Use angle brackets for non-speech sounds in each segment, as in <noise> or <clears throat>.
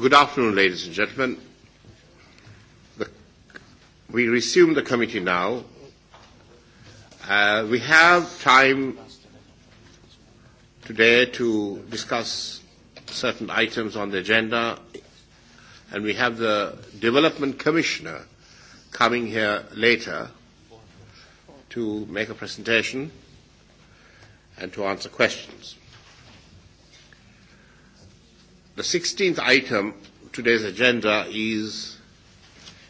Good afternoon, ladies and gentlemen. The, we resume the committee now. Uh, we have time today to discuss certain items on the agenda, and we have the Development Commissioner coming here later to make a presentation and to answer questions. The 16th item of today's agenda is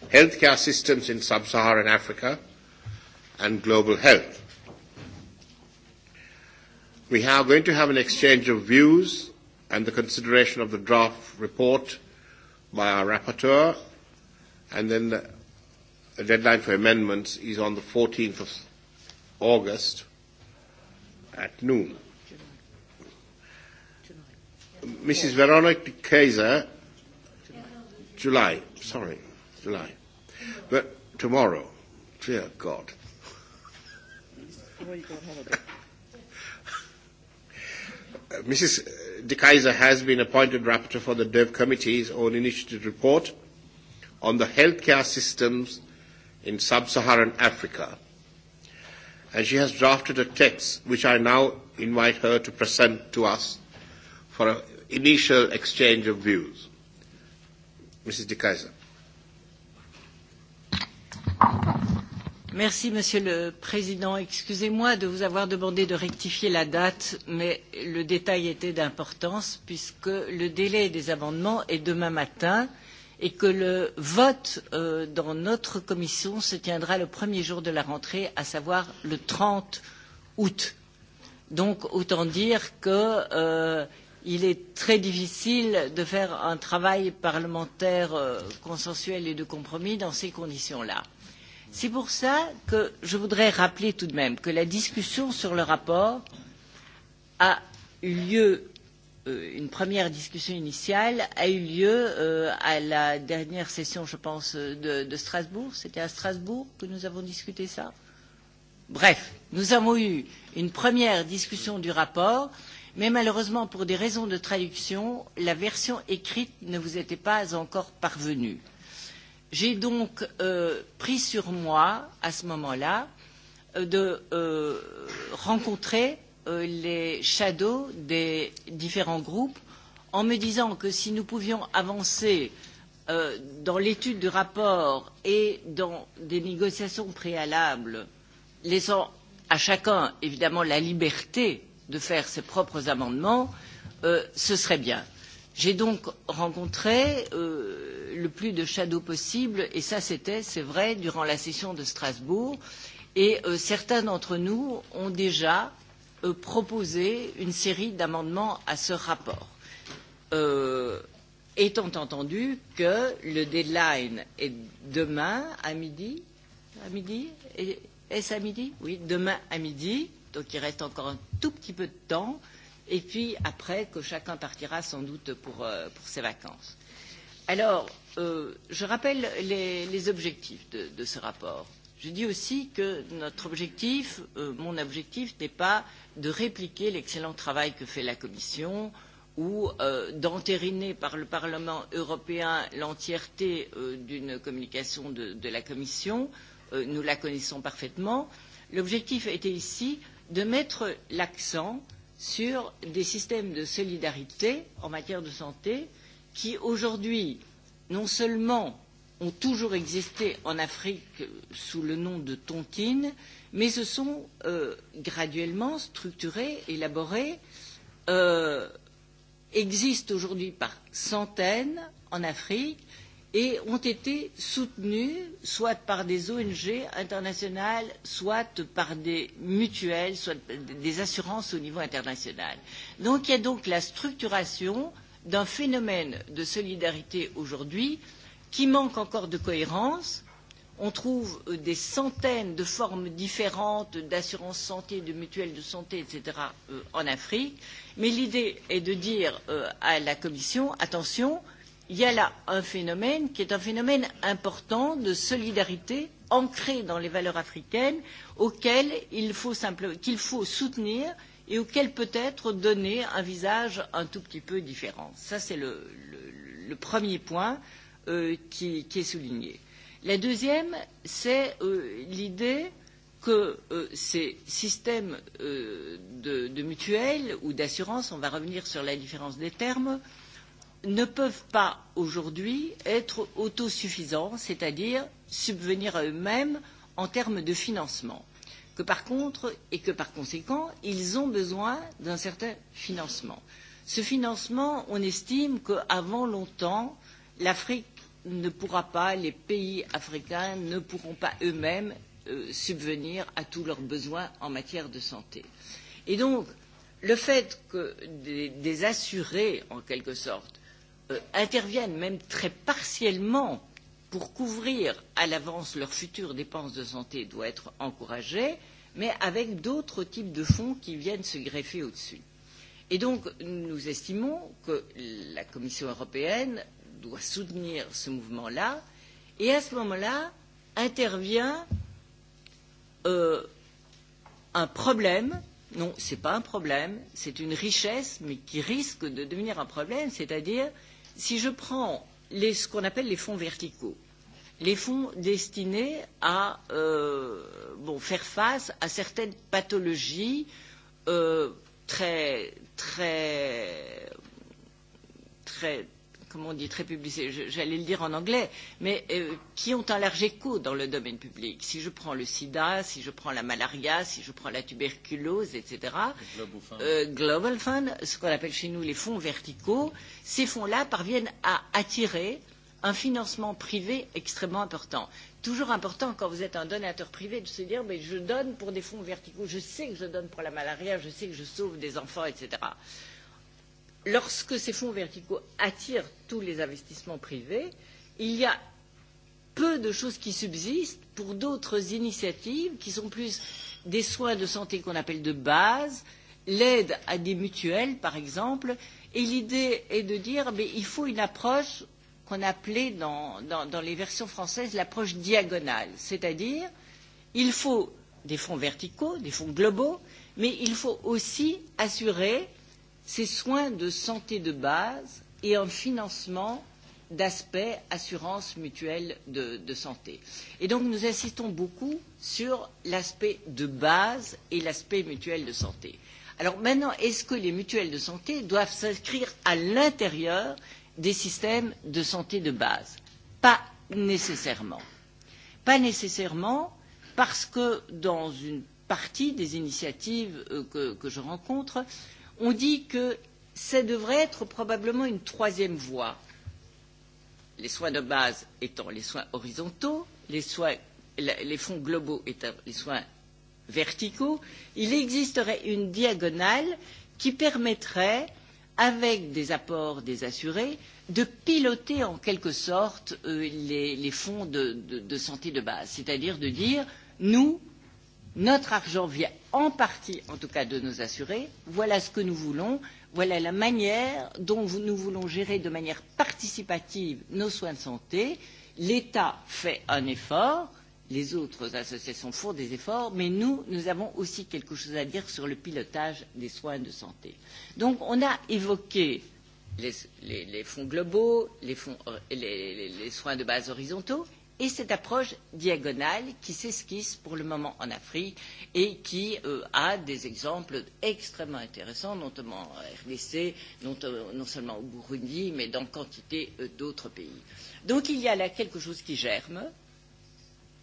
healthcare systems in sub-Saharan Africa and global health. We are going to have an exchange of views and the consideration of the draft report by our rapporteur, and then the, the deadline for amendments is on the 14th of August at noon. Mrs. Veronica Kaiser, July, sorry, July. But tomorrow, dear God. Uh, Mrs. De Kaiser has been appointed rapporteur for the DEV Committee's own initiative report on the healthcare systems in sub-Saharan Africa. And she has drafted a text which I now invite her to present to us for a initial exchange of views. Mrs. De Kaiser. Merci, Monsieur le Président. Excusez-moi de vous avoir demandé de rectifier la date, mais le détail était d'importance puisque le délai des amendements est demain matin et que le vote euh, dans notre commission se tiendra le premier jour de la rentrée, à savoir le 30 août. Donc, autant dire que euh, il est très difficile de faire un travail parlementaire euh, consensuel et de compromis dans ces conditions-là. C'est pour ça que je voudrais rappeler tout de même que la discussion sur le rapport a eu lieu euh, une première discussion initiale a eu lieu euh, à la dernière session, je pense, de, de Strasbourg. C'était à Strasbourg que nous avons discuté ça. Bref, nous avons eu une première discussion du rapport Mais malheureusement, pour des raisons de traduction, la version écrite ne vous était pas encore parvenue. J'ai donc euh, pris sur moi, à ce moment-là, euh, de euh, rencontrer euh, les shadows des différents groupes en me disant que si nous pouvions avancer euh, dans l'étude du rapport et dans des négociations préalables, laissant à chacun évidemment la liberté de faire ses propres amendements, euh, ce serait bien. J'ai donc rencontré euh, le plus de shadows possible, et ça c'était, c'est vrai, durant la session de Strasbourg, et euh, certains d'entre nous ont déjà euh, proposé une série d'amendements à ce rapport. Euh, étant entendu que le deadline est demain à midi, à midi, est-ce à midi Oui, demain à midi. Euh, donc il reste encore un tout petit peu de temps, et puis après que chacun partira sans doute pour, euh, pour ses vacances. Alors, euh, je rappelle les, les objectifs de, de ce rapport. Je dis aussi que notre objectif, euh, mon objectif, n'est pas de répliquer l'excellent travail que fait la Commission ou euh, d'entériner par le Parlement européen l'entièreté euh, d'une communication de, de la Commission. Euh, nous la connaissons parfaitement. L'objectif était ici euh, de mettre l'accent sur des systèmes de solidarité en matière de santé qui, aujourd'hui, non seulement ont toujours existé en Afrique sous le nom de tontine, mais se sont euh, graduellement structurés, élaborés, euh, existent aujourd'hui par centaines en Afrique et ont été soutenus soit par des ONG internationales, soit par des mutuelles, soit des assurances au niveau international. Donc il y a donc la structuration d'un phénomène de solidarité aujourd'hui qui manque encore de cohérence. On trouve euh, des centaines de formes différentes d'assurance santé, de mutuelles de santé, etc. Euh, en Afrique. Mais l'idée est de dire euh, à la Commission, attention, euh, il y a là un phénomène qui est un phénomène important de solidarité ancré dans les valeurs africaines auquel faut simplement qu'il faut soutenir et auquel peut-être donner un visage un tout petit peu différent. Ça, c'est le, le, le premier point euh, qui, qui est souligné. La deuxième, c'est euh, l'idée que euh, ces systèmes euh, de, de mutuelles ou d'assurance, on va revenir sur la différence des termes, euh, ne peuvent pas aujourd'hui être autosuffisants, c'est-à-dire subvenir à eux-mêmes en termes de financement. Que par contre, et que par conséquent, ils ont besoin d'un certain financement. Ce financement, on estime qu'avant longtemps, l'Afrique ne pourra pas, les pays africains ne pourront pas eux-mêmes euh, subvenir à tous leurs besoins en matière de santé. Et donc, le fait que des, des assurés, en quelque sorte, euh, interviennent même très partiellement pour couvrir à l'avance leurs futures dépenses de santé doit être encouragée, mais avec d'autres types de fonds qui viennent se greffer au-dessus. Et donc, nous estimons que la Commission européenne doit soutenir ce mouvement-là, et à ce moment-là, intervient euh, un problème non, ce n'est pas un problème, c'est une richesse, mais qui risque de devenir un problème, c'est-à-dire euh, Si je prends les, ce qu'on appelle les fonds verticaux, les fonds destinés à euh, bon, faire face à certaines pathologies euh, très, très, très, comment on dit, très publicité, j'allais le dire en anglais, mais euh, qui ont un large écho dans le domaine public. Si je prends le sida, si je prends la malaria, si je prends la tuberculose, etc., Global Fund, euh, Global Fund ce qu'on appelle chez nous les fonds verticaux, ces fonds-là parviennent à attirer un financement privé extrêmement important. Toujours important quand vous êtes un donateur privé de se dire mais je donne pour des fonds verticaux, je sais que je donne pour la malaria, je sais que je sauve des enfants, etc lorsque ces fonds verticaux attirent tous les investissements privés, il y a peu de choses qui subsistent pour d'autres initiatives qui sont plus des soins de santé qu'on appelle de base, l'aide à des mutuelles par exemple, et l'idée est de dire mais il faut une approche qu'on appelait dans, dans, dans les versions françaises l'approche diagonale, c'est-à-dire il faut des fonds verticaux, des fonds globaux, mais il faut aussi assurer euh, ces soins de santé de base et un financement d'aspect assurance mutuelle de, de santé. Et donc nous insistons beaucoup sur l'aspect de base et l'aspect mutuel de santé. Alors maintenant, est-ce que les mutuelles de santé doivent s'inscrire à l'intérieur des systèmes de santé de base Pas nécessairement. Pas nécessairement parce que dans une partie des initiatives euh, que, que je rencontre, euh, on dit que ça devrait être probablement une troisième voie. Les soins de base étant les soins horizontaux, les, soins, les fonds globaux étant les soins verticaux, il existerait une diagonale qui permettrait, avec des apports des assurés, de piloter en quelque sorte euh, les, les fonds de, de, de santé de base, c'est-à-dire de dire nous, Notre argent vient en partie, en tout cas, de nos assurés. Voilà ce que nous voulons. Voilà la manière dont nous voulons gérer de manière participative nos soins de santé. L'État fait un effort, les autres associations font des efforts, mais nous, nous avons aussi quelque chose à dire sur le pilotage des soins de santé. Donc, on a évoqué les, les, les fonds globaux, les, fonds, euh, les, les, les soins de base horizontaux, et cette approche diagonale qui s'esquisse pour le moment en Afrique et qui euh, a des exemples extrêmement intéressants, notamment en RDC, non, euh, non seulement au Burundi, mais dans quantité euh, d'autres pays. Donc il y a là quelque chose qui germe,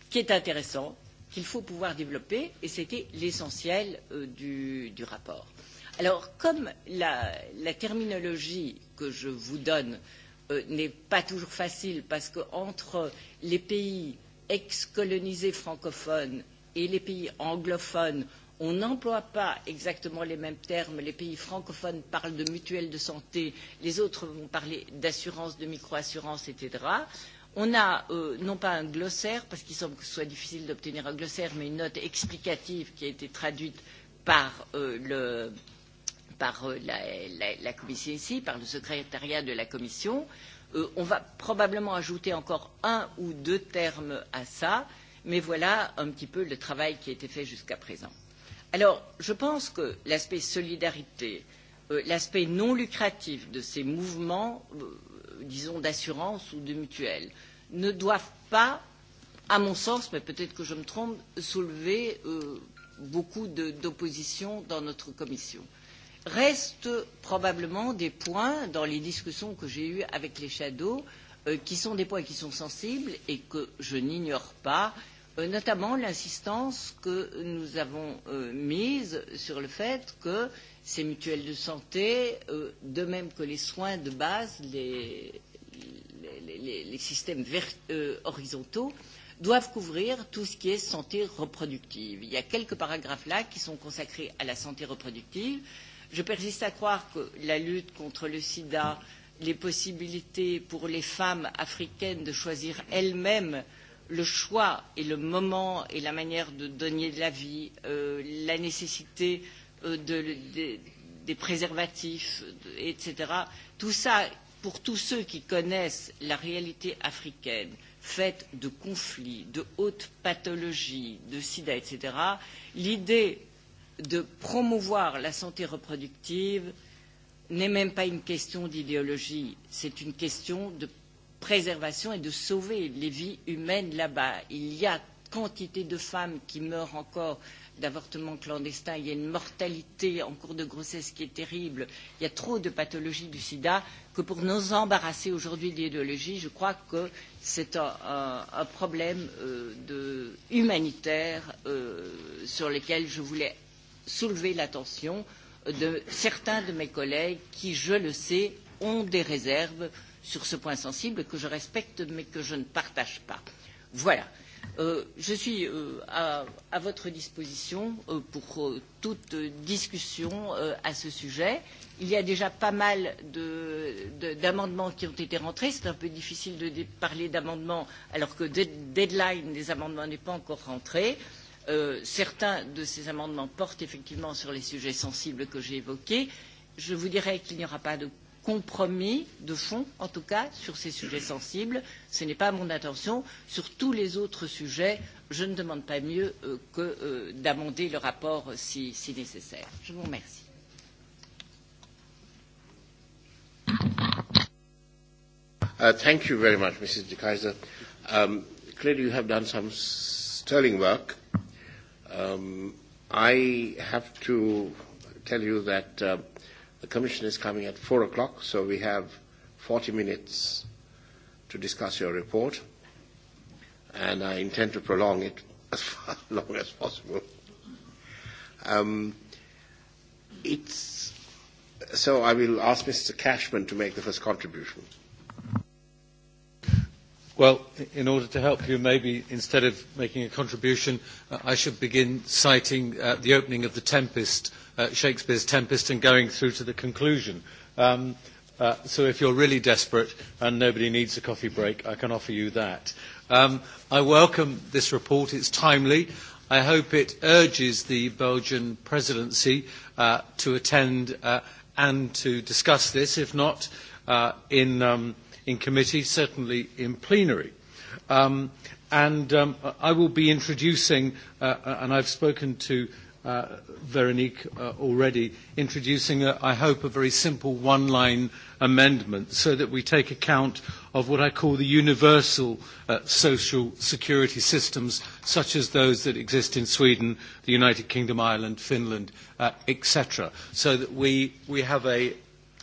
qui est intéressant, qu'il faut pouvoir développer, et c'était l'essentiel euh, du, du rapport. Alors, comme la, la terminologie que je vous donne euh, Euh, n'est pas toujours facile parce qu'entre les pays ex-colonisés francophones et les pays anglophones, on n'emploie pas exactement les mêmes termes. Les pays francophones parlent de mutuelle de santé, les autres vont parler d'assurance, de micro-assurance, etc. On a euh, non pas un glossaire, parce qu'il semble que ce soit difficile d'obtenir un glossaire, mais une note explicative qui a été traduite par euh, le, par euh, la, la, la commission ici, par le secrétariat de la commission. Euh, on va probablement ajouter encore un ou deux termes à ça, mais voilà un petit peu le travail qui a été fait jusqu'à présent. Alors, je pense que l'aspect solidarité, euh, l'aspect non lucratif de ces mouvements, euh, disons, d'assurance ou de mutuelle, ne doivent pas, à mon sens, mais peut-être que je me trompe, soulever euh, beaucoup d'opposition dans notre commission restent probablement des points dans les discussions que j'ai eues avec les shadows euh, qui sont des points qui sont sensibles et que je n'ignore pas, euh, notamment l'insistance que nous avons euh, mise sur le fait que ces mutuelles de santé, euh, de même que les soins de base, les, les, les, les systèmes vert, euh, horizontaux, doivent couvrir tout ce qui est santé reproductive. Il y a quelques paragraphes là qui sont consacrés à la santé reproductive. Euh, Je persiste à croire que la lutte contre le sida, les possibilités pour les femmes africaines de choisir elles-mêmes le choix et le moment et la manière de donner de la vie, euh, la nécessité euh, de, de, des préservatifs, de, etc. Tout ça, pour tous ceux qui connaissent la réalité africaine, faite de conflits, de hautes pathologies, de sida, etc., l'idée de promouvoir la santé reproductive n'est même pas une question d'idéologie, c'est une question de préservation et de sauver les vies humaines là-bas. Il y a quantité de femmes qui meurent encore d'avortements clandestins, il y a une mortalité en cours de grossesse qui est terrible, il y a trop de pathologies du sida que pour nous embarrasser aujourd'hui d'idéologie, je crois que c'est un, un, un problème euh, de, humanitaire euh, sur lequel je voulais soulever l'attention de certains de mes collègues qui, je le sais, ont des réserves sur ce point sensible que je respecte mais que je ne partage pas. Voilà. Euh, je suis euh, à, à votre disposition euh, pour euh, toute discussion euh, à ce sujet. Il y a déjà pas mal d'amendements qui ont été rentrés. C'est un peu difficile de parler d'amendements alors que le de, deadline des amendements n'est pas encore rentré. Euh, Euh, certains de ces amendements portent effectivement sur les sujets sensibles que j'ai évoqués. Je vous dirais qu'il n'y aura pas de compromis de fond, en tout cas, sur ces sujets sensibles. Ce n'est pas mon intention. Sur tous les autres sujets, je ne demande pas mieux euh, que euh, d'amender le rapport si, si nécessaire. Je vous remercie. Uh, thank you very much, Mrs. De Kaiser. Um, clearly, you have done some sterling work Um, I have to tell you that uh, the Commission is coming at 4 o'clock, so we have 40 minutes to discuss your report, and I intend to prolong it <laughs> as far long as possible. Um, it's, so I will ask Mr. Cashman to make the first contribution. Well, in order to help you, maybe instead of making a contribution, uh, I should begin citing uh, the opening of The Tempest, uh, Shakespeare's Tempest, and going through to the conclusion. Um, uh, so if you're really desperate and nobody needs a coffee break, I can offer you that. Um, I welcome this report. It's timely. I hope it urges the Belgian presidency uh, to attend uh, and to discuss this. If not, uh, in... Um, in committee, certainly in plenary. Um, and um, I will be introducing, uh, uh and I've spoken to uh, Veronique uh, already, introducing, a, uh, I hope, a very simple one-line amendment so that we take account of what I call the universal uh, social security systems, such as those that exist in Sweden, the United Kingdom, Ireland, Finland, uh, etc., so that we, we have a,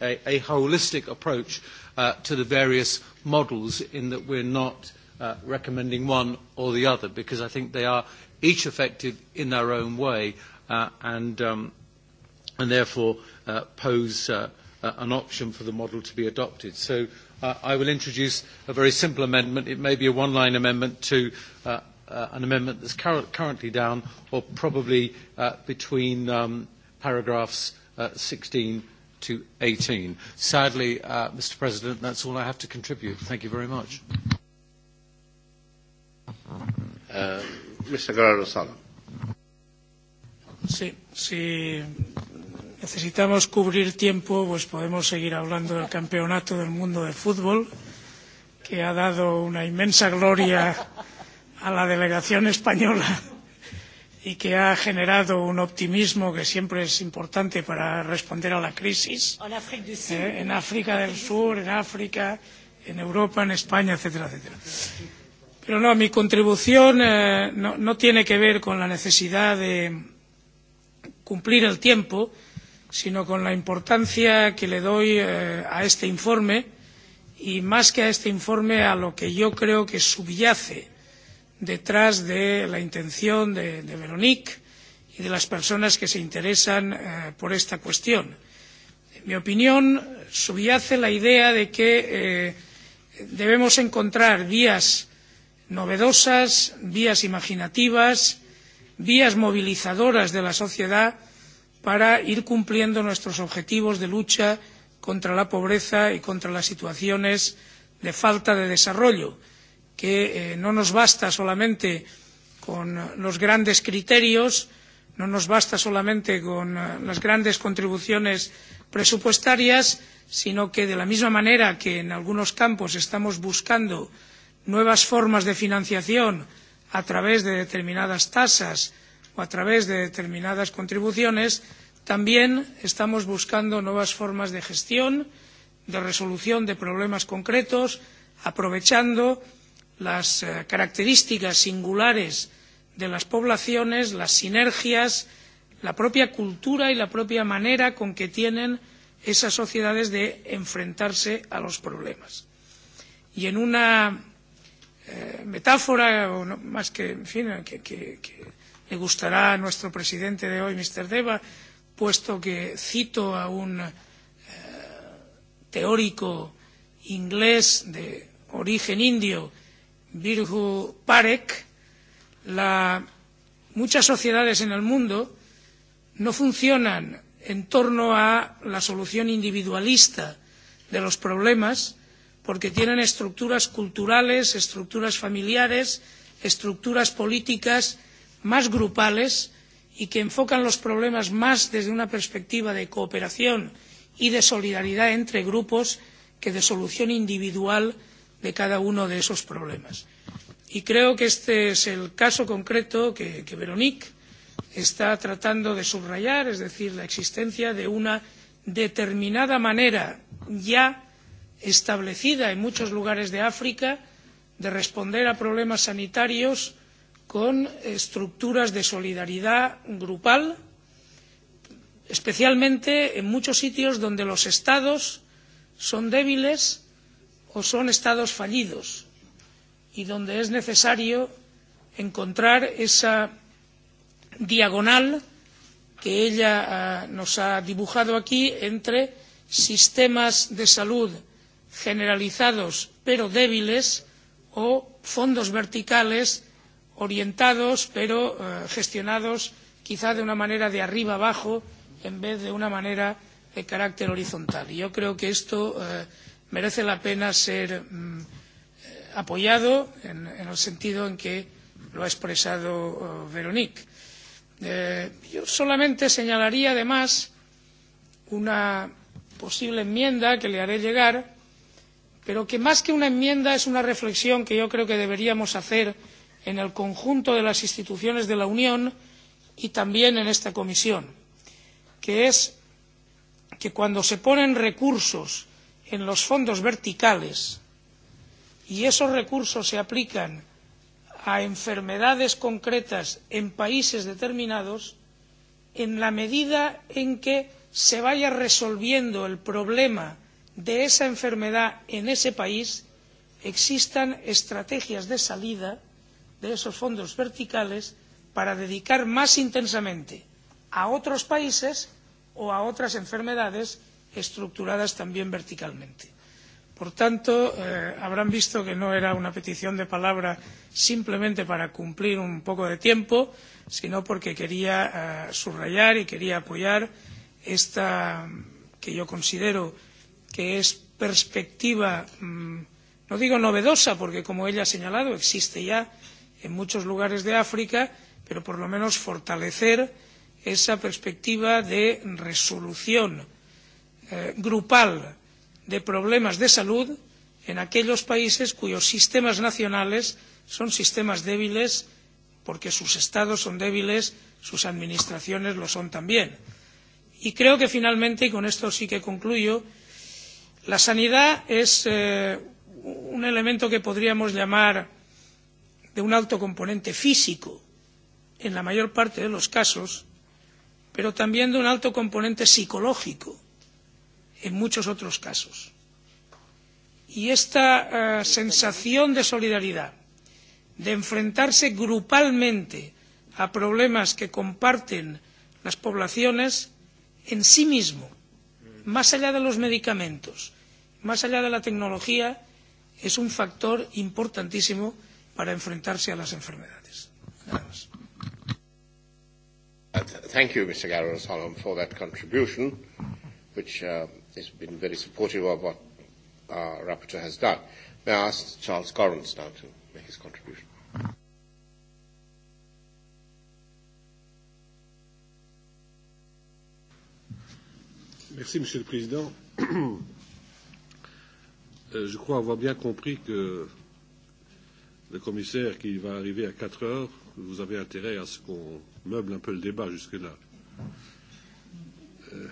a, a holistic approach Uh, to the various models in that we're not uh, recommending one or the other because I think they are each effective in their own way uh, and, um, and therefore uh, pose uh, uh, an option for the model to be adopted. So uh, I will introduce a very simple amendment. It may be a one-line amendment to uh, uh, an amendment that's cur- currently down or probably uh, between um, paragraphs uh, 16 to 18. Sadly, uh, Mr. President, that's all I have to contribute. Thank you very much. Uh, Mr. Guerrero Sí, si necesitamos cubrir tiempo, pues podemos seguir hablando del Campeonato del Mundo de Fútbol, que ha dado una inmensa gloria a la delegación española y que ha generado un optimismo que siempre es importante para responder a la crisis eh, en África del Sur, en África, en Europa, en España, etcétera, etcétera. Pero no, mi contribución eh, no, no tiene que ver con la necesidad de cumplir el tiempo, sino con la importancia que le doy eh, a este informe y más que a este informe a lo que yo creo que subyace detrás de la intención de, de Veronique y de las personas que se interesan eh, por esta cuestión. En mi opinión, subyace la idea de que eh, debemos encontrar vías novedosas, vías imaginativas, vías movilizadoras de la sociedad para ir cumpliendo nuestros objetivos de lucha contra la pobreza y contra las situaciones de falta de desarrollo que eh, no nos basta solamente con los grandes criterios, no nos basta solamente con eh, las grandes contribuciones presupuestarias, sino que de la misma manera que en algunos campos estamos buscando nuevas formas de financiación a través de determinadas tasas o a través de determinadas contribuciones, también estamos buscando nuevas formas de gestión, de resolución de problemas concretos, aprovechando las eh, características singulares de las poblaciones las sinergias la propia cultura y la propia manera con que tienen esas sociedades de enfrentarse a los problemas. y en una eh, metáfora o no, más que en fin que, que, que le gustará a nuestro presidente de hoy mister deva puesto que cito a un eh, teórico inglés de origen indio Virgu Parek, la, muchas sociedades en el mundo no funcionan en torno a la solución individualista de los problemas porque tienen estructuras culturales, estructuras familiares, estructuras políticas más grupales y que enfocan los problemas más desde una perspectiva de cooperación y de solidaridad entre grupos que de solución individual de cada uno de esos problemas. Y creo que este es el caso concreto que, que Veronique está tratando de subrayar, es decir, la existencia de una determinada manera ya establecida en muchos lugares de África de responder a problemas sanitarios con estructuras de solidaridad grupal, especialmente en muchos sitios donde los Estados son débiles o son estados fallidos y donde es necesario encontrar esa diagonal que ella ah, nos ha dibujado aquí entre sistemas de salud generalizados pero débiles o fondos verticales orientados pero ah, gestionados quizá de una manera de arriba abajo en vez de una manera de carácter horizontal. yo creo que esto eh, merece la pena ser mm, apoyado en, el sentido en que lo ha expresado uh, Veronique. Eh, yo solamente señalaría, además, una posible enmienda que le haré llegar, pero que más que una enmienda es una reflexión que yo creo que deberíamos hacer en el conjunto de las instituciones de la Unión y también en esta comisión, que es que cuando se ponen recursos en los fondos verticales y esos recursos se aplican a enfermedades concretas en países determinados, en la medida en que se vaya resolviendo el problema de esa enfermedad en ese país, existan estrategias de salida de esos fondos verticales para dedicar más intensamente a otros países o a otras enfermedades estructuradas también verticalmente. Por tanto, eh, habrán visto que no era una petición de palabra simplemente para cumplir un poco de tiempo, sino porque quería eh, subrayar y quería apoyar esta mm, que yo considero que es perspectiva, mmm, no digo novedosa, porque como ella ha señalado, existe ya en muchos lugares de África, pero por lo menos fortalecer esa perspectiva de resolución Eh, grupal de problemas de salud en aquellos países cuyos sistemas nacionales son sistemas débiles porque sus estados son débiles, sus administraciones lo son también. Y creo que finalmente, y con esto sí que concluyo, la sanidad es eh, un elemento que podríamos llamar de un alto componente físico en la mayor parte de los casos, pero también de un alto componente psicológico en muchos otros casos. Y esta eh, sensación de solidaridad, de enfrentarse grupalmente a problemas que comparten las poblaciones, en sí mismo, más allá de los medicamentos, más allá de la tecnología, es un factor importantísimo para enfrentarse a las enfermedades. Nada más. Uh, thank you, Mr. Garros for that contribution, which uh, has been very supportive of what our rapporteur has done. May I ask Charles Corrins now to make his contribution? Merci, Monsieur le Président. <clears throat> Euh, je crois avoir bien compris que le commissaire qui va arriver à 4 heures, vous avez intérêt à ce qu'on meuble un peu le débat jusque-là. Euh,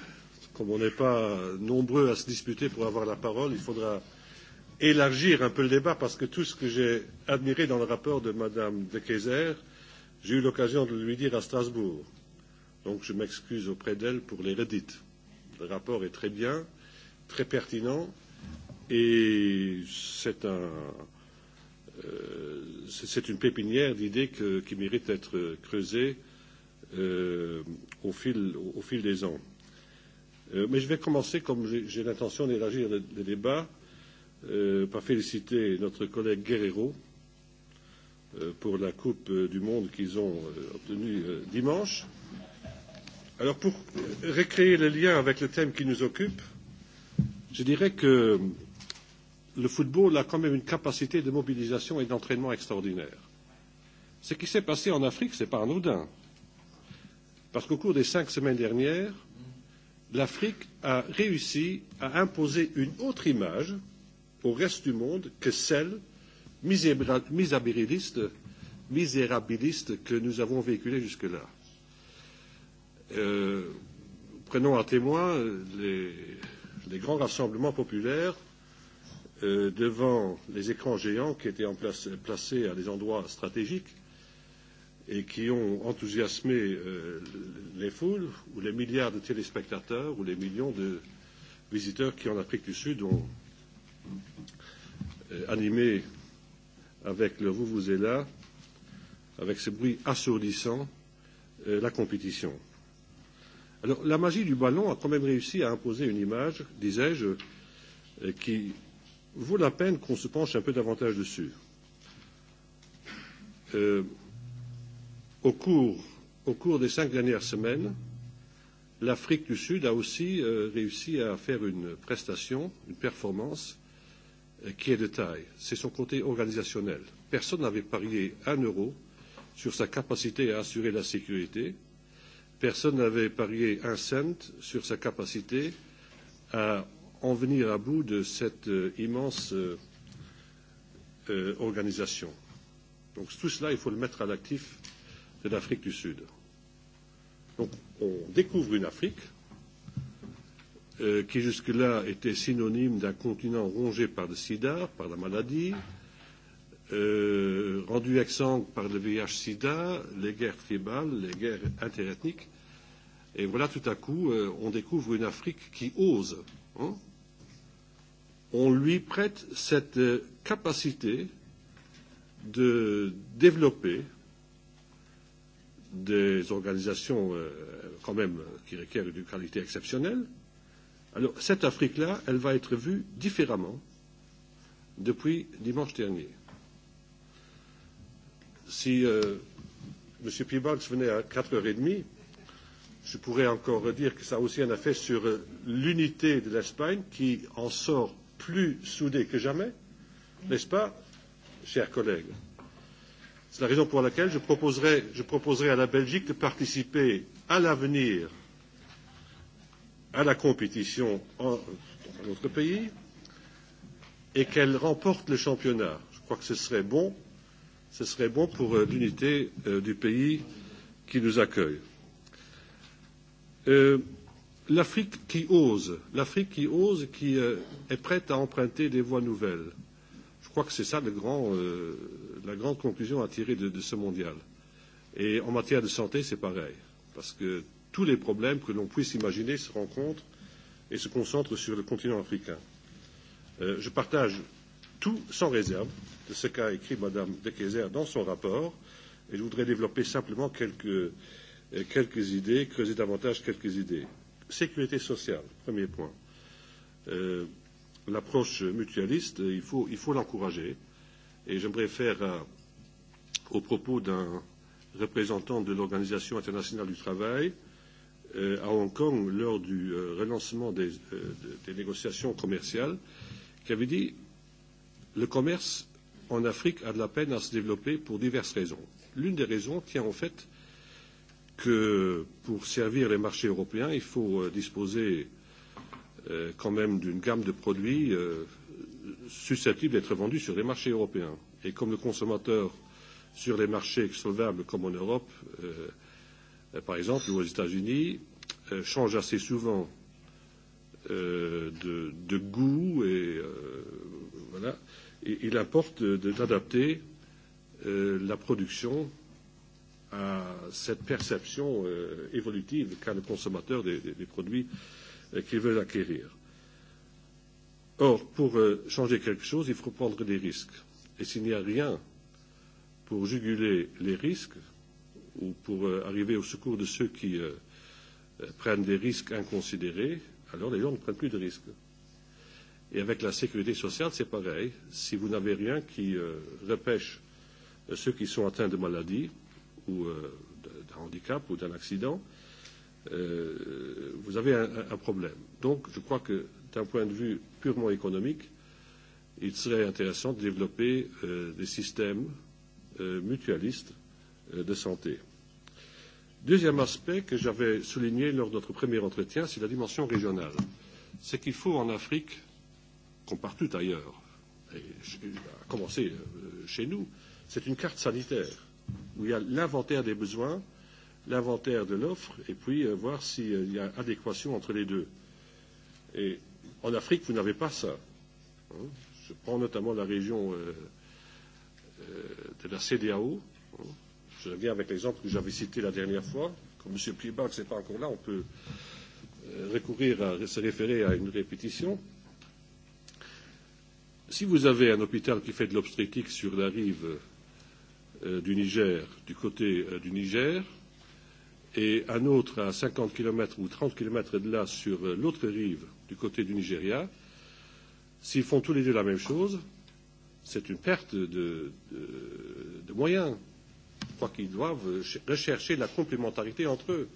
comme on n'est pas nombreux à se disputer pour avoir la parole, il faudra élargir un peu le débat parce que tout ce que j'ai admiré dans le rapport de Madame de Kayser, j'ai eu l'occasion de lui dire à Strasbourg. Donc je m'excuse auprès d'elle pour les redites. Le rapport est très bien, très pertinent et c'est un, euh, c'est une pépinière d'idées qui mérite d'être creusée euh, au, fil, au, au fil des ans. Euh, mais je vais commencer, comme j'ai l'intention d'élargir le, le débat, euh, par féliciter notre collègue Guerrero euh, pour la Coupe euh, du Monde qu'ils ont euh, obtenue euh, dimanche. Alors, pour recréer le lien avec le thème qui nous occupe, je dirais que le football a quand même une capacité de mobilisation et d'entraînement extraordinaire. Ce qui s'est passé en Afrique, ce n'est pas anodin. Parce qu'au cours des cinq semaines dernières, l'Afrique a réussi à imposer une autre image au reste du monde que celle misérabiliste, misérabiliste que nous avons véhiculée jusque-là. Euh, prenons à témoin les, les grands rassemblements populaires euh, devant les écrans géants qui étaient en place, placés à des endroits stratégiques et qui ont enthousiasmé euh, les foules ou les milliards de téléspectateurs ou les millions de visiteurs qui en Afrique du Sud ont euh, animé avec le vous vous êtes là, avec ce bruit assourdissant, euh, la compétition. Alors la magie du ballon a quand même réussi à imposer une image, disais-je, euh, qui vaut la peine qu'on se penche un peu davantage dessus. Euh, Au cours, au cours des cinq dernières semaines, l'Afrique du Sud a aussi euh, réussi à faire une prestation, une performance euh, qui est de taille. C'est son côté organisationnel. Personne n'avait parié un euro sur sa capacité à assurer la sécurité. Personne n'avait parié un cent sur sa capacité à en venir à bout de cette euh, immense euh, euh, organisation. Donc tout cela, il faut le mettre à l'actif de l'Afrique du Sud. Donc on découvre une Afrique euh, qui jusque-là était synonyme d'un continent rongé par le sida, par la maladie, euh, rendu exsangue par le VIH-sida, les guerres tribales, les guerres interethniques. Et voilà, tout à coup, euh, on découvre une Afrique qui ose. Hein on lui prête cette euh, capacité de développer des organisations euh, quand même qui requièrent une qualité exceptionnelle. Alors cette Afrique-là, elle va être vue différemment depuis dimanche dernier. Si euh, M. Piebalgs venait à 4h30, je pourrais encore dire que ça a aussi un effet sur euh, l'unité de l'Espagne qui en sort plus soudée que jamais, n'est-ce pas, chers collègues C'est la raison pour laquelle je proposerai, je proposerai à la Belgique de participer à l'avenir à la compétition en, dans un autre pays et qu'elle remporte le championnat. Je crois que ce serait bon, ce serait bon pour euh, l'unité euh, du pays qui nous accueille. Euh, L'Afrique qui ose, l'Afrique qui ose, qui euh, est prête à emprunter des voies nouvelles crois que c'est ça le grand, euh, la grande conclusion à tirer de, de ce mondial. Et en matière de santé, c'est pareil, parce que tous les problèmes que l'on puisse imaginer se rencontrent et se concentrent sur le continent africain. Euh, je partage tout sans réserve de ce qu'a écrit Mme De Keyser dans son rapport et je voudrais développer simplement quelques, euh, quelques idées, creuser davantage quelques idées. Sécurité sociale, premier point. Euh, l'approche mutualiste, il faut, il faut l'encourager. Et j'aimerais faire euh, au propos d'un représentant de l'Organisation internationale du travail euh, à Hong Kong lors du euh, relancement des, euh, des négociations commerciales, qui avait dit le commerce en Afrique a de la peine à se développer pour diverses raisons. L'une des raisons tient en fait que pour servir les marchés européens, il faut euh, disposer Euh, quand même d'une gamme de produits euh, susceptibles d'être vendus sur les marchés européens. Et comme le consommateur sur les marchés solvables comme en Europe, euh, par exemple, ou aux États-Unis, euh, change assez souvent euh, de, de goût et euh, voilà, et, il importe d'adapter euh, la production à cette perception euh, évolutive qu'a le consommateur des, des, des produits euh, et qu'ils veulent acquérir. Or, pour euh, changer quelque chose, il faut prendre des risques. Et s'il n'y a rien pour juguler les risques ou pour euh, arriver au secours de ceux qui euh, euh prennent des risques inconsidérés, alors les gens ne prennent plus de risques. Et avec la sécurité sociale, c'est pareil. Si vous n'avez rien qui euh, repêche euh, ceux qui sont atteints de maladies ou euh, d'un handicap ou d'un accident, euh, Euh, vous avez un, un problème. Donc, je crois que d'un point de vue purement économique, il serait intéressant de développer euh, des systèmes euh, mutualistes euh, de santé. Deuxième aspect que j'avais souligné lors de notre premier entretien, c'est la dimension régionale. C'est qu'il faut en Afrique, comme partout ailleurs, et à commencer euh, chez nous, c'est une carte sanitaire où il y a l'inventaire des besoins, l'inventaire de l'offre et puis euh, voir s'il euh, y a adéquation entre les deux. Et en Afrique, vous n'avez pas ça. Hein. Je prends notamment la région euh, euh, de la CDAO. Hein. Je reviens avec l'exemple que j'avais cité la dernière fois. Comme M. Plibac n'est pas encore là, on peut euh, recourir à se référer à une répétition. Si vous avez un hôpital qui fait de l'obstétrique sur la rive euh, du Niger, du côté euh, du Niger, euh, et un autre à 50 km ou 30 km de là sur euh, l'autre rive du côté du Nigeria, s'ils font tous les deux la même chose, c'est une perte de, de, de moyens. Je crois qu'ils doivent rechercher la complémentarité entre eux.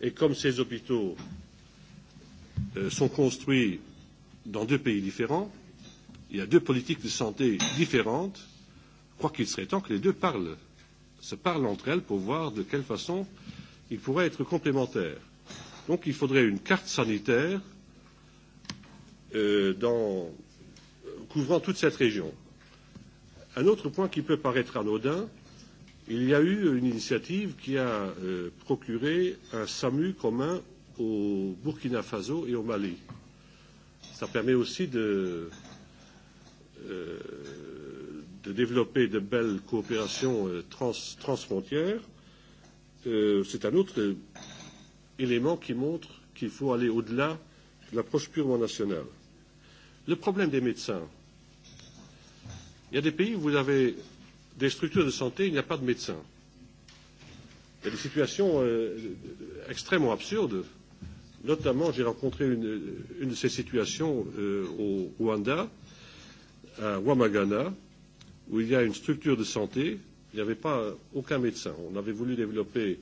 Et comme ces hôpitaux euh, sont construits dans deux pays différents, il y a deux politiques de santé différentes, je crois qu'il serait temps que les deux parlent, se parlent entre elles pour voir de quelle façon euh, ils pourraient être complémentaires. Donc il faudrait une carte sanitaire euh, dans, couvrant toute cette région. Un autre point qui peut paraître anodin, il y a eu une initiative qui a euh, procuré un SAMU commun au Burkina Faso et au Mali. Ça permet aussi de, euh, de développer de belles coopérations euh, trans, transfrontières euh, c'est un autre euh, élément qui montre qu'il faut aller au-delà de l'approche purement nationale. Le problème des médecins. Il y a des pays où vous avez des structures de santé, il n'y a pas de médecins. Il y a des situations euh, extrêmement absurdes. Notamment, j'ai rencontré une, une de ces situations euh, au Rwanda, à Wamagana, où il y a une structure de santé Il n'y avait pas euh, aucun médecin. On avait voulu développer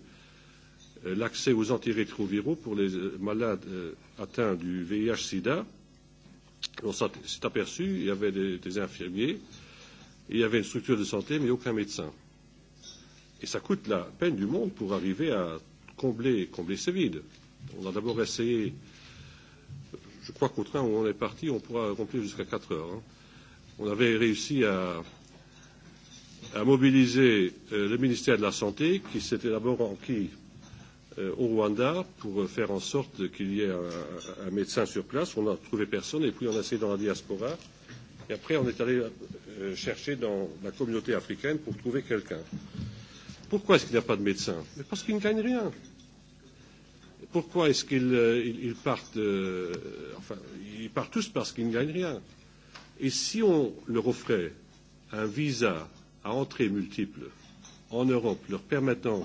euh, l'accès aux antirétroviraux pour les euh, malades euh, atteints du VIH-Sida. On s'est aperçu, il y avait des, des infirmiers, il y avait une structure de santé, mais aucun médecin. Et ça coûte la peine du monde pour arriver à combler, combler ce vide. On a d'abord essayé, je crois qu'au train où on est parti, on pourra remplir jusqu'à 4 heures. Hein. On avait réussi à a mobilisé euh, le ministère de la Santé, qui s'était d'abord enquis euh, au Rwanda pour faire en sorte qu'il y ait un, un médecin sur place. On n'a trouvé personne et puis on a essayé dans la diaspora. Et après, on est allé euh, chercher dans la communauté africaine pour trouver quelqu'un. Pourquoi est-ce qu'il n'y a pas de médecin Mais Parce qu'il ne gagne rien. Pourquoi est-ce qu'ils euh, ils partent euh, Enfin, ils partent tous parce qu'ils ne gagnent rien. Et si on leur offrait un visa à entrées multiples en Europe, leur permettant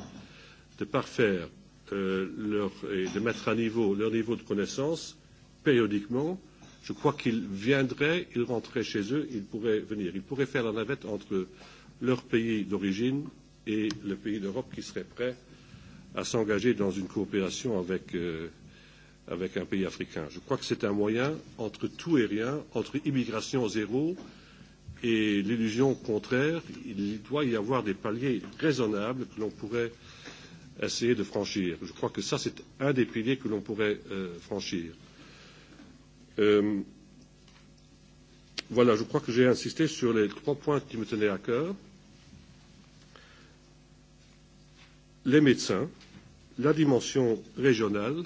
de parfaire euh, leur, et de mettre à niveau leur niveau de connaissance périodiquement, je crois qu'ils viendraient, ils rentreraient chez eux, ils pourraient venir. Ils pourraient faire la navette entre leur pays d'origine et le pays d'Europe qui serait prêt à s'engager dans une coopération avec, euh, avec un pays africain. Je crois que c'est un moyen entre tout et rien, entre immigration zéro, euh, et l'illusion contraire, il doit y avoir des paliers raisonnables que l'on pourrait essayer de franchir. Je crois que ça, c'est un des piliers que l'on pourrait euh, franchir. Euh, voilà, je crois que j'ai insisté sur les trois points qui me tenaient à cœur. Les médecins, la dimension régionale,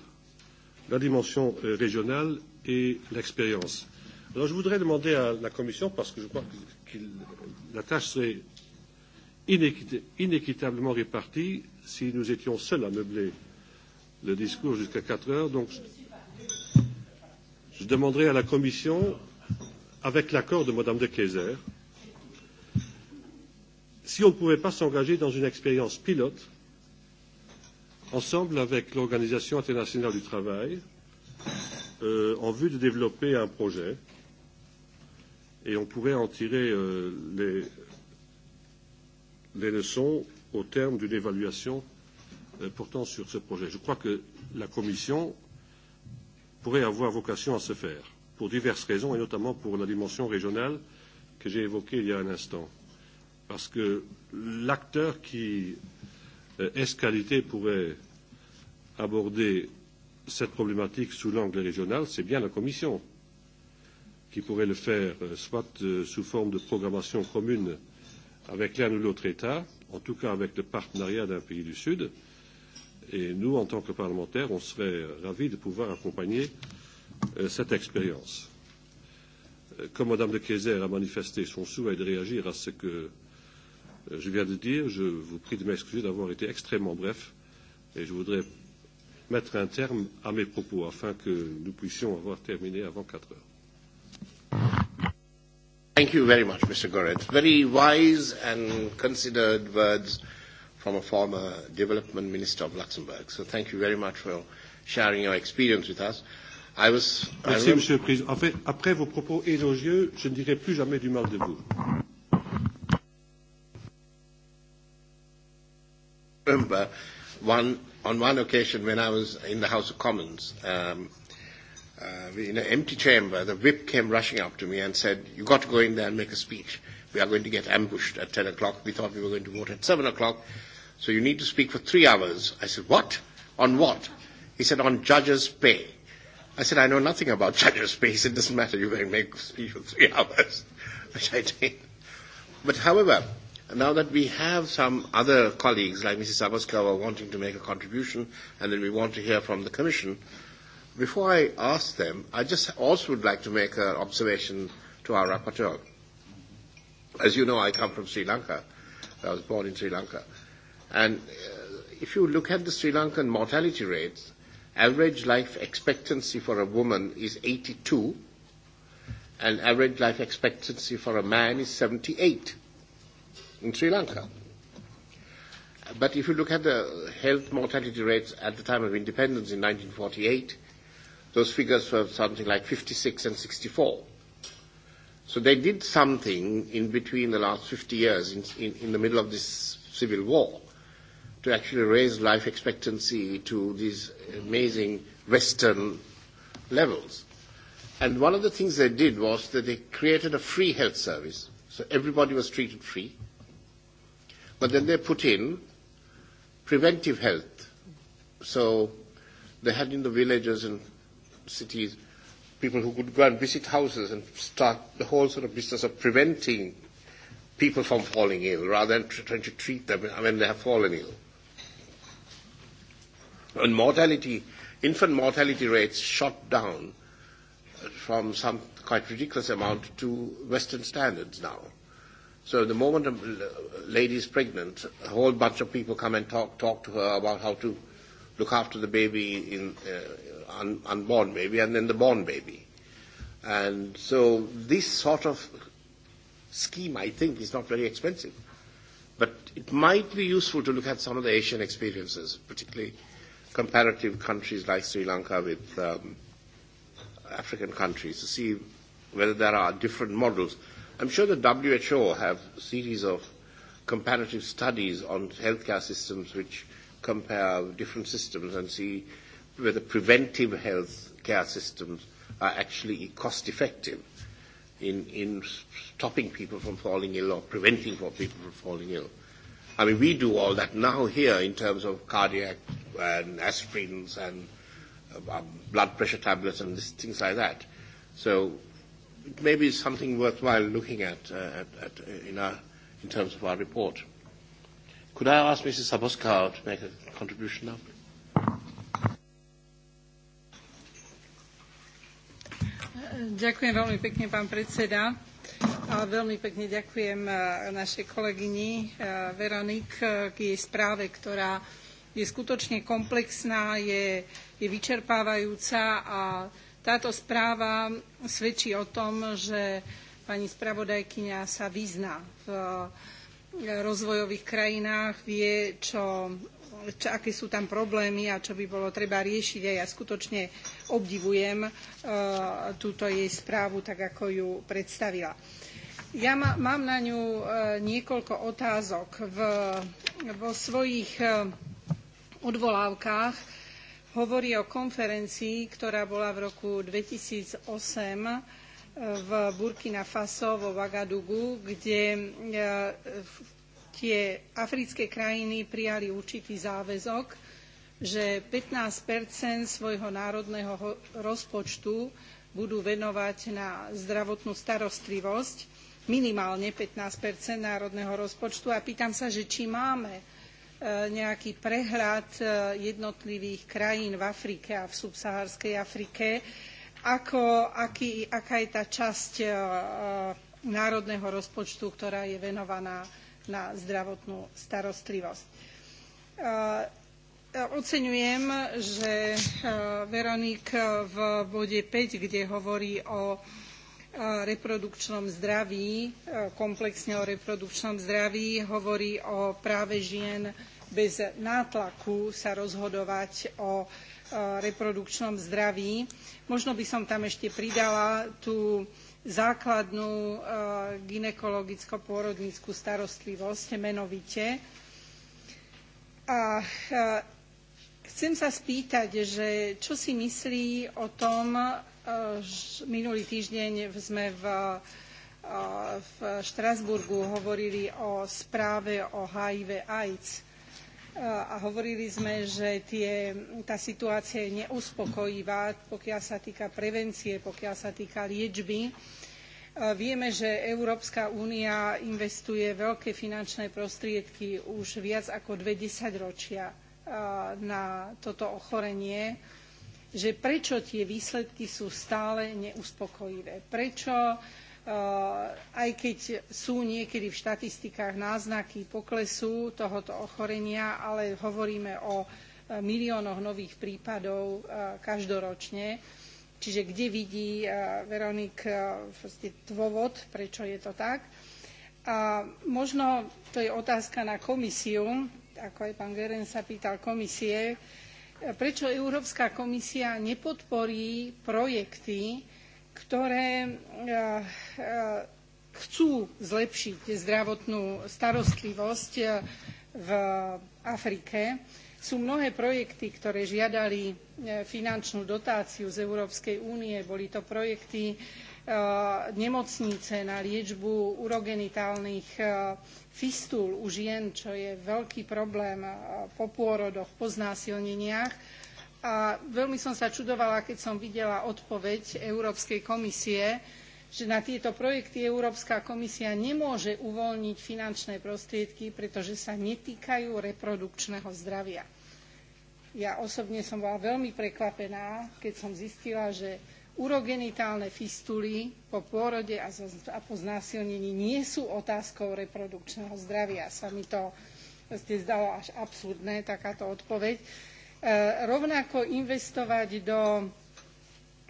la dimension euh, régionale et l'expérience. Alors je voudrais demander à la Commission, parce que je crois que, que la tâche serait inéquit inéquitablement répartie si nous étions seuls à meubler le discours jusqu'à 4 heures. Donc je demanderai à la Commission, avec l'accord de Mme de Keyser, si on ne pouvait pas s'engager dans une expérience pilote ensemble avec l'Organisation internationale du travail euh, en vue de développer un projet et on pourrait en tirer euh, les, les leçons au terme d'une évaluation euh, portant sur ce projet. Je crois que la Commission pourrait avoir vocation à se faire, pour diverses raisons, et notamment pour la dimension régionale que j'ai évoquée il y a un instant. Parce que l'acteur qui euh, est qualité pourrait aborder cette problématique sous l'angle régional, c'est bien la Commission qui pourrait le faire euh, soit euh, sous forme de programmation commune avec l'un ou l'autre État, en tout cas avec le partenariat d'un pays du Sud. Et nous, en tant que parlementaires, on serait ravis de pouvoir accompagner euh, cette expérience. Comme Mme de Kayser a manifesté son souhait de réagir à ce que je viens de dire, je vous prie de m'excuser d'avoir été extrêmement bref et je voudrais mettre un terme à mes propos afin que nous puissions avoir terminé avant quatre heures. Thank you very much, Mr. Goretz. Very wise and considered words from a former development minister of Luxembourg. So thank you very much for sharing your experience with us. I was, Merci, I remember... Monsieur le Président. En fait, après vos propos élogieux, je ne dirai plus jamais du mal de vous. Remember, one, on one occasion when I was in the House of Commons, um, uh, in an empty chamber, the whip came rushing up to me and said, you got to go in there and make a speech. We are going to get ambushed at 10 o'clock. We thought we were going to vote at 7 o'clock. So you need to speak for three hours. I said, what? On what? He said, on judges' pay. I said, I know nothing about <laughs> judges' pay. He said, it doesn't matter. You're going to make a speech for three <laughs> hours, which I did. But however, now that we have some other colleagues like Mrs. Sabaskova wanting to make a contribution, and then we want to hear from the Commission, Before I ask them, I just also would like to make an observation to our rapporteur. As you know, I come from Sri Lanka. I was born in Sri Lanka. And uh, if you look at the Sri Lankan mortality rates, average life expectancy for a woman is 82, and average life expectancy for a man is 78 in Sri Lanka. But if you look at the health mortality rates at the time of independence in 1948, Those figures were something like 56 and 64. So they did something in between the last 50 years, in, in, in the middle of this civil war, to actually raise life expectancy to these amazing Western levels. And one of the things they did was that they created a free health service. So everybody was treated free. But then they put in preventive health. So they had in the villages and cities, people who could go and visit houses and start the whole sort of business of preventing people from falling ill rather than trying to treat them when they have fallen ill. And mortality, infant mortality rates shot down from some quite ridiculous amount to Western standards now. So the moment a lady is pregnant, a whole bunch of people come and talk, talk to her about how to look after the baby in, uh, un, unborn baby and then the born baby. And so this sort of scheme, I think, is not very expensive. But it might be useful to look at some of the Asian experiences, particularly comparative countries like Sri Lanka with um, African countries, to see whether there are different models. I'm sure the WHO have a series of comparative studies on healthcare systems which compare different systems and see whether preventive health care systems are actually cost effective in, in stopping people from falling ill or preventing for people from falling ill. I mean, we do all that now here in terms of cardiac and aspirins and uh, um, blood pressure tablets and this, things like that. So it may be something worthwhile looking at, uh, at, at uh, in, our, in terms of our report. Could I ask Mrs. Saboskar to make a contribution now? Please? Ďakujem veľmi pekne, pán predseda. A veľmi pekne ďakujem e, našej kolegyni e, Veronik e, k jej správe, ktorá je skutočne komplexná, je, je vyčerpávajúca a táto správa svedčí o tom, že pani spravodajkyňa sa vyzná v rozvojových krajinách, vie, čo čo, aké sú tam problémy a čo by bolo treba riešiť. A ja skutočne obdivujem uh, túto jej správu, tak ako ju predstavila. Ja ma, mám na ňu e, niekoľko otázok. V, vo svojich e, odvolávkach hovorí o konferencii, ktorá bola v roku 2008 v Burkina Faso vo Vagadugu, kde v tie africké krajiny prijali určitý záväzok, že 15 svojho národného rozpočtu budú venovať na zdravotnú starostlivosť, minimálne 15 národného rozpočtu. A pýtam sa, že či máme e, nejaký prehľad e, jednotlivých krajín v Afrike a v subsahárskej Afrike, ako, aký, aká je tá časť e, národného rozpočtu, ktorá je venovaná na zdravotnú starostlivosť. E, e, oceňujem, že e, Veronik v bode 5, kde hovorí o reprodukčnom zdraví, komplexne o reprodukčnom zdraví, hovorí o práve žien bez nátlaku sa rozhodovať o reprodukčnom zdraví. Možno by som tam ešte pridala tú základnú eh, ginekologicko pôrodnícku starostlivosť menovite. A eh, chcem sa spýtať, že čo si myslí o tom, eh, minulý týždeň sme v, v Štrasburgu hovorili o správe o HIV AIDS a hovorili sme, že tie, tá situácia je neuspokojivá, pokiaľ sa týka prevencie, pokiaľ sa týka liečby. Vieme, že Európska únia investuje veľké finančné prostriedky už viac ako dve desaťročia na toto ochorenie, že prečo tie výsledky sú stále neuspokojivé. Prečo aj keď sú niekedy v štatistikách náznaky poklesu tohoto ochorenia, ale hovoríme o e, miliónoch nových prípadov e, každoročne. Čiže kde vidí e, Veronik dôvod, prečo je to tak? A možno to je otázka na komisiu, ako aj pán Geren sa pýtal komisie, prečo Európska komisia nepodporí projekty, ktoré E, chcú zlepšiť zdravotnú starostlivosť e, v Afrike, sú mnohé projekty, ktoré žiadali e, finančnú dotáciu z Európskej únie. Boli to projekty nemocnice na liečbu urogenitálnych fistúl u žien, čo je veľký problém po pôrodoch, po znásilneniach. A veľmi som sa čudovala, keď som videla odpoveď Európskej komisie, že na tieto projekty Európska komisia nemôže uvoľniť finančné prostriedky, pretože sa netýkajú reprodukčného zdravia. Ja osobne som bola veľmi prekvapená, keď som zistila, že urogenitálne fistuly po pôrode a, po znásilnení nie sú otázkou reprodukčného zdravia. Sa mi to ste zdalo až absurdné, takáto odpoveď. E, rovnako investovať do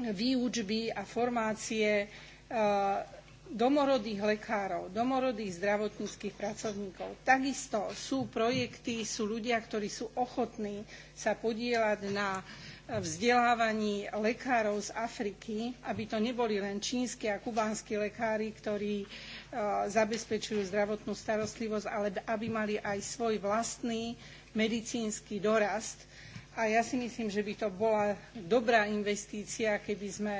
výučby a formácie domorodých lekárov, domorodých zdravotníckých pracovníkov. Takisto sú projekty, sú ľudia, ktorí sú ochotní sa podieľať na eh, vzdelávaní lekárov z Afriky, aby to neboli len čínsky a kubánsky lekári, ktorí eh, zabezpečujú zdravotnú starostlivosť, ale aby mali aj svoj vlastný medicínsky dorast. A ja si myslím, že by to bola dobrá investícia, keby sme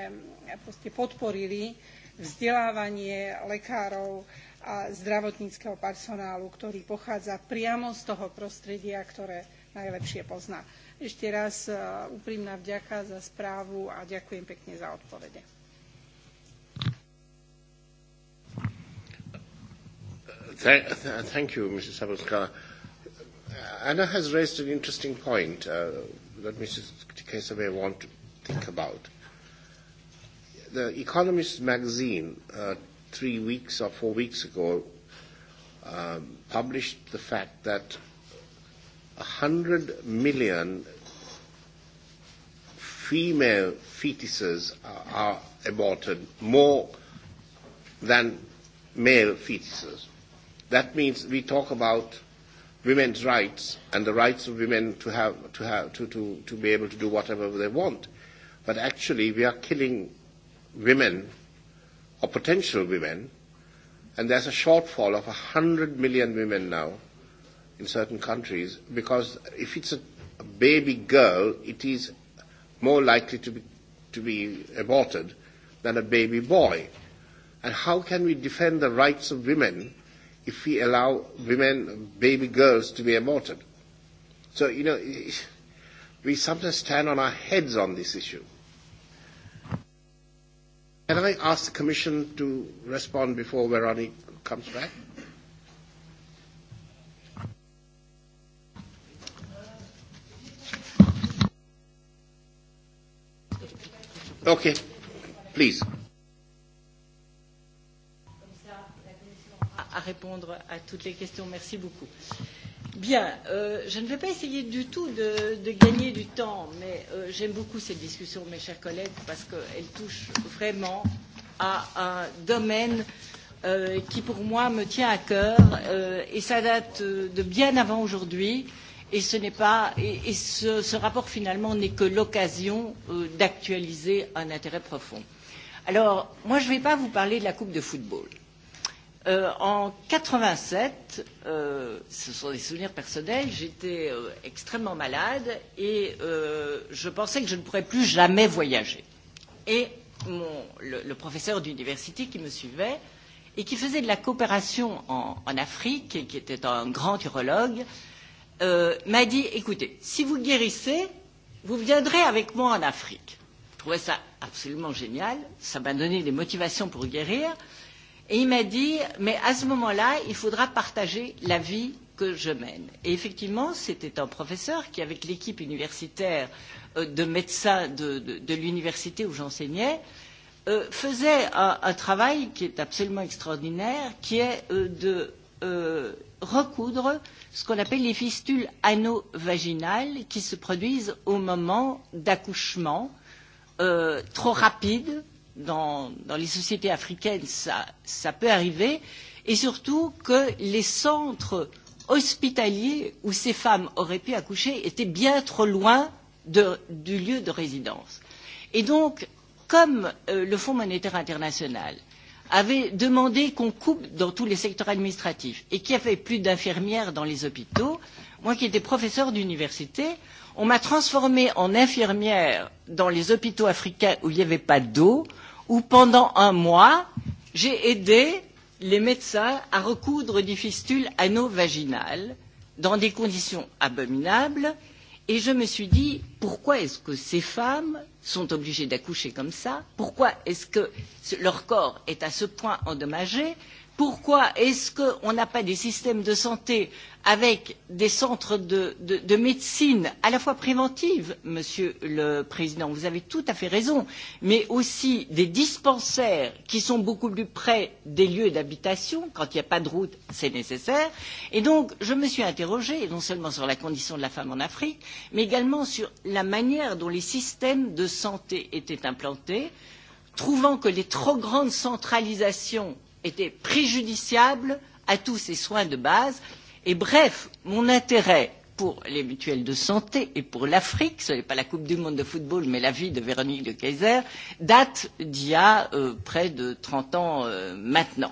eh, podporili vzdelávanie lekárov a zdravotníckého personálu, ktorý pochádza priamo z toho prostredia, ktoré najlepšie pozná. Ešte raz e, úprimná vďaka za správu a ďakujem pekne za odpovede. Thank you, Mrs. Sabatskala. Anna has raised an interesting point uh, that Mrs. Kesave want to think about the Economist magazine uh, three weeks or four weeks ago um, published the fact that 100 million female fetuses are, are aborted more than male fetuses. That means we talk about women's rights and the rights of women to have to have to, to, to be able to do whatever they want. But actually we are killing women or potential women, and there's a shortfall of 100 million women now in certain countries because if it's a, a baby girl, it is more likely to be, to be aborted than a baby boy. And how can we defend the rights of women if we allow women, baby girls, to be aborted? So, you know, <laughs> we sometimes stand on our heads on this issue. Can I ask the Commission to respond before Veronique comes back? Okay, please. À répondre à toutes les questions. Merci beaucoup. Euh, Bien, euh, je ne vais pas essayer du tout de, de gagner du temps, mais euh, j'aime beaucoup cette discussion, mes chers collègues, parce qu'elle touche vraiment à un domaine euh, qui, pour moi, me tient à cœur, euh, et ça date euh, de bien avant aujourd'hui, et, ce, n'est pas, et, et ce, ce rapport, finalement, n'est que l'occasion euh, d'actualiser un intérêt profond. Alors, moi, je ne vais pas vous parler de la Coupe de football. Euh, en 87, euh, ce sont des souvenirs personnels, j'étais euh, extrêmement malade et euh, je pensais que je ne pourrais plus jamais voyager. Et mon, le, le professeur d'université qui me suivait et qui faisait de la coopération en, en Afrique et qui était un grand urologue euh, m'a dit écoutez, si vous guérissez, vous viendrez avec moi en Afrique. Je trouvais ça absolument génial, ça m'a donné des motivations pour guérir. Euh, Et il m'a dit, mais à ce moment-là, il faudra partager la vie que je mène. Et effectivement, c'était un professeur qui, avec l'équipe universitaire euh, de médecins de, de, de l'université où j'enseignais, euh, faisait un, un travail qui est absolument extraordinaire, qui est euh, de euh, recoudre ce qu'on appelle les fistules anovaginales qui se produisent au moment d'accouchement euh, trop rapide dans, dans les sociétés africaines, ça, ça peut arriver, et surtout que les centres hospitaliers où ces femmes auraient pu accoucher étaient bien trop loin de, du lieu de résidence. Et donc, comme euh, le Fonds monétaire international avait demandé qu'on coupe dans tous les secteurs administratifs et qu'il n'y avait plus d'infirmières dans les hôpitaux, moi qui étais professeur d'université, on m'a transformée en infirmière dans les hôpitaux africains où il n'y avait pas d'eau, où pendant un mois, j'ai aidé les médecins à recoudre des fistules anovaginales dans des conditions abominables et je me suis dit pourquoi est-ce que ces femmes sont obligées d'accoucher comme ça Pourquoi est-ce que leur corps est à ce point endommagé Pourquoi est-ce qu'on n'a pas des systèmes de santé avec des centres de, de, de médecine à la fois préventive, Monsieur le Président, vous avez tout à fait raison, mais aussi des dispensaires qui sont beaucoup plus près des lieux d'habitation. Quand il n'y a pas de route, c'est nécessaire. Et donc, je me suis interrogée non seulement sur la condition de la femme en Afrique, mais également sur la manière dont les systèmes de santé étaient implantés, trouvant que les trop grandes centralisations étaient préjudiciables à tous ces soins de base Et bref, mon intérêt pour les mutuelles de santé et pour l'Afrique, ce n'est pas la Coupe du Monde de football, mais la vie de Véronique de Keyser, date d'il y a euh, près de 30 ans euh, maintenant.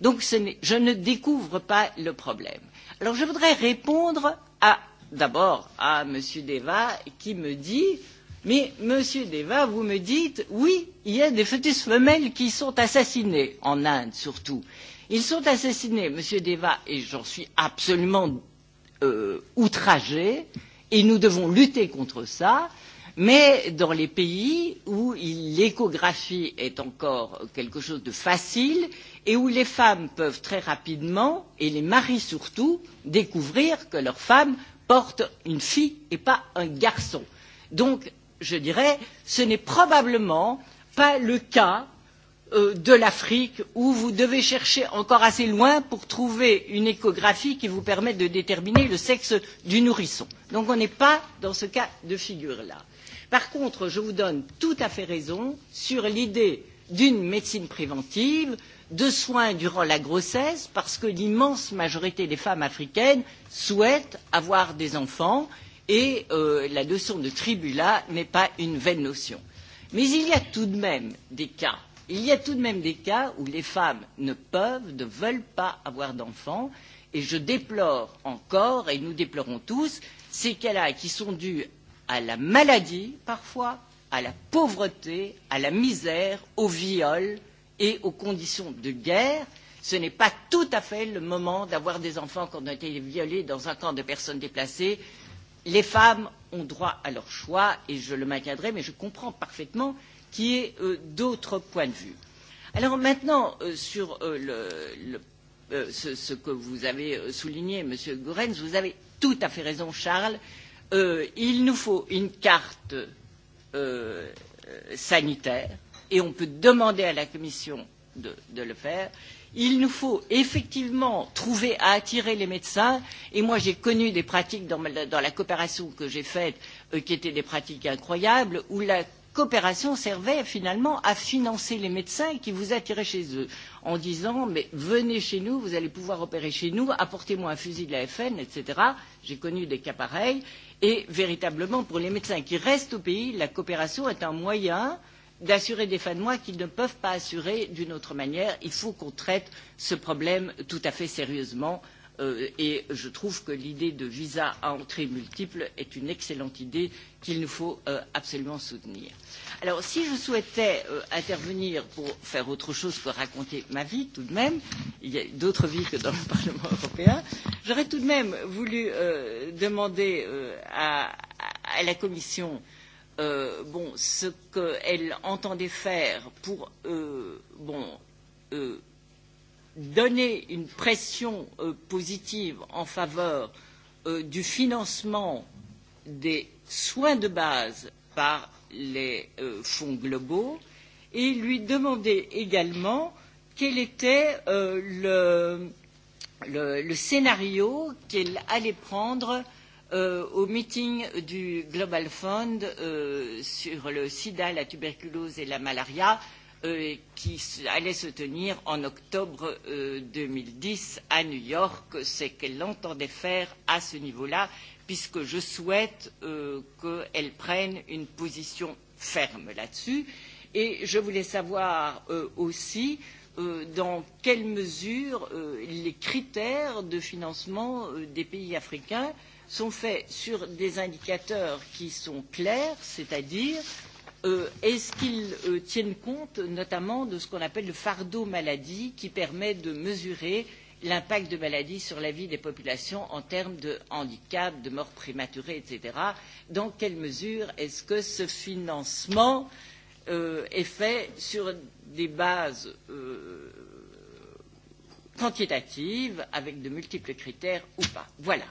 Donc ce je ne découvre pas le problème. Alors je voudrais répondre à, d'abord à M. Deva qui me dit mais Monsieur Deva, vous me dites oui, il y a des fœtus femelles qui sont assassinés en Inde surtout. Ils sont assassinés, Monsieur Deva, et j'en suis absolument euh, outragé, et nous devons lutter contre ça. Mais dans les pays où l'échographie est encore quelque chose de facile et où les femmes peuvent très rapidement, et les maris surtout, découvrir que leur femme porte une fille et pas un garçon. Donc, je dirais, ce n'est probablement pas le cas Euh, de l'Afrique où vous devez chercher encore assez loin pour trouver une échographie qui vous permette de déterminer le sexe du nourrisson. Donc on n'est pas dans ce cas de figure-là. Par contre, je vous donne tout à fait raison sur l'idée d'une médecine préventive, de soins durant la grossesse, parce que l'immense majorité des femmes africaines souhaitent avoir des enfants et euh, la notion de tribula n'est pas une vaine notion. Mais il y a tout de même des cas Il y a tout de même des cas où les femmes ne peuvent, ne veulent pas avoir d'enfants, et je déplore encore, et nous déplorons tous, ces cas-là qui sont dus à la maladie parfois, à la pauvreté, à la misère, au viol et aux conditions de guerre. Ce n'est pas tout à fait le moment d'avoir des enfants quand on a été violé dans un camp de personnes déplacées. Les femmes ont droit à leur choix et je le maintiendrai, mais je comprends parfaitement qui est euh, d'autres points de vue. Alors maintenant, euh, sur euh, le, le, euh, ce, ce que vous avez euh, souligné, Monsieur Gorenz, vous avez tout à fait raison, Charles. Euh, il nous faut une carte euh, sanitaire et on peut demander à la Commission de, de le faire. Il nous faut effectivement trouver à attirer les médecins et moi j'ai connu des pratiques dans, ma, dans la coopération que j'ai faite euh, qui étaient des pratiques incroyables où la coopération servait finalement à financer les médecins qui vous attiraient chez eux en disant mais venez chez nous, vous allez pouvoir opérer chez nous, apportez-moi un fusil de la FN, etc. J'ai connu des cas pareils et véritablement pour les médecins qui restent au pays, la coopération est un moyen d'assurer des fins de mois qu'ils ne peuvent pas assurer d'une autre manière. Il faut qu'on traite ce problème tout à fait sérieusement euh, et je trouve que l'idée de visa à entrée multiple est une excellente idée qu'il nous faut euh, absolument soutenir. Alors si je souhaitais euh, intervenir pour faire autre chose que raconter ma vie tout de même, il y a d'autres vies que dans le Parlement européen, j'aurais tout de même voulu euh, demander euh, à, à la Commission euh, bon, ce qu'elle entendait faire pour euh, bon, euh, donner une pression euh, positive en faveur euh, du financement des soins de base par les euh, fonds globaux et lui demander également quel était euh, le, le, le scénario qu'elle allait prendre euh, au meeting du Global Fund euh, sur le sida, la tuberculose et la malaria, euh, Euh, qui allait se tenir en octobre euh, 2010 à New York. C'est qu'elle entendait faire à ce niveau-là, puisque je souhaite euh, qu'elle prenne une position ferme là-dessus. Et je voulais savoir euh, aussi euh, dans quelle mesure euh, les critères de financement euh, des pays africains sont faits sur des indicateurs qui sont clairs, c'est-à-dire euh, euh, est-ce qu'ils euh, tiennent compte notamment de ce qu'on appelle le fardeau maladie qui permet de mesurer l'impact de maladies sur la vie des populations en termes de handicap, de mort prématurée, etc. Dans quelle mesure est-ce que ce financement euh, est fait sur des bases euh, quantitatives avec de multiples critères ou pas Voilà.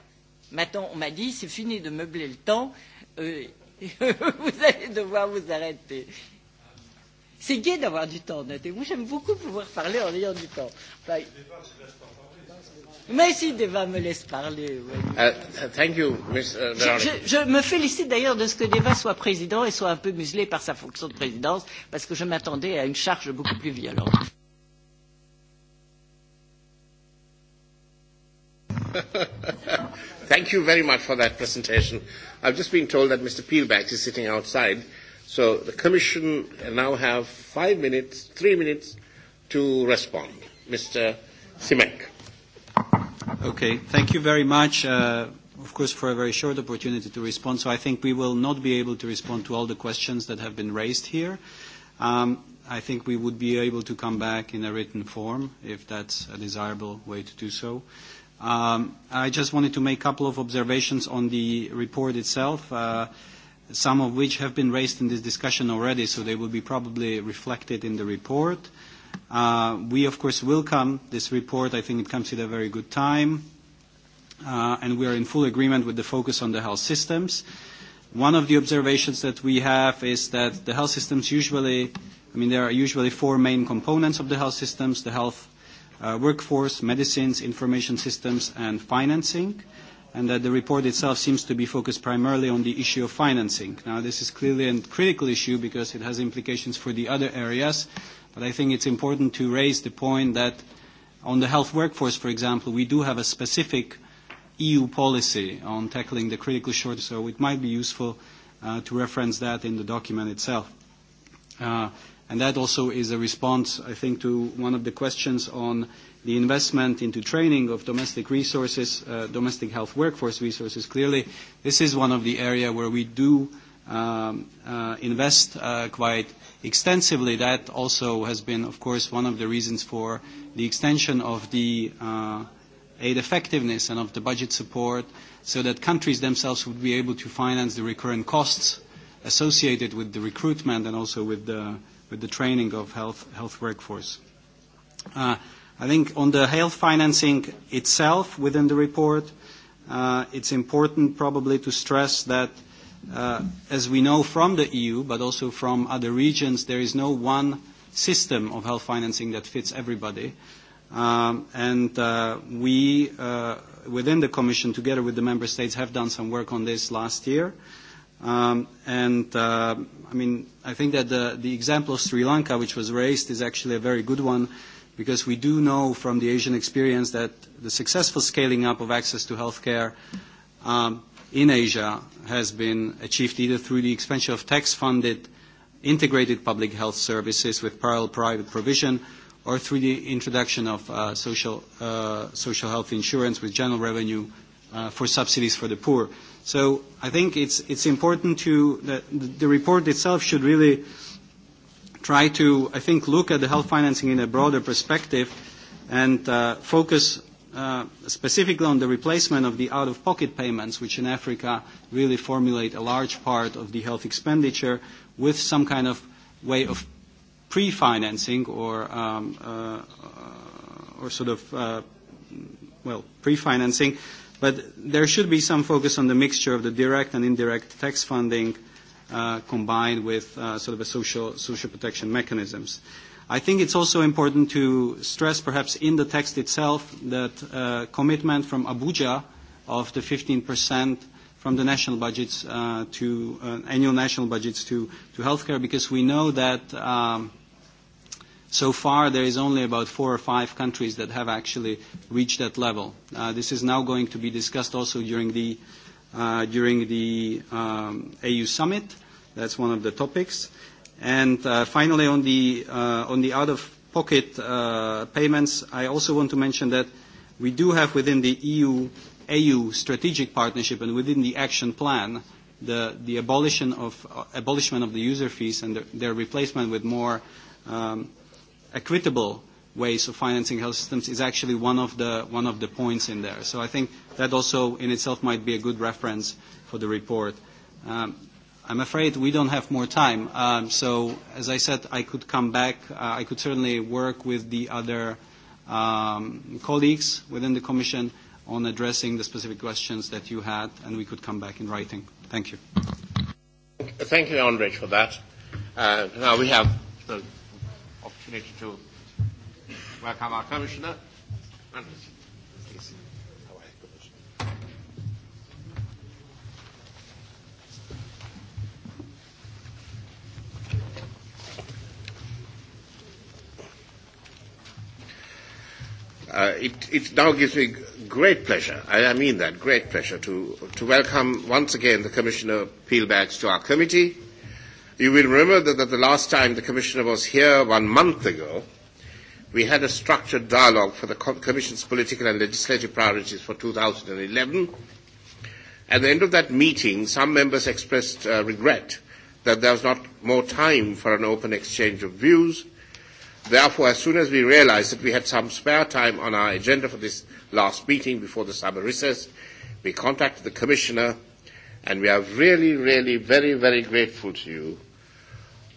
Maintenant, on m'a dit, c'est fini de meubler le temps. Euh, <laughs> vous allez devoir vous arrêter. C'est gai d'avoir du temps, notez. Moi, j'aime beaucoup pouvoir parler en ayant du temps. Enfin, mais si Deva me laisse parler. Oui. Uh, euh, thank you, Miss, uh, je, je, je me félicite d'ailleurs de ce que Deva soit président et soit un peu muselé par sa fonction de présidence, parce que je m'attendais à une charge beaucoup plus violente. <laughs> Thank you very much for that presentation. I've just been told that Mr. Peelback is sitting outside. So the Commission now have five minutes, three minutes to respond. Mr. Simek. Okay. Thank you very much. Uh, of course, for a very short opportunity to respond. So I think we will not be able to respond to all the questions that have been raised here. Um, I think we would be able to come back in a written form if that's a desirable way to do so. Um, I just wanted to make a couple of observations on the report itself, uh, some of which have been raised in this discussion already, so they will be probably reflected in the report. Uh, we, of course, welcome this report. I think it comes at a very good time. Uh, and we are in full agreement with the focus on the health systems. One of the observations that we have is that the health systems usually, I mean, there are usually four main components of the health systems, the health Uh, workforce, medicines, information systems, and financing, and that the report itself seems to be focused primarily on the issue of financing. Now, this is clearly a critical issue because it has implications for the other areas, but I think it's important to raise the point that on the health workforce, for example, we do have a specific EU policy on tackling the critical shortage, so it might be useful uh, to reference that in the document itself. Uh, And that also is a response, I think, to one of the questions on the investment into training of domestic resources, uh, domestic health workforce resources. Clearly, this is one of the area where we do um, uh, invest uh, quite extensively. That also has been, of course, one of the reasons for the extension of the aid effectiveness and of the budget support so that countries themselves would be able to finance the recurrent costs associated with the recruitment and also with the with the training of health, health workforce. Uh, I think on the health financing itself within the report, uh, it's important probably to stress that, uh, as we know from the EU, but also from other regions, there is no one system of health financing that fits everybody. Um, and uh, we, uh, within the Commission, together with the Member States, have done some work on this last year. Uh, Um, and uh, I mean, I think that the, the example of Sri Lanka, which was raised, is actually a very good one because we do know from the Asian experience that the successful scaling up of access to healthcare um, in Asia has been achieved either through the expansion of tax-funded integrated public health services with parallel private provision or through the introduction of uh, social, uh, social health insurance with general revenue uh, for subsidies for the poor. So I think it's, it's important to, the, the report itself should really try to, I think, look at the health financing in a broader perspective and uh, focus uh, specifically on the replacement of the out-of-pocket payments, which in Africa really formulate a large part of the health expenditure, with some kind of way of pre-financing or, um, uh, or sort of, uh, well, pre-financing But there should be some focus on the mixture of the direct and indirect tax funding uh, combined with uh, sort of a social, social protection mechanisms. I think it's also important to stress, perhaps in the text itself, that uh, commitment from Abuja of the 15% from the national budgets uh, to uh, annual national budgets to, to healthcare, because we know that um, So far, there is only about four or five countries that have actually reached that level. Uh, this is now going to be discussed also during the, uh, during the um, AU summit. That's one of the topics. And uh, finally, on the, uh, on the out-of-pocket uh, payments, I also want to mention that we do have within the EU AU strategic partnership and within the action plan the, the abolition of, uh, abolishment of the user fees and the, their replacement with more um, equitable ways of financing health systems is actually one of the one of the points in there. So I think that also in itself might be a good reference for the report. Um, I'm afraid we don't have more time. Um, so as I said, I could come back. Uh, I could certainly work with the other um, colleagues within the Commission on addressing the specific questions that you had, and we could come back in writing. Thank you. Thank you, Andrej, for that. Uh, now we have the opportunity to welcome our Commissioner. And please. Uh, it, it now gives me great pleasure, and I mean that, great pleasure, to, to welcome once again the Commissioner Peelbags to our committee. You will remember that, that the last time the Commissioner was here, one month ago, we had a structured dialogue for the Commission's political and legislative priorities for 2011. At the end of that meeting, some members expressed uh, regret that there was not more time for an open exchange of views. Therefore, as soon as we realized that we had some spare time on our agenda for this last meeting before the summer recess, we contacted the Commissioner, and we are really, really very, very grateful to you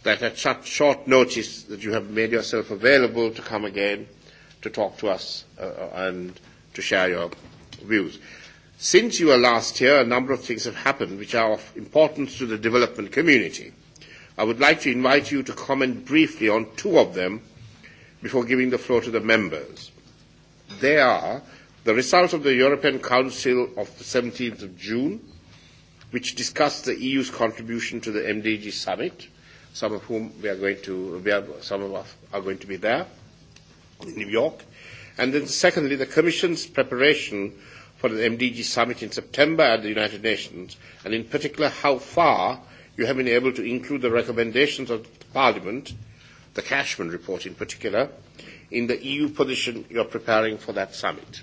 that at such short notice that you have made yourself available to come again to talk to us uh, and to share your views. Since you were last here, a number of things have happened which are of importance to the development community. I would like to invite you to comment briefly on two of them before giving the floor to the members. They are the results of the European Council of the 17th of June, which discussed the EU's contribution to the MDG summit, some of whom we are going to, we are, some of us are going to be there in New York. And then secondly, the Commission's preparation for the MDG summit in September at the United Nations, and in particular how far you have been able to include the recommendations of Parliament, the Cashman report in particular, in the EU position you are preparing for that summit.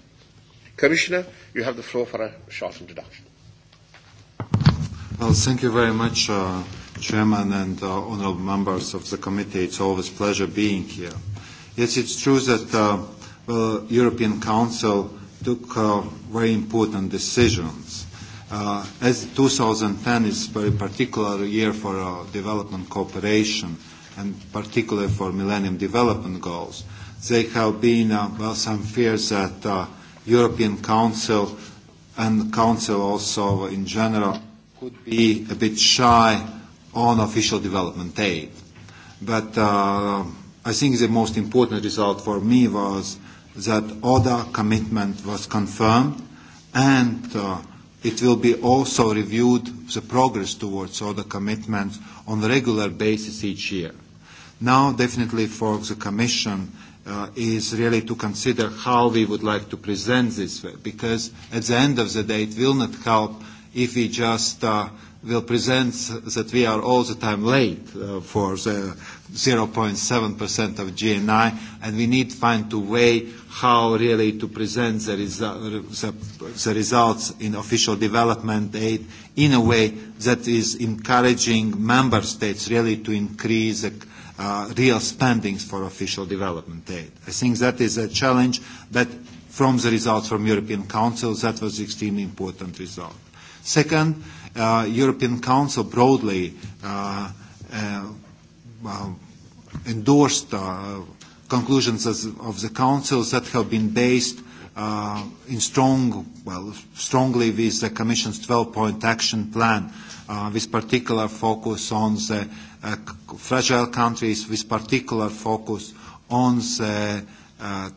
Commissioner, you have the floor for a short introduction. Well, thank you very much, uh, Chairman and uh, honourable members of the committee. It's always a pleasure being here. Yes, it's true that uh, well, European Council took uh, very important decisions. Uh, as 2010 is a very particular year for uh, development cooperation and particularly for Millennium Development Goals, there have been uh, well, some fears that uh, European Council and Council also in general could be a bit shy on official development aid. But uh, I think the most important result for me was that ODA commitment was confirmed and uh, it will be also reviewed the progress towards ODA commitments on a regular basis each year. Now definitely for the Commission uh, is really to consider how we would like to present this because at the end of the day it will not help if we just uh, will present that we are all the time late uh, for the 0.7% of GNI, and we need to find a way how really to present the, resu- the, the results in official development aid in a way that is encouraging member states really to increase the uh, real spendings for official development aid. I think that is a challenge, but from the results from European Council, that was extremely important result. Second, uh, European Council broadly uh, uh, well, endorsed uh, conclusions as, of the councils that have been based uh, in strong, well, strongly with the Commission's 12-point action plan, uh, with particular focus on the uh, fragile countries, with particular focus on the, uh,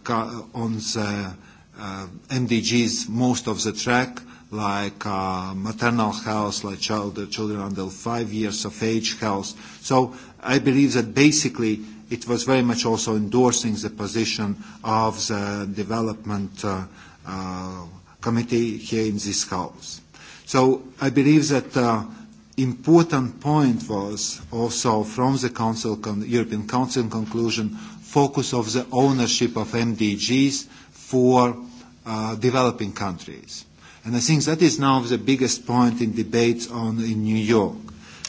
on the uh, MDGs most of the track, uh, like uh, maternal health, like child, uh, children under five years of age health. So I believe that basically it was very much also endorsing the position of the development uh, uh, committee here in this house. So I believe that uh, important point was also from the Council con European Council conclusion focus of the ownership of MDGs for uh, developing countries. And I think that is now the biggest point in debate on in New York.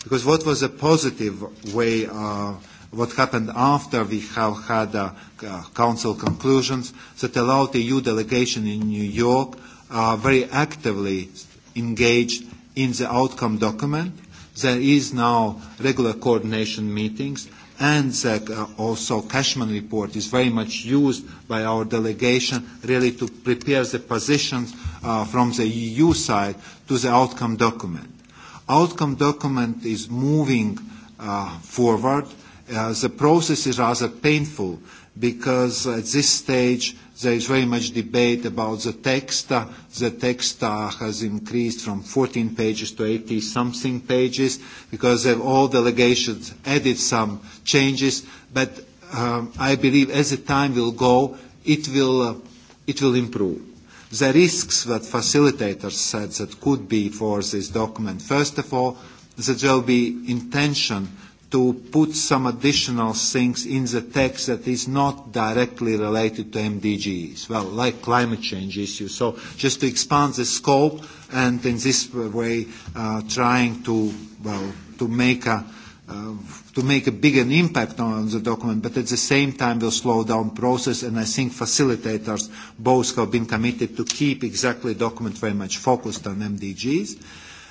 Because what was a positive way, uh, what happened after we have had uh, uh, council conclusions that allowed the EU delegation in New York uh, very actively engaged in the outcome document. There is now regular coordination meetings and that uh, also Cashman report is very much used by our delegation really to prepare the positions uh, from the EU side to the outcome document. Outcome document is moving uh, forward. Uh, the process is rather painful because at this stage There is very much debate about the text. The text has increased from 14 pages to 80 something pages because all delegations added some changes. But um, I believe as the time will go, it will, uh, it will improve. The risks that facilitators said that could be for this document, first of all, that there will be intention to put some additional things in the text that is not directly related to MDGs, well, like climate change issues. So just to expand the scope and in this way uh, trying to, well, to make a uh, to make a big an impact on the document, but at the same time will slow down process, and I think facilitators both have been committed to keep exactly document very much focused on MDGs.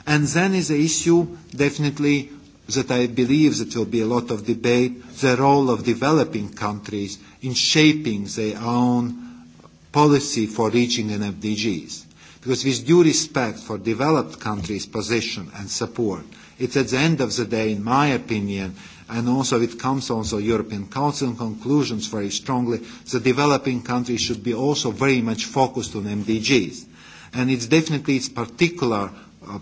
And then is the issue definitely that I believe that will be a lot of debate, the role of developing countries in shaping their own policy for reaching an MDGs. Because with due respect for developed countries' position and support, it's at the end of the day, in my opinion, and also it comes also European Council conclusions very strongly, the developing countries should be also very much focused on MDGs. And it's definitely its particular uh,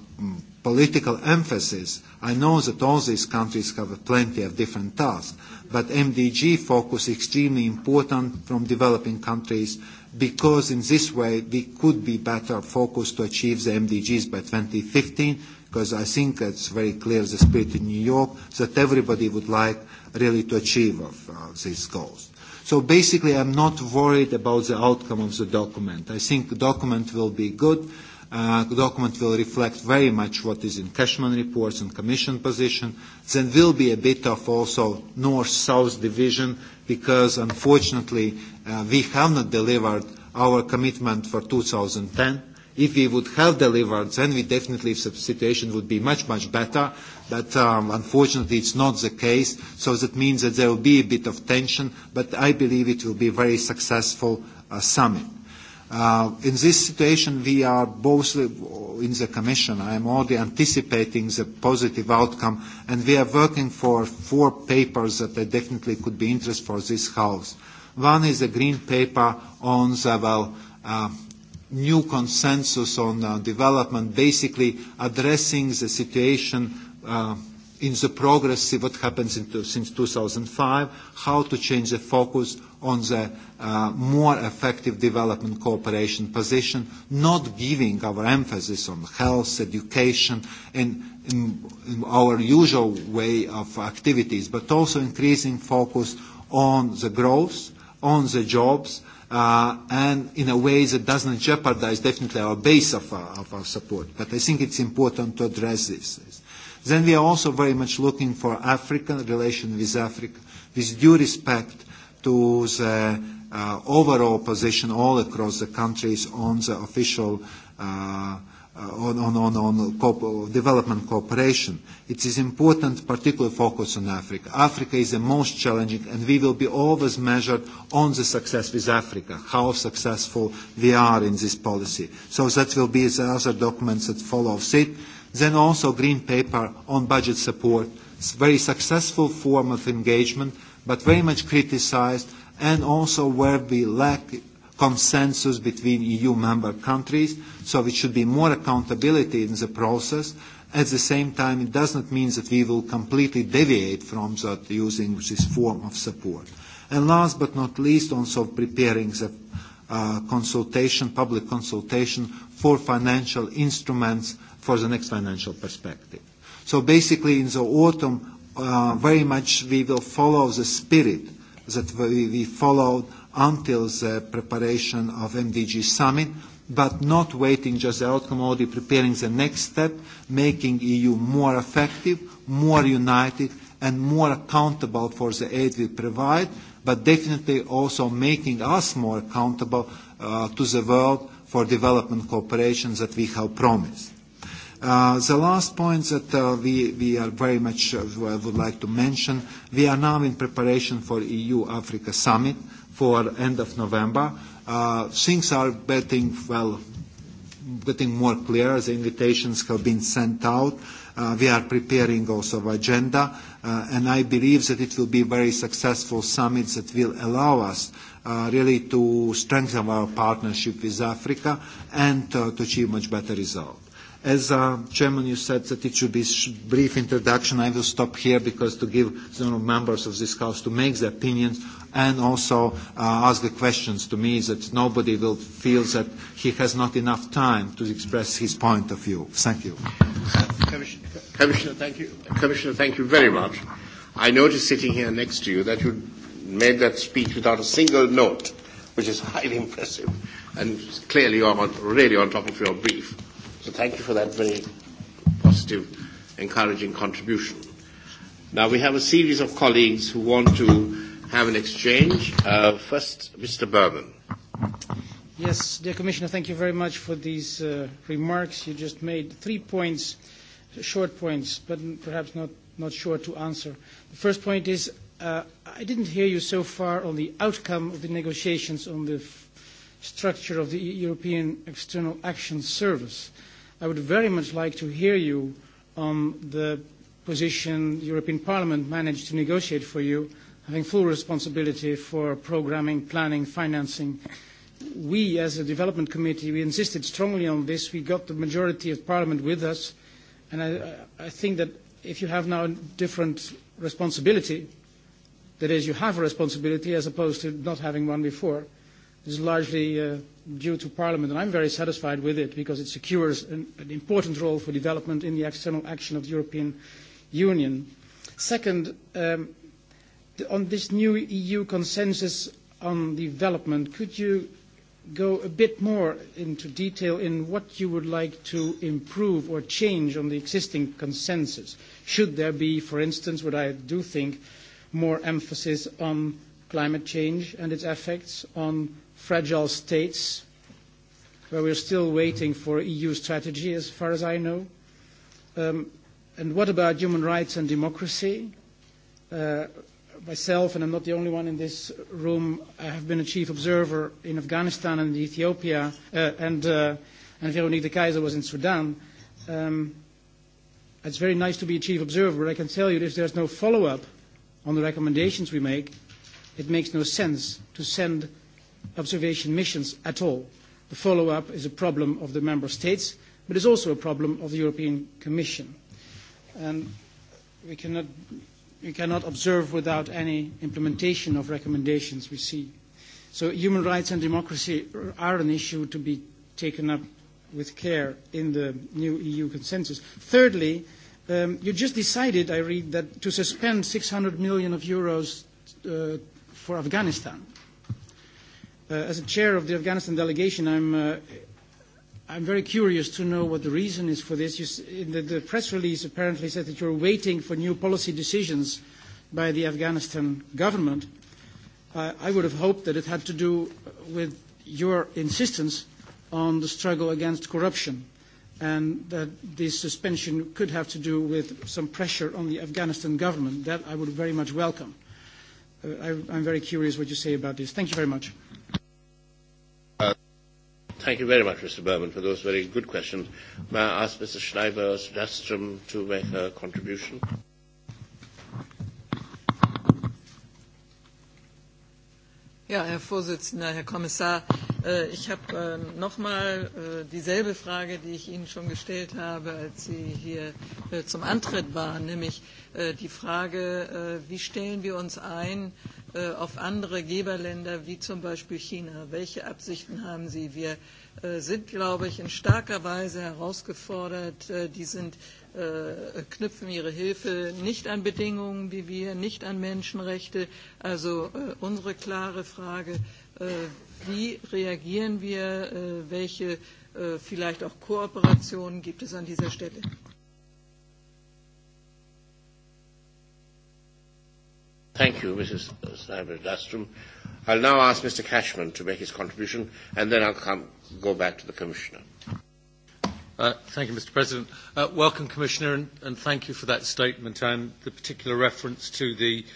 political emphasis, I know that all these countries have plenty of different tasks, but MDG focus is extremely important from developing countries because in this way we could be better focused to achieve the MDGs by 2015 because I think that's very clear the spirit in New York that everybody would like really to achieve of uh, these goals. So basically I'm not worried about the outcome of the document. I think the document will be good Uh, document will reflect very much what is in Cashman reports and Commission position. There will be a bit of also north-south division because unfortunately uh, we have not delivered our commitment for 2010. If we would have delivered, then we definitely, the situation would be much, much better. But um, unfortunately, it's not the case. So that means that there will be a bit of tension, but I believe it will be a very successful uh, summit. Uh, in this situation, we are both in the Commission. I am already anticipating the positive outcome, and we are working for four papers that I definitely could be interest for this House. One is a green paper on the well, uh, new consensus on uh, development, basically addressing the situation uh, in the progress, see what happens to, since 2005, how to change the focus on the uh, more effective development cooperation position, not giving our emphasis on health, education, and in, in our usual way of activities, but also increasing focus on the growth, on the jobs, uh, and in a way that doesn't jeopardize definitely our base of our, uh, of our support. But I think it's important to address this. Then we are also very much looking for African relation with Africa, with due respect to the uh, overall position all across the countries on the official uh, on, on, on, on co- development cooperation. It is important particular focus on Africa. Africa is the most challenging and we will be always measured on the success with Africa, how successful we are in this policy. So that will be the other documents that follow. it. Then also Green Paper on budget support, very successful form of engagement, but very much criticized, and also where we lack consensus between EU member countries, so it should be more accountability in the process. At the same time, it does not mean that we will completely deviate from that using this form of support. And last but not least, also preparing the uh, consultation, public consultation for financial instruments for the next financial perspective. So basically in the autumn, uh, very much we will follow the spirit that we, we followed until the preparation of MDG summit, but not waiting just the outcome, already preparing the next step, making EU more effective, more united, and more accountable for the aid we provide, but definitely also making us more accountable uh, to the world for development cooperation that we have promised. Uh, the last point that uh, we, we are very much uh, would like to mention, we are now in preparation for EU-Africa summit for end of November. Uh, things are getting, well, getting more clear. The invitations have been sent out. Uh, we are preparing also agenda, uh, and I believe that it will be very successful summit that will allow us uh, really to strengthen our partnership with Africa and uh, to achieve much better results. As uh, Chairman, you said that it should be a brief introduction. I will stop here because to give you know, members of this House to make their opinions and also uh, ask the questions to me that nobody will feel that he has not enough time to express his point of view. Thank you. Commissioner, Commissioner, thank you. Commissioner, thank you very much. I noticed sitting here next to you that you made that speech without a single note, which is highly <laughs> impressive. And clearly you're on, really on top of your brief. So thank you for that very positive, encouraging contribution. Now we have a series of colleagues who want to have an exchange. Uh, first, Mr. Berman. Yes, dear Commissioner, thank you very much for these uh, remarks you just made. Three points, short points, but perhaps not, not sure to answer. The first point is uh, I didn't hear you so far on the outcome of the negotiations on the structure of the e-, European External Action Service. Uh, I would very much like to hear you on the position the European Parliament managed to negotiate for you, having full responsibility for programming, planning, financing. We, as a development committee, we insisted strongly on this. We got the majority of Parliament with us. And I, I think that if you have now a different responsibility, that is, you have a responsibility as opposed to not having one before, is largely uh, due to Parliament, and I'm very satisfied with it because it secures an, an important role for development in the external action of the European Union. Second, um, the, on this new EU consensus on development, could you go a bit more into detail in what you would like to improve or change on the existing consensus? Should there be, for instance, what I do think, more emphasis on climate change and its effects on fragile states, where we're still waiting for EU strategy, as far as I know. Um, and what about human rights and democracy? Uh, myself, and I'm not the only one in this room, I have been a chief observer in Afghanistan and Ethiopia, uh, and, uh, and Veronique de Kaiser was in Sudan. Um, it's very nice to be a chief observer, but I can tell you that if there's no follow-up on the recommendations we make, it makes no sense to send observation missions at all. The follow-up is a problem of the member states, but is also a problem of the European Commission. And we cannot, we cannot observe without any implementation of recommendations we see. So human rights and democracy are an issue to be taken up with care in the new EU consensus. Thirdly, um, you just decided, I read, that to suspend 600 million of euros uh, for Afghanistan. Uh, as a chair of the Afghanistan delegation, I'm, uh, I'm very curious to know what the reason is for this. You, s- in the, the press release apparently said that you're waiting for new policy decisions by the Afghanistan government. Uh, I would have hoped that it had to do with your insistence on the struggle against corruption and that this suspension could have to do with some pressure on the Afghanistan government. That I would very much welcome. Uh, I, I'm very curious what you say about this. Thank you very much. Thank you very much, Mr. Berman, for those very good questions. May I ask Mr. Schneider-Strastrom to make a contribution? Ja, Herr Vorsitzender, Herr Kommissar, äh, ich habe ähm, noch äh, dieselbe Frage, die ich Ihnen schon gestellt habe, als Sie hier äh, zum Antritt waren, nämlich die Frage, wie stellen wir uns ein auf andere Geberländer wie zum Beispiel China? Welche Absichten haben Sie? Wir sind, glaube ich, in starker Weise herausgefordert. Die sind Äh, knüpfen ihre Hilfe nicht an Bedingungen wie wir, nicht an Menschenrechte. Also äh, unsere klare Frage, äh, wie reagieren wir, äh, welche äh, vielleicht auch Kooperationen gibt es an dieser Stelle? Thank you, Mrs. Snyder-Dastrom. I'll now ask Mr. Cashman to make his contribution, and then I'll come, go back to the Commissioner. Uh, thank you, Mr. President. Uh, welcome, Commissioner, and, and thank you for that statement and the particular reference to the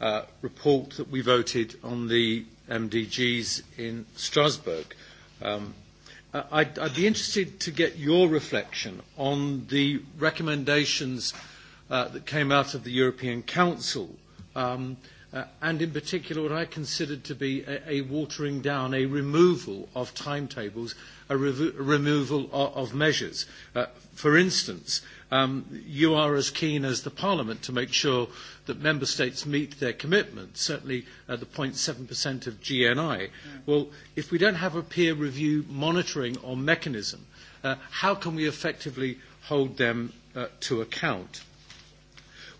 uh, report that we voted on the MDGs in Strasbourg. Um, I'd, I'd be interested to get your reflection on the recommendations uh, that came out of the European Council um, uh, and in particular what I considered to be a, a watering down, a removal of timetables, a, revo- a removal of, of measures. Uh, for instance, um, you are as keen as the Parliament to make sure that member states meet their commitments, certainly at the 0.7% of GNI. Yeah. Well, if we don't have a peer review monitoring or mechanism, uh, how can we effectively hold them uh, to account?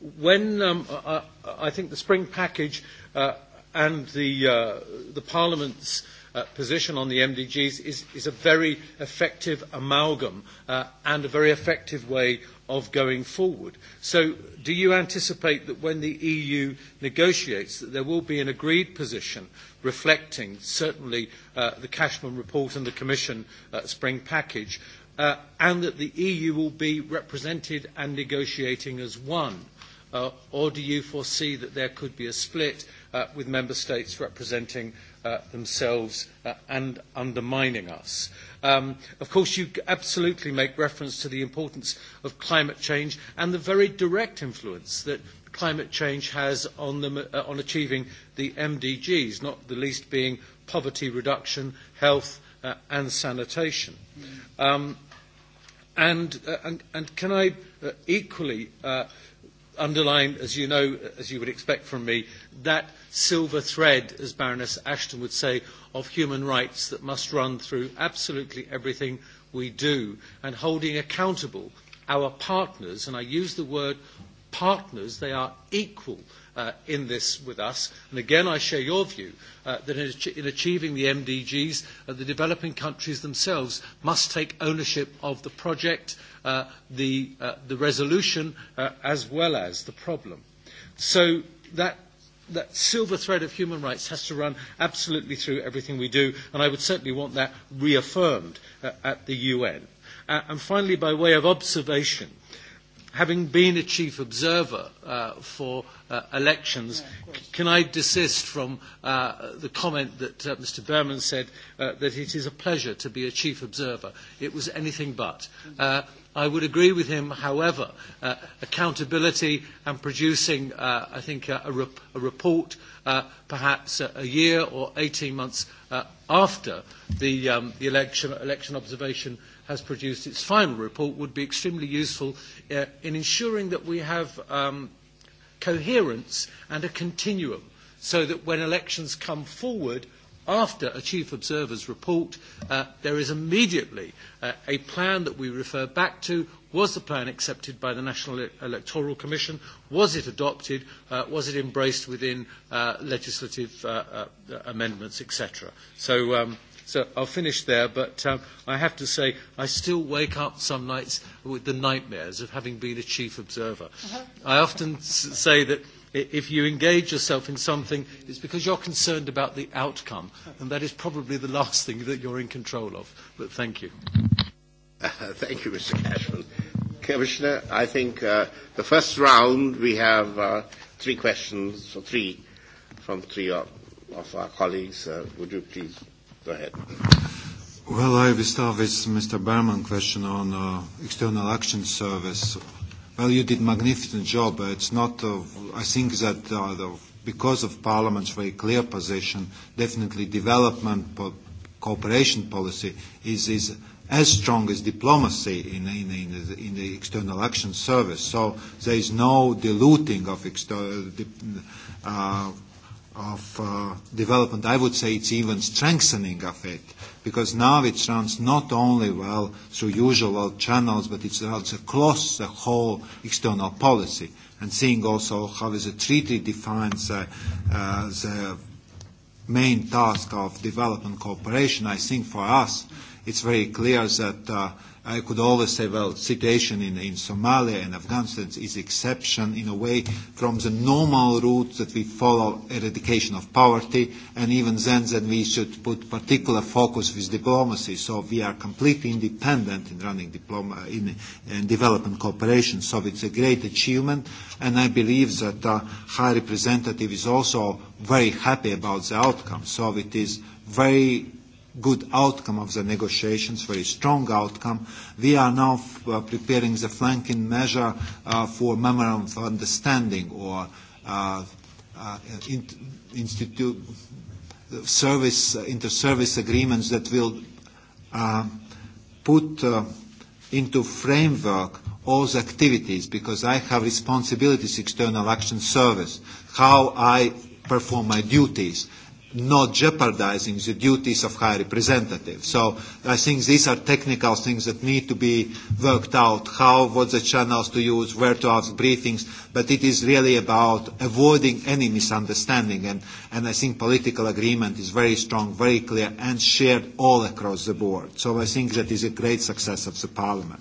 When um, I, I think the spring package uh, and the, uh, the Parliament's uh, position on the MDGs is, is a very effective amalgam uh, and a very effective way of going forward. So do you anticipate that when the EU negotiates that there will be an agreed position reflecting certainly uh, the Cashman report and the Commission uh, spring package uh, and that the EU will be represented and negotiating as one? uh, or do you foresee that there could be a split uh, with member states representing uh, themselves uh, and undermining us? Um, of course, you absolutely make reference to the importance of climate change and the very direct influence that climate change has on, them, uh, on achieving the MDGs, not the least being poverty reduction, health, uh, and sanitation. Hmm. Um, and, uh, and, and can I uh, equally uh, underline, as you know, as you would expect from me, that silver thread, as Baroness Ashton would say, of human rights that must run through absolutely everything we do and holding accountable our partners, and I use the word partners, they are equal uh, in this with us. And again, I share your view uh, that in, ach- in achieving the MDGs, uh, the developing countries themselves must take ownership of the project, uh, the, uh, the resolution, uh, as well as the problem. So that that silver thread of human rights has to run absolutely through everything we do, and I would certainly want that reaffirmed uh, at the UN. Uh, and finally, by way of observation, having been a chief observer uh, for uh, elections, yeah, can I desist from uh, the comment that uh, Mr. Berman said uh, that it is a pleasure to be a chief observer? It was anything but. Uh, I would agree with him, however, uh, accountability and producing, uh, I think, a, a, rep- a report uh, perhaps a, a year or 18 months uh, after the, um, the election, election observation uh, has produced its final report would be extremely useful uh, in ensuring that we have um, coherence and a continuum so that when elections come forward after a chief observer's report, uh, there is immediately uh, a plan that we refer back to. Was the plan accepted by the National e-, Electoral Commission? Was it adopted? Uh, was it embraced within uh, legislative uh, uh, amendments, etc.? So um, So I'll finish there, but um, I have to say I still wake up some nights with the nightmares of having been a chief observer. Uh-huh. I often say that if you engage yourself in something, it's because you're concerned about the outcome, and that is probably the last thing that you're in control of. But thank you. Uh, <laughs> thank you, Mr. Cashman. Commissioner, I think uh, the first round we have uh, three questions, or three, from three of, of our colleagues. Uh, would you please Go ahead. Well, I will start with Mr. Berman question on uh, external action service. Well, you did magnificent job. It's not. Uh, I think that uh, the, because of Parliament's very clear position, definitely development po- cooperation policy is is as strong as diplomacy in, in, in, the, in the external action service. So there is no diluting of external. Uh, uh of uh, development. I would say it's even strengthening of it because now it runs not only well through usual channels, but it runs across the whole external policy and seeing also how the treaty defines uh, uh, the main task of development cooperation. I think for us it's very clear that uh, I could always say, well, situation in, in Somalia and Afghanistan is exception in a way from the normal route that we follow eradication of poverty, and even then that we should put particular focus with diplomacy. So we are completely independent in running diploma, in, in development cooperation. So it's a great achievement, and I believe that uh, High Representative is also very happy about the outcome. So it is very good outcome of the negotiations, very strong outcome. We are now uh, preparing the flanking measure uh, for memorandum of understanding or uh, uh, in, institute service, uh, inter-service agreements that will uh, put uh, into framework all the activities because I have responsibilities, external action service, how I perform my duties, not jeopardizing the duties of High Representative. So I think these are technical things that need to be worked out, how, what the channels to use, where to ask briefings, but it is really about avoiding any misunderstanding, and, and I think political agreement is very strong, very clear, and shared all across the board. So I think that is a great success of the Parliament,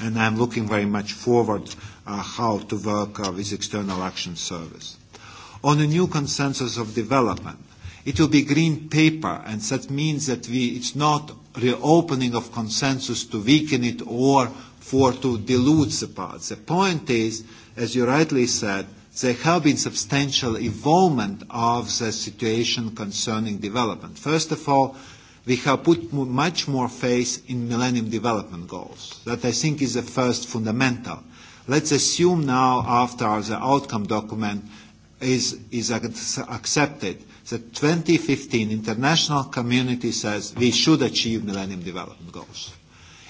and I'm looking very much forward uh, how to work uh, with External Action Service. On a new consensus of development, It will be green paper, and that means that we, it's not reopening of consensus to weaken it or for to dilute the parts. The point is, as you rightly said, there have been substantial involvement of the situation concerning development. First of all, we have put much more faith in Millennium Development Goals. That I think is the first fundamental. Let's assume now, after the outcome document is, is accepted, The 2015 international community says we should achieve Millennium Development Goals.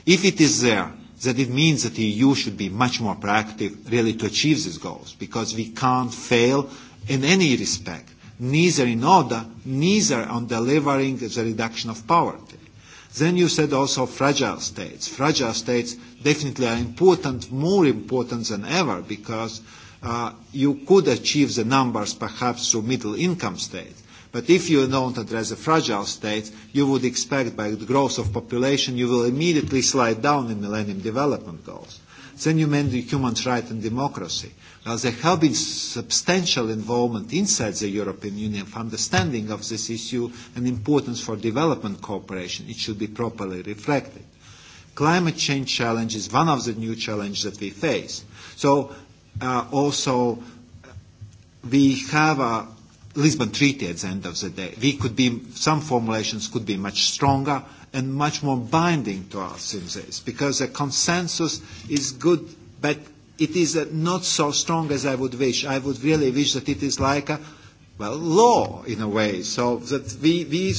If it is there, that it means that the EU should be much more proactive really to achieve these goals because we can't fail in any respect, neither in order, neither on delivering the reduction of poverty. Then you said also fragile states. Fragile states definitely are important, more important than ever because uh, you could achieve the numbers perhaps through middle income states. But if you know that there is a fragile state, you would expect by the growth of population, you will immediately slide down in Millennium Development Goals. Then you mentioned human rights and democracy. Well, there have been substantial involvement inside the European Union for understanding of this issue and importance for development cooperation. It should be properly reflected. Climate change challenge is one of the new challenges that we face. So uh, also we have a Lisbon Treaty at the end of the day. We could be, some formulations could be much stronger and much more binding to us in this, because a consensus is good, but it is not so strong as I would wish. I would really wish that it is like a, well, law in a way, so that we, we uh,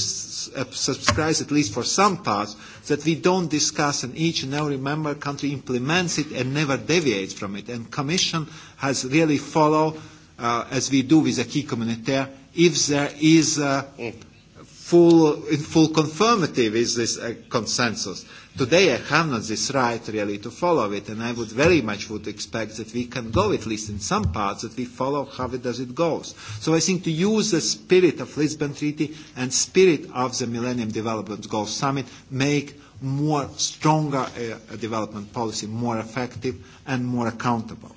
subscribe, at least for some parts, that we don't discuss and each and every member country implements it and never deviates from it. And Commission has really followed uh, as we do with the key communitaire, if there is uh, full, in full conformity with this uh, consensus. Today I have not this right really to follow it, and I would very much would expect that we can go, at least in some parts, that we follow how it does it goes. So I think to use the spirit of Lisbon Treaty and spirit of the Millennium Development Goals Summit make more stronger uh, development policy more effective and more accountable.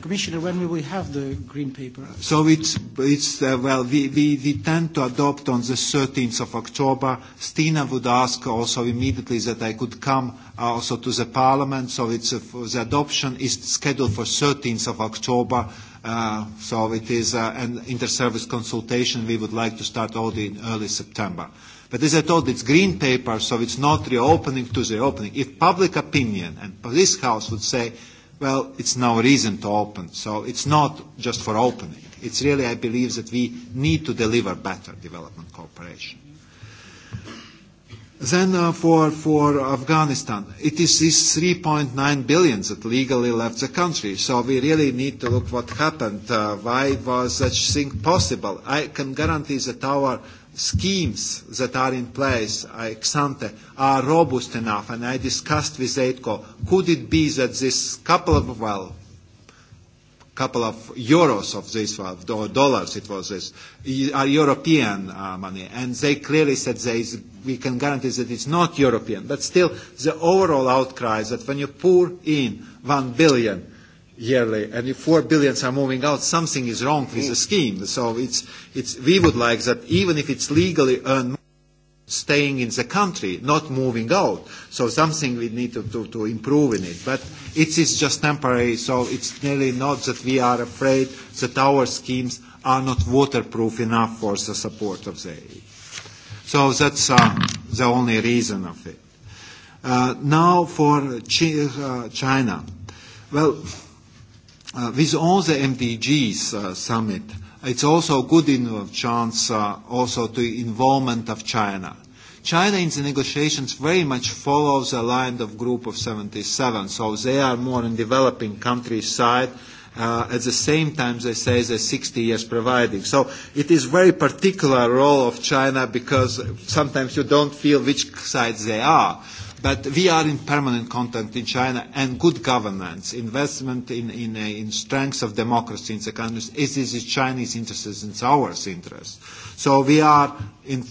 Commissioner, when will we have the green paper? So it's, it's uh, well, we, we, we tend to adopt on the 13th of October. Stina would ask also immediately that I could come uh, also to the Parliament, so it's, uh, the adoption is scheduled for 13th of October. Uh, so it is uh, an inter-service consultation. We would like to start already in early September. But as I told, it's green paper, so it's not reopening to the opening. If public opinion and this House would say well, it's now a reason to open. So it's not just for opening. It's really, I believe, that we need to deliver better development cooperation. Then uh, for, for Afghanistan, it is this 3.9 billion that legally left the country. So we really need to look what happened. Uh, why was such thing possible? I can guarantee that our schemes that are in place, uh, ex ante, are robust enough. And I discussed with AIDCO, could it be that this couple of, well, couple of euros of this, well, dollars it was this, are European uh, money. And they clearly said they, we can guarantee that it's not European. But still, the overall outcry is that when you pour in one billion yearly, and if four billions are moving out, something is wrong with the mm. scheme. So it's, it's, we would like that even if it's legally earned staying in the country, not moving out. So something we need to, to, to improve in it. But it is just temporary, so it's nearly not that we are afraid that our schemes are not waterproof enough for the support of the aid. So that's uh, the only reason of it. Uh, now for Ch- uh, China. Well, Uh, with all the MDGs uh, summit, it's also a good uh, chance uh, also to involvement of China. China in the negotiations very much follows the line of Group of 77, so they are more in developing countries side. Uh, at the same time, they say they're 60 years providing. So it is very particular role of China because sometimes you don't feel which side they are. But we are in permanent contact in China and good governance, investment in, in, uh, in strengths of democracy in the countries is in the Chinese interest, and our interest. So we are in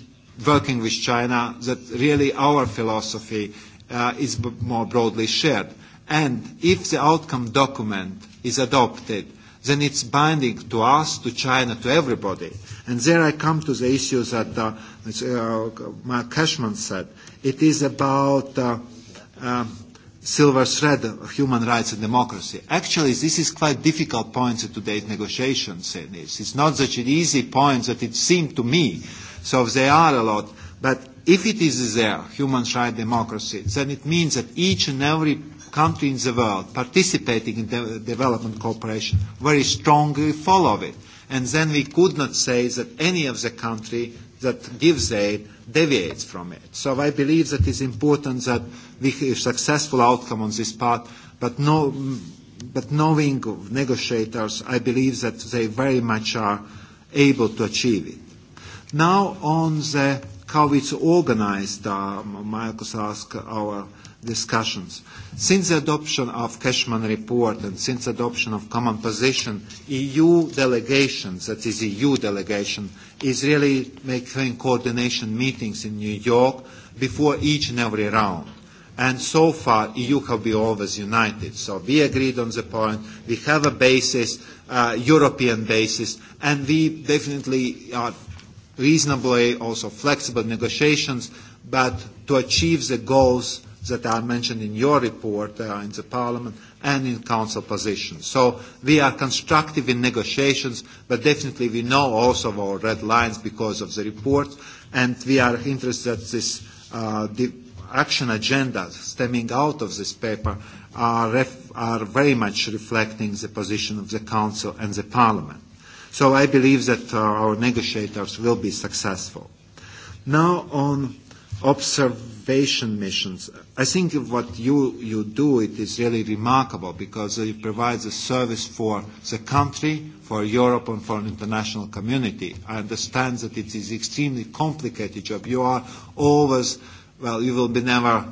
working with China that really our philosophy uh, is b- more broadly shared. And if the outcome document is adopted, then it's binding to us, to China, to everybody. And there I come to the issues that uh, uh, Mark Cashman said. It is about uh, uh, silver thread of human rights and democracy. Actually, this is quite difficult point in today's negotiations. In this. It's not such an easy point that it seemed to me. So there are a lot. But if it is there, human rights, democracy, then it means that each and every country in the world participating in de- development cooperation very strongly follow it. And then we could not say that any of the country that gives aid deviates from it. So I believe that it's important that we have a successful outcome on this part, but, no, but knowing negotiators, I believe that they very much are able to achieve it. Now on the how it's organized, uh, Michael, asked our discussions. Since the adoption of Cashman report and since the adoption of common position, EU delegation, that is EU delegation, is really making coordination meetings in New York before each and every round. And so far, EU have been always united. So we agreed on the point. We have a basis, uh, European basis, and we definitely are reasonably also flexible negotiations, but to achieve the goals that are mentioned in your report, uh, in the Parliament, and in Council positions. So we are constructive in negotiations, but definitely we know also our red lines because of the report, and we are interested that this uh, the action agenda stemming out of this paper are, ref- are very much reflecting the position of the Council and the Parliament. So I believe that uh, our negotiators will be successful. Now on observation participation missions. I think what you, you do, it is really remarkable because it provides a service for the country, for Europe and for an international community. I understand that it is extremely complicated job. You are always, well, you will be never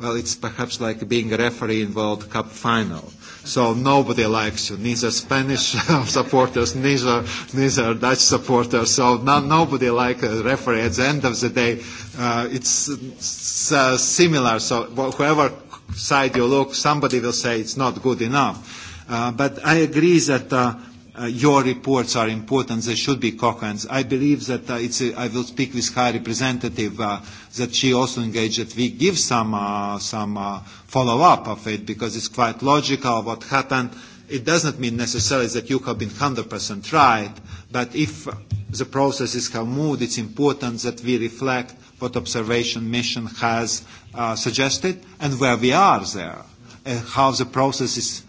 well, it's perhaps like being a referee in World Cup final. So nobody likes you, neither Spanish <laughs> supporters, neither, neither Dutch supporters. So no, nobody likes a referee. At the end of the day, uh, it's, it's uh, similar. So whoever side you look, somebody will say it's not good enough. Uh, but I agree that uh, uh, your reports are important. They should be Cochrane's. I believe that uh, it's a, I will speak with High Representative uh, that she also engaged that we give some, uh, some uh, follow-up of it because it's quite logical what happened. It doesn't mean necessarily that you have been 100% right, but if the processes have moved, it's important that we reflect what observation mission has uh, suggested and where we are there, and how the process is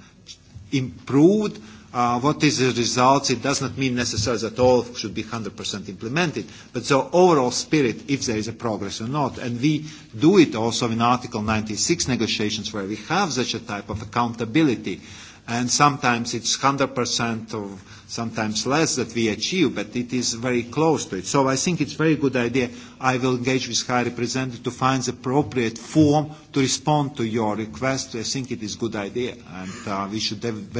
improved, uh, what is the results. It does not mean necessarily that all should be 100% implemented, but the overall spirit, if there is a progress or not. And we do it also in Article 96 negotiations where we have such a type of accountability. And sometimes it's 100% or sometimes less that we achieve, but it is very close to it. So I think it's a very good idea. I will engage with High Representative to find the appropriate form to respond to your request. I think it is a good idea, and uh, we should have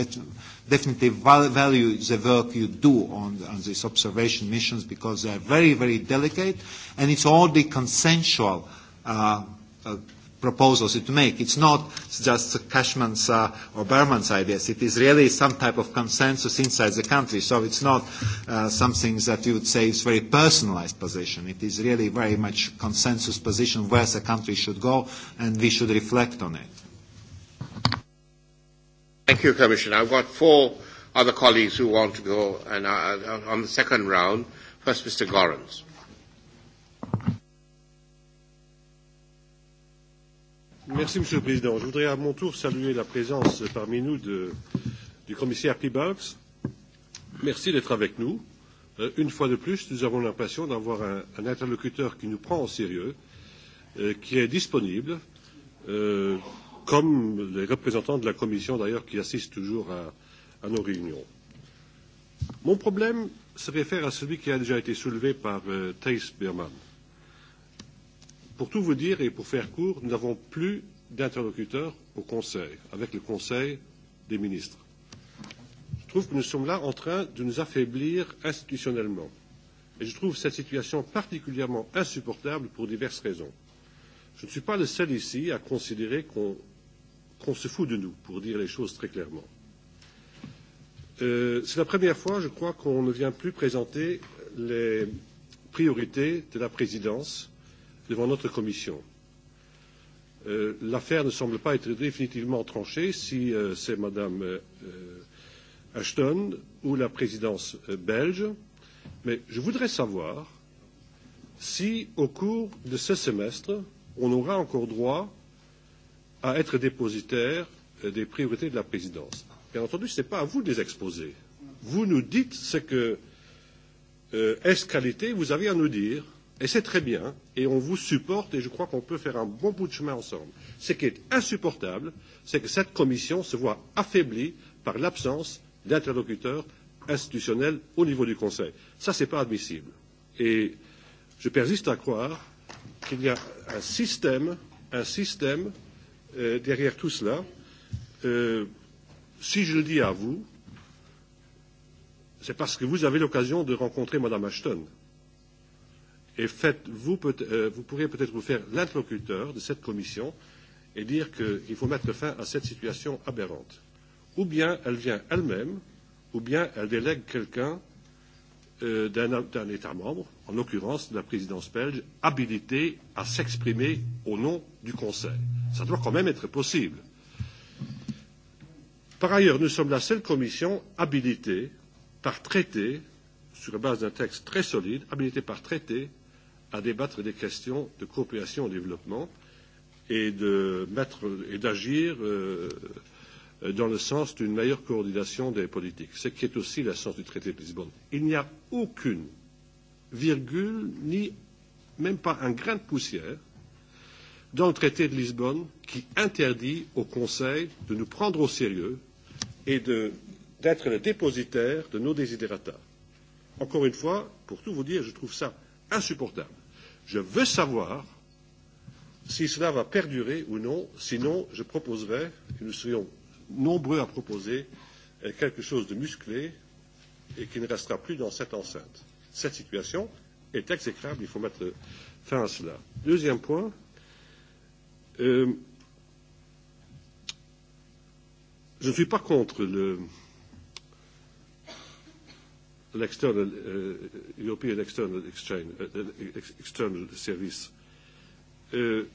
definitely val value the work you do on, on these observation missions because they are very, very delicate and it's all the consensual uh, uh, proposals you make. It's not just Cashman's uh, or Berman's ideas. It is really some type of consensus inside the country. So it's not uh, something that you would say is very personalized position. It is really very much consensus position where the country should go, and we should reflect on it. Thank you, Commissioner. I've got four other colleagues who want to go and, uh, on the second round. First, Mr. Gorans. Merci, Monsieur le Président. Je voudrais à mon tour saluer la présence parmi nous de, du commissaire Peebles. Merci d'être avec nous. Euh, une fois de plus, nous avons l'impression d'avoir un, un interlocuteur qui nous prend au sérieux, euh, qui est disponible. Euh, comme les représentants de la Commission d'ailleurs qui assistent toujours à, à nos réunions. Mon problème se réfère à celui qui a déjà été soulevé par euh, Thijs Berman. Pour tout vous dire et pour faire court, nous n'avons plus d'interlocuteurs au Conseil, avec le Conseil des ministres. Je trouve que nous sommes là en train de nous affaiblir institutionnellement. Et je trouve cette situation particulièrement insupportable pour diverses raisons. Je ne suis pas le seul ici à considérer qu'on qu'on se fout de nous, pour dire les choses très clairement. Euh, c'est la première fois, je crois, qu'on ne vient plus présenter les priorités de la présidence devant notre commission. Euh, L'affaire ne semble pas être définitivement tranchée si euh, c'est Madame euh, Ashton ou la présidence euh, belge, mais je voudrais savoir si, au cours de ce semestre, on aura encore droit à être dépositaire euh, des priorités de la présidence. Bien entendu, ce n'est pas à vous de les exposer. Vous nous dites ce que, euh, est ce qualité, vous avez à nous dire. Et c'est très bien. Et on vous supporte et je crois qu'on peut faire un bon bout de chemin ensemble. Ce qui est insupportable, c'est que cette commission se voit affaiblie par l'absence d'interlocuteurs institutionnels au niveau du Conseil. Ça, ce n'est pas admissible. Et je persiste à croire qu'il y a un système, un système Euh, derrière tout cela, euh, si je le dis à vous, c'est parce que vous avez l'occasion de rencontrer Mme Ashton. Et faites, vous, peut, euh, vous pourriez peut-être vous faire l'interlocuteur de cette commission et dire qu'il faut mettre fin à cette situation aberrante. Ou bien elle vient elle-même, ou bien elle délègue quelqu'un euh, euh, d'un État membre, en l'occurrence de la présidence belge, habilité à s'exprimer au nom du Conseil. Ça doit quand même être possible. Par ailleurs, nous sommes la seule commission habilitée par traité, sur la base d'un texte très solide, habilitée par traité à débattre des questions de coopération au développement et d'agir euh, Euh, dans le sens d'une meilleure coordination des politiques, ce qui est aussi le sens du traité de Lisbonne. Il n'y a aucune virgule, ni même pas un grain de poussière, dans le traité de Lisbonne qui interdit au Conseil de nous prendre au sérieux et d'être le dépositaire de nos desiderata. Encore une fois, pour tout vous dire, je trouve ça insupportable. Je veux savoir si cela va perdurer ou non, sinon je proposerai que nous soyons nombreux à proposer quelque chose de musclé et qui ne restera plus dans cette enceinte. Cette situation est exécrable, il faut mettre fin à cela. Deuxième point, euh, je ne suis pas contre le l'external euh, European External Exchange euh, External Service. Euh,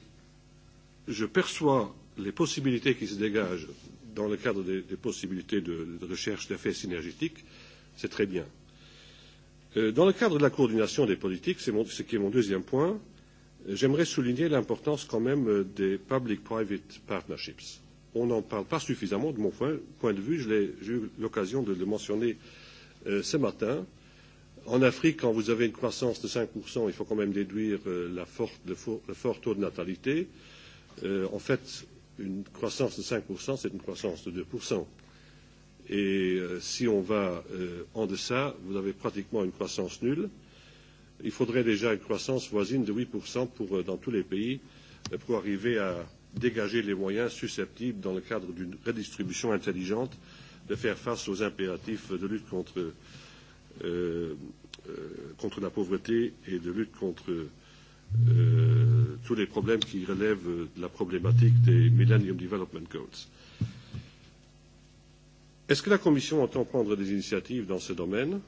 je perçois les possibilités qui se dégagent dans le cadre des, des possibilités de, de recherche d'effets synergétiques, c'est très bien. Euh, dans le cadre de la coordination des politiques, c'est ce qui est mon deuxième point, euh, j'aimerais souligner l'importance quand même euh, des public-private partnerships. On n'en parle pas suffisamment de mon point, point de vue, j'ai eu l'occasion de le mentionner euh, ce matin. En Afrique, quand vous avez une croissance de 5%, il faut quand même déduire euh, la forte, le, fort, le fort taux de natalité. Euh, en fait, une croissance de 5%, c'est une croissance de 2%. Et euh, si on va euh, en deçà, vous avez pratiquement une croissance nulle. Il faudrait déjà une croissance voisine de 8% pour, euh, dans tous les pays euh, pour arriver à dégager les moyens susceptibles, dans le cadre d'une redistribution intelligente, de faire face aux impératifs de lutte contre, euh, euh, contre la pauvreté et de lutte contre euh, Euh, tous les problèmes qui relèvent de la problématique des Millennium Development Goals. Est-ce que la Commission entend prendre des initiatives dans ce domaine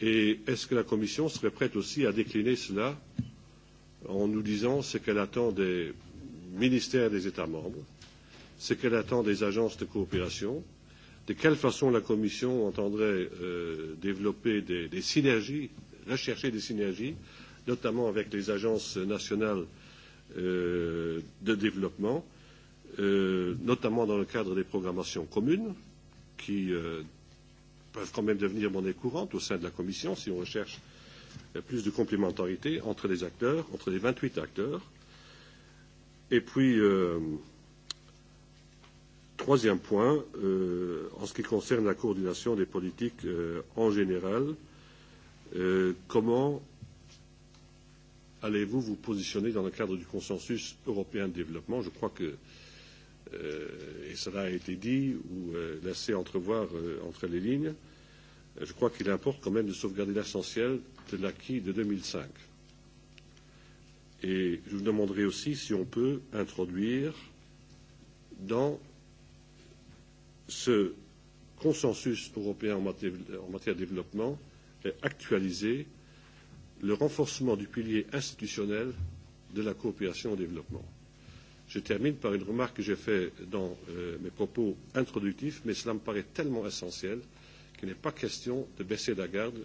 et est-ce que la Commission serait prête aussi à décliner cela en nous disant ce qu'elle attend des ministères des États membres, ce qu'elle attend des agences de coopération, de quelle façon la Commission entendrait euh, développer des, des synergies, rechercher des synergies euh, notamment avec les agences nationales euh, de développement, euh, notamment dans le cadre des programmations communes, qui euh, peuvent quand même devenir monnaie courante au sein de la Commission si on recherche euh, plus de complémentarité entre les acteurs, entre les 28 acteurs. Et puis, euh, troisième point, euh, en ce qui concerne la coordination des politiques euh, en général, euh, comment allez-vous vous positionner dans le cadre du consensus européen de développement Je crois que, euh, et cela a été dit ou euh, laissé entrevoir euh, entre les lignes, euh, je crois qu'il importe quand même de sauvegarder l'essentiel de l'acquis de 2005. Et je vous demanderai aussi si on peut introduire dans ce consensus européen en matière, en matière de développement actualiser euh, le renforcement du pilier institutionnel de la coopération au développement. Je termine par une remarque que j'ai faite dans euh, mes propos introductifs, mais cela me paraît tellement essentiel qu'il n'est pas question de baisser la garde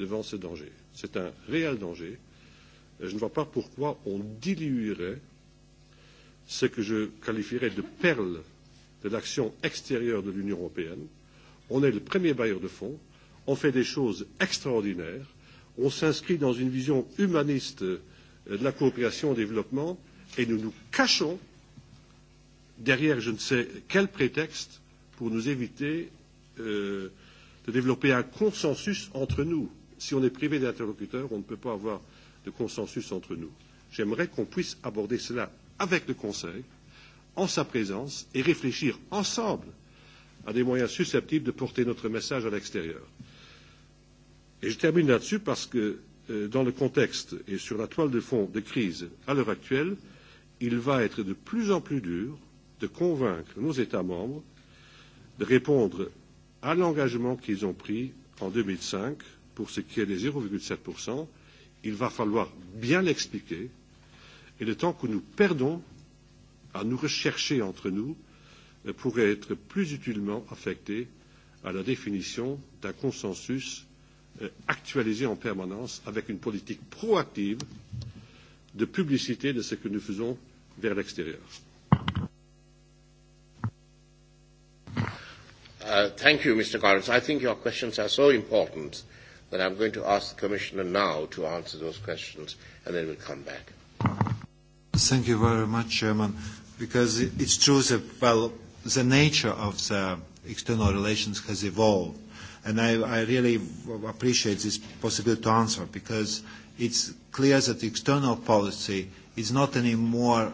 devant ce danger. C'est un réel danger. Je ne vois pas pourquoi on diluerait ce que je qualifierais de perle de l'action extérieure de l'Union européenne. On est le premier bailleur de fonds, on fait des choses extraordinaires, on s'inscrit dans une vision humaniste euh, de la coopération au développement et nous nous cachons derrière je ne sais quel prétexte pour nous éviter euh, de développer un consensus entre nous. Si on est privé d'interlocuteurs, on ne peut pas avoir de consensus entre nous. J'aimerais qu'on puisse aborder cela avec le Conseil, en sa présence, et réfléchir ensemble à des moyens susceptibles de porter notre message à l'extérieur. Et je termine là-dessus parce que euh, dans le contexte et sur la toile de fond de crise à l'heure actuelle, il va être de plus en plus dur de convaincre nos États membres de répondre à l'engagement qu'ils ont pris en 2005 pour ce qui est des 0,7%. Il va falloir bien l'expliquer et le temps que nous perdons à nous rechercher entre nous euh, pourrait être plus utilement affecté à la définition d'un consensus Euh, actualisée en permanence avec une politique proactive de publicité de ce que nous faisons vers l'extérieur. Uh, thank you, Mr. Collins. I think your questions are so important that I'm going to ask the Commissioner now to answer those questions, and then we'll come back. Thank you very much, Chairman. Because it's true that, well, the nature of the external relations has evolved And I, I really appreciate this possibility to answer because it's clear that external policy is not anymore,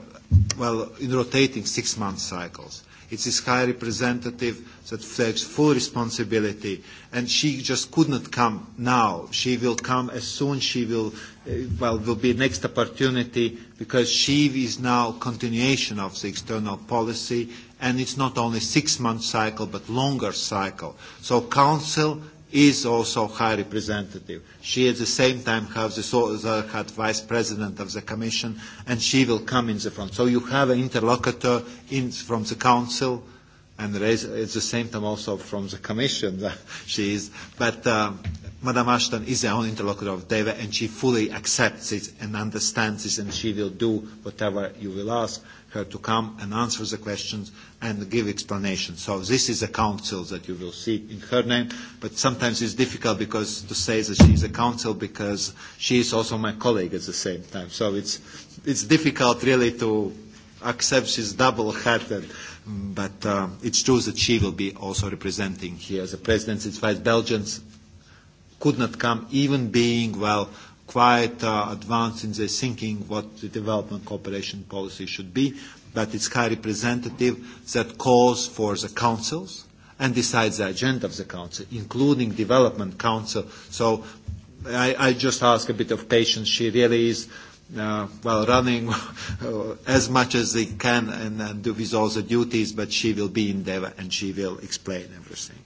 well, in rotating six-month cycles. It's this high representative that takes full responsibility, and she just could not come now. She will come as soon she will, uh, well, will be next opportunity because she is now continuation of the external policy and it's not only six-month cycle, but longer cycle. So Council is also High Representative. She at the same time has the, so the had Vice President of the Commission, and she will come in the front. So you have an interlocutor in, from the Council, and at the same time also from the Commission. <laughs> that she is, but um, Madam Ashton is the only interlocutor of DEVA and she fully accepts it and understands it and she will do whatever you will ask her to come and answer the questions and give explanations. So this is a council that you will see in her name, but sometimes it's difficult because to say that she is a council because she is also my colleague at the same time. So it's, it's difficult really to accept she's double-headed, but um, it's true that she will be also representing here the president, It's five Belgians, could not come, even being, well, quite uh, advanced in their thinking what the development cooperation policy should be, but it's high representative that calls for the councils and decides the agenda of the council, including development council. So I, I just ask a bit of patience. She really is uh, well, running <laughs> as much as they can and, and do with all the duties, but she will be in there and she will explain everything.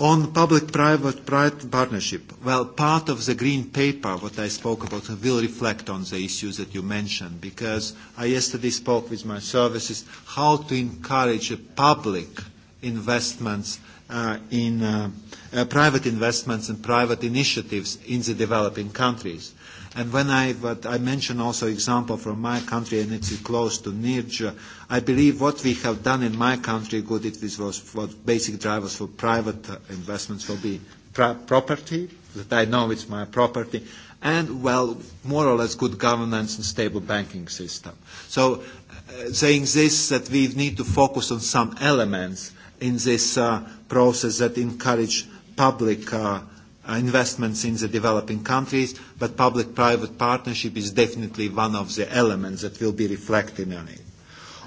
On public-private partnership, well, part of the green paper, what I spoke about, will reflect on the issues that you mentioned, because I yesterday spoke with my services how to encourage public investments uh, in uh, uh, private investments and private initiatives in the developing countries. And when I, but I mention also example from my country, and it's close to Nirj, I believe what we have done in my country, good, it was what basic drivers for private uh, investments will be property, that I know it's my property, and, well, more or less good governance and stable banking system. So uh, saying this, that we need to focus on some elements in this uh, process that encourage public uh, Uh, investments in the developing countries, but public-private partnership is definitely one of the elements that will be reflected on it.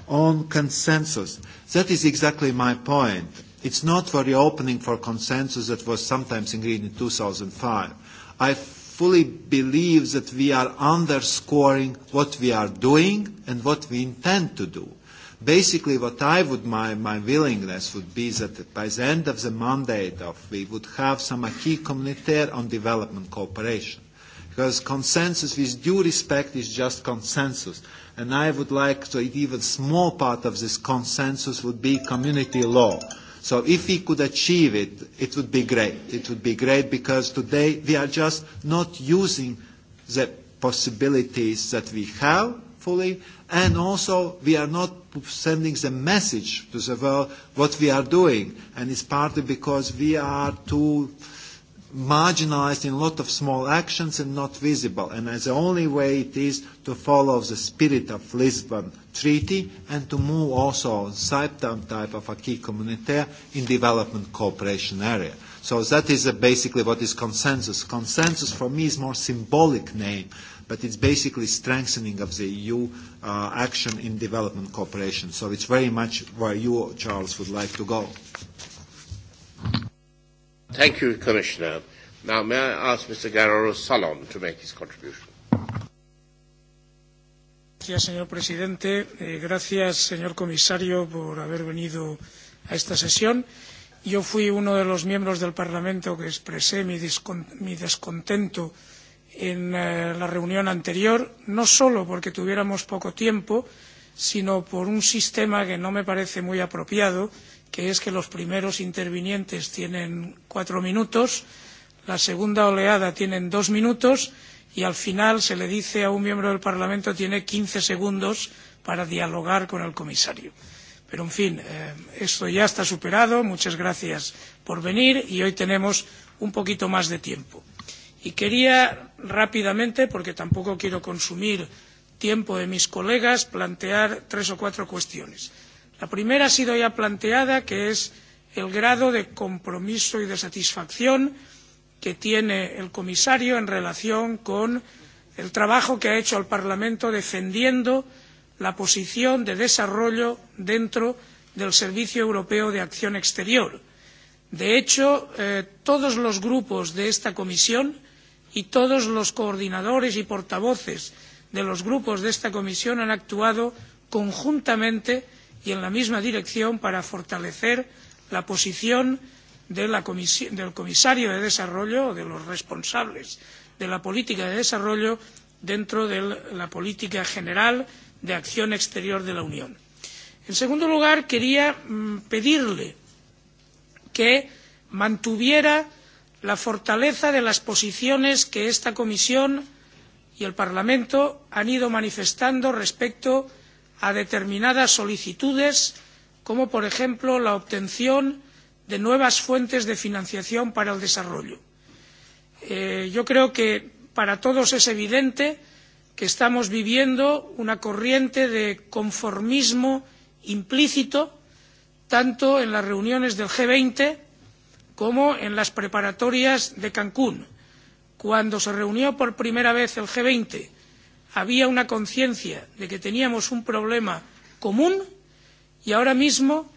On consensus, that is exactly my point. It's not for the opening for consensus that was sometimes agreed in 2005. I fully believe that we are underscoring what we are doing and what we intend to do. Basically, what I would, my, my willingness would be that by the end of the mandate of, we would have some acquis communautaire on development cooperation. Because consensus with due respect is just consensus. And I would like to, even small part of this consensus would be community law. So if we could achieve it, it would be great. It would be great because today we are just not using the possibilities that we have fully And also, we are not sending the message to the world what we are doing. And it's partly because we are too marginalized in a lot of small actions and not visible. And the only way it is to follow the spirit of Lisbon Treaty and to move also on type of a key communautaire in development cooperation area. So that is basically what is consensus. Consensus for me is more symbolic name, but it's basically strengthening of the EU uh, action in development cooperation. So it's very much where you, Charles, would like to go. Thank you, Commissioner. Now, may I ask Mr. Garoro Salon to make his contribution? Gracias, señor presidente. Eh, gracias, señor comisario, por haber venido a esta sesión yo fui uno de los miembros del parlamento que expresé mi, mi descontento en eh, la reunión anterior no solo porque tuviéramos poco tiempo sino por un sistema que no me parece muy apropiado que es que los primeros intervinientes tienen cuatro minutos la segunda oleada tienen dos minutos y al final se le dice a un miembro del parlamento que tiene quince segundos para dialogar con el comisario pero en fin eh, esto ya está superado muchas gracias por venir y hoy tenemos un poquito más de tiempo. y quería rápidamente porque tampoco quiero consumir tiempo de mis colegas plantear tres o cuatro cuestiones. la primera ha sido ya planteada que es el grado de compromiso y de satisfacción que tiene el comisario en relación con el trabajo que ha hecho el parlamento defendiendo la posición de desarrollo dentro del servicio europeo de acción exterior. de hecho eh, todos los grupos de esta comisión y todos los coordinadores y portavoces de los grupos de esta comisión han actuado conjuntamente y en la misma dirección para fortalecer la posición de la del comisario de desarrollo o de los responsables de la política de desarrollo dentro de la política general y de acción exterior de la unión. en segundo lugar quería mm, pedirle que mantuviera la fortaleza de las posiciones que esta comisión y el parlamento han ido manifestando respecto a determinadas solicitudes como por ejemplo la obtención de nuevas fuentes de financiación para el desarrollo. Eh, yo creo que para todos es evidente que que estamos viviendo una corriente de conformismo implícito tanto en las reuniones del g veinte como en las preparatorias de cancún. cuando se reunió por primera vez el g veinte había una conciencia de que teníamos un problema común y ahora mismo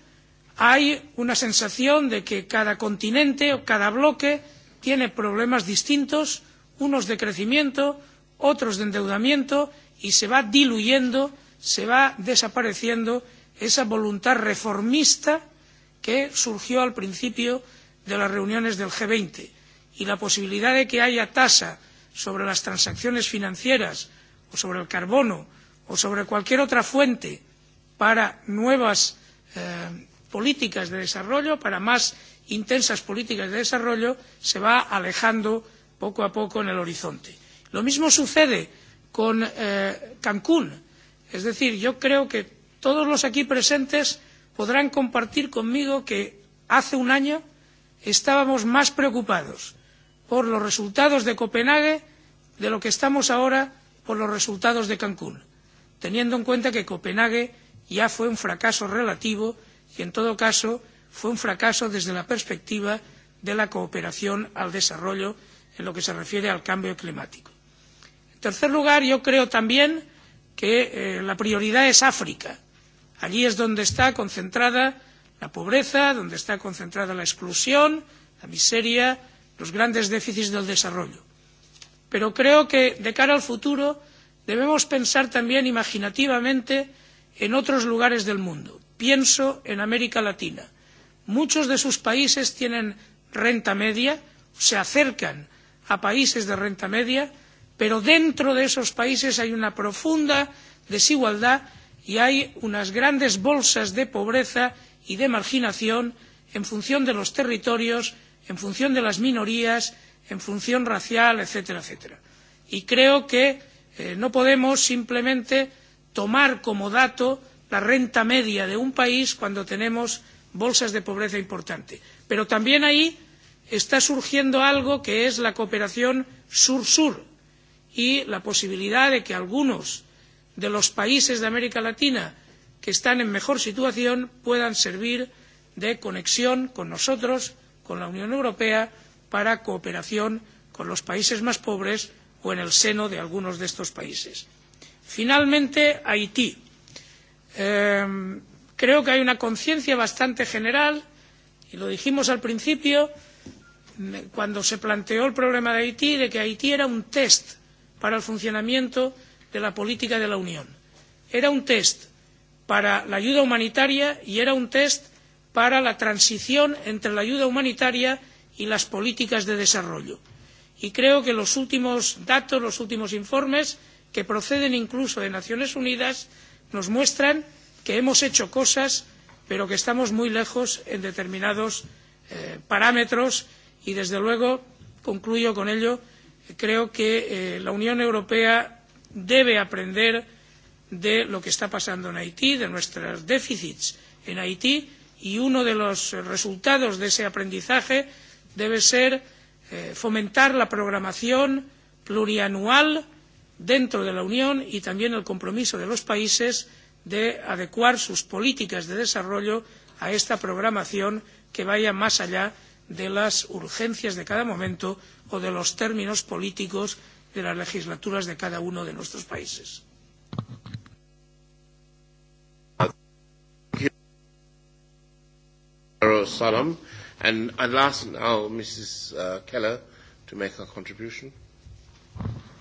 hay una sensación de que cada continente o cada bloque tiene problemas distintos unos de crecimiento otros de endeudamiento y se va diluyendo se va desapareciendo esa voluntad reformista que surgió al principio de las reuniones del g veinte y la posibilidad de que haya tasa sobre las transacciones financieras o sobre el carbono o sobre cualquier otra fuente para nuevas eh, políticas de desarrollo para más intensas políticas de desarrollo se va alejando poco a poco en el horizonte lo mismo sucede con eh, cancún es decir yo creo que todos los aquí presentes podrán compartir conmigo que hace un año estábamos más preocupados por los resultados de copenhague de lo que estamos ahora por los resultados de cancún teniendo en cuenta que copenhague ya fue un fracaso relativo y en todo caso fue un fracaso desde la perspectiva de la cooperación al desarrollo en lo que se refiere al cambio climático En tercer lugar, yo creo también que eh, la prioridad es África. Allí es donde está concentrada la pobreza, donde está concentrada la exclusión, la miseria, los grandes déficits del desarrollo. Pero creo que de cara al futuro debemos pensar también imaginativamente en otros lugares del mundo. Pienso en América Latina. Muchos de sus países tienen renta media, se acercan a países de renta media pero dentro de esos países hay una profunda desigualdad y hay unas grandes bolsas de pobreza y de marginación en función de los territorios en función de las minorías en función racial etcétera etcétera. y creo que eh, no podemos simplemente tomar como dato la renta media de un país cuando tenemos bolsas de pobreza importantes. pero también ahí está surgiendo algo que es la cooperación sur sur y la posibilidad de que algunos de los países de América Latina que están en mejor situación puedan servir de conexión con nosotros, con la Unión Europea, para cooperación con los países más pobres o en el seno de algunos de estos países. Finalmente, Haití. Eh, creo que hay una conciencia bastante general, y lo dijimos al principio, cuando se planteó el problema de Haití, de que Haití era un test para el funcionamiento de la política de la unión. era un test para la ayuda humanitaria y era un test para la transición entre la ayuda humanitaria y las políticas de desarrollo y creo que los últimos datos los últimos informes que proceden incluso de las naciones unidas nos muestran que hemos hecho cosas pero que estamos muy lejos en determinados eh, parámetros y desde luego concluyo con ello creo que eh, la Unión Europea debe aprender de lo que está pasando en Haití, de nuestros déficits en Haití, y uno de los resultados de ese aprendizaje debe ser eh, fomentar la programación plurianual dentro de la Unión y también el compromiso de los países de adecuar sus políticas de desarrollo a esta programación que vaya más allá de de las urgencias de cada momento o de los términos políticos de las legislaturas de cada uno de nuestros países. Salam. And last now, Mrs. Uh, Keller, to make her contribution.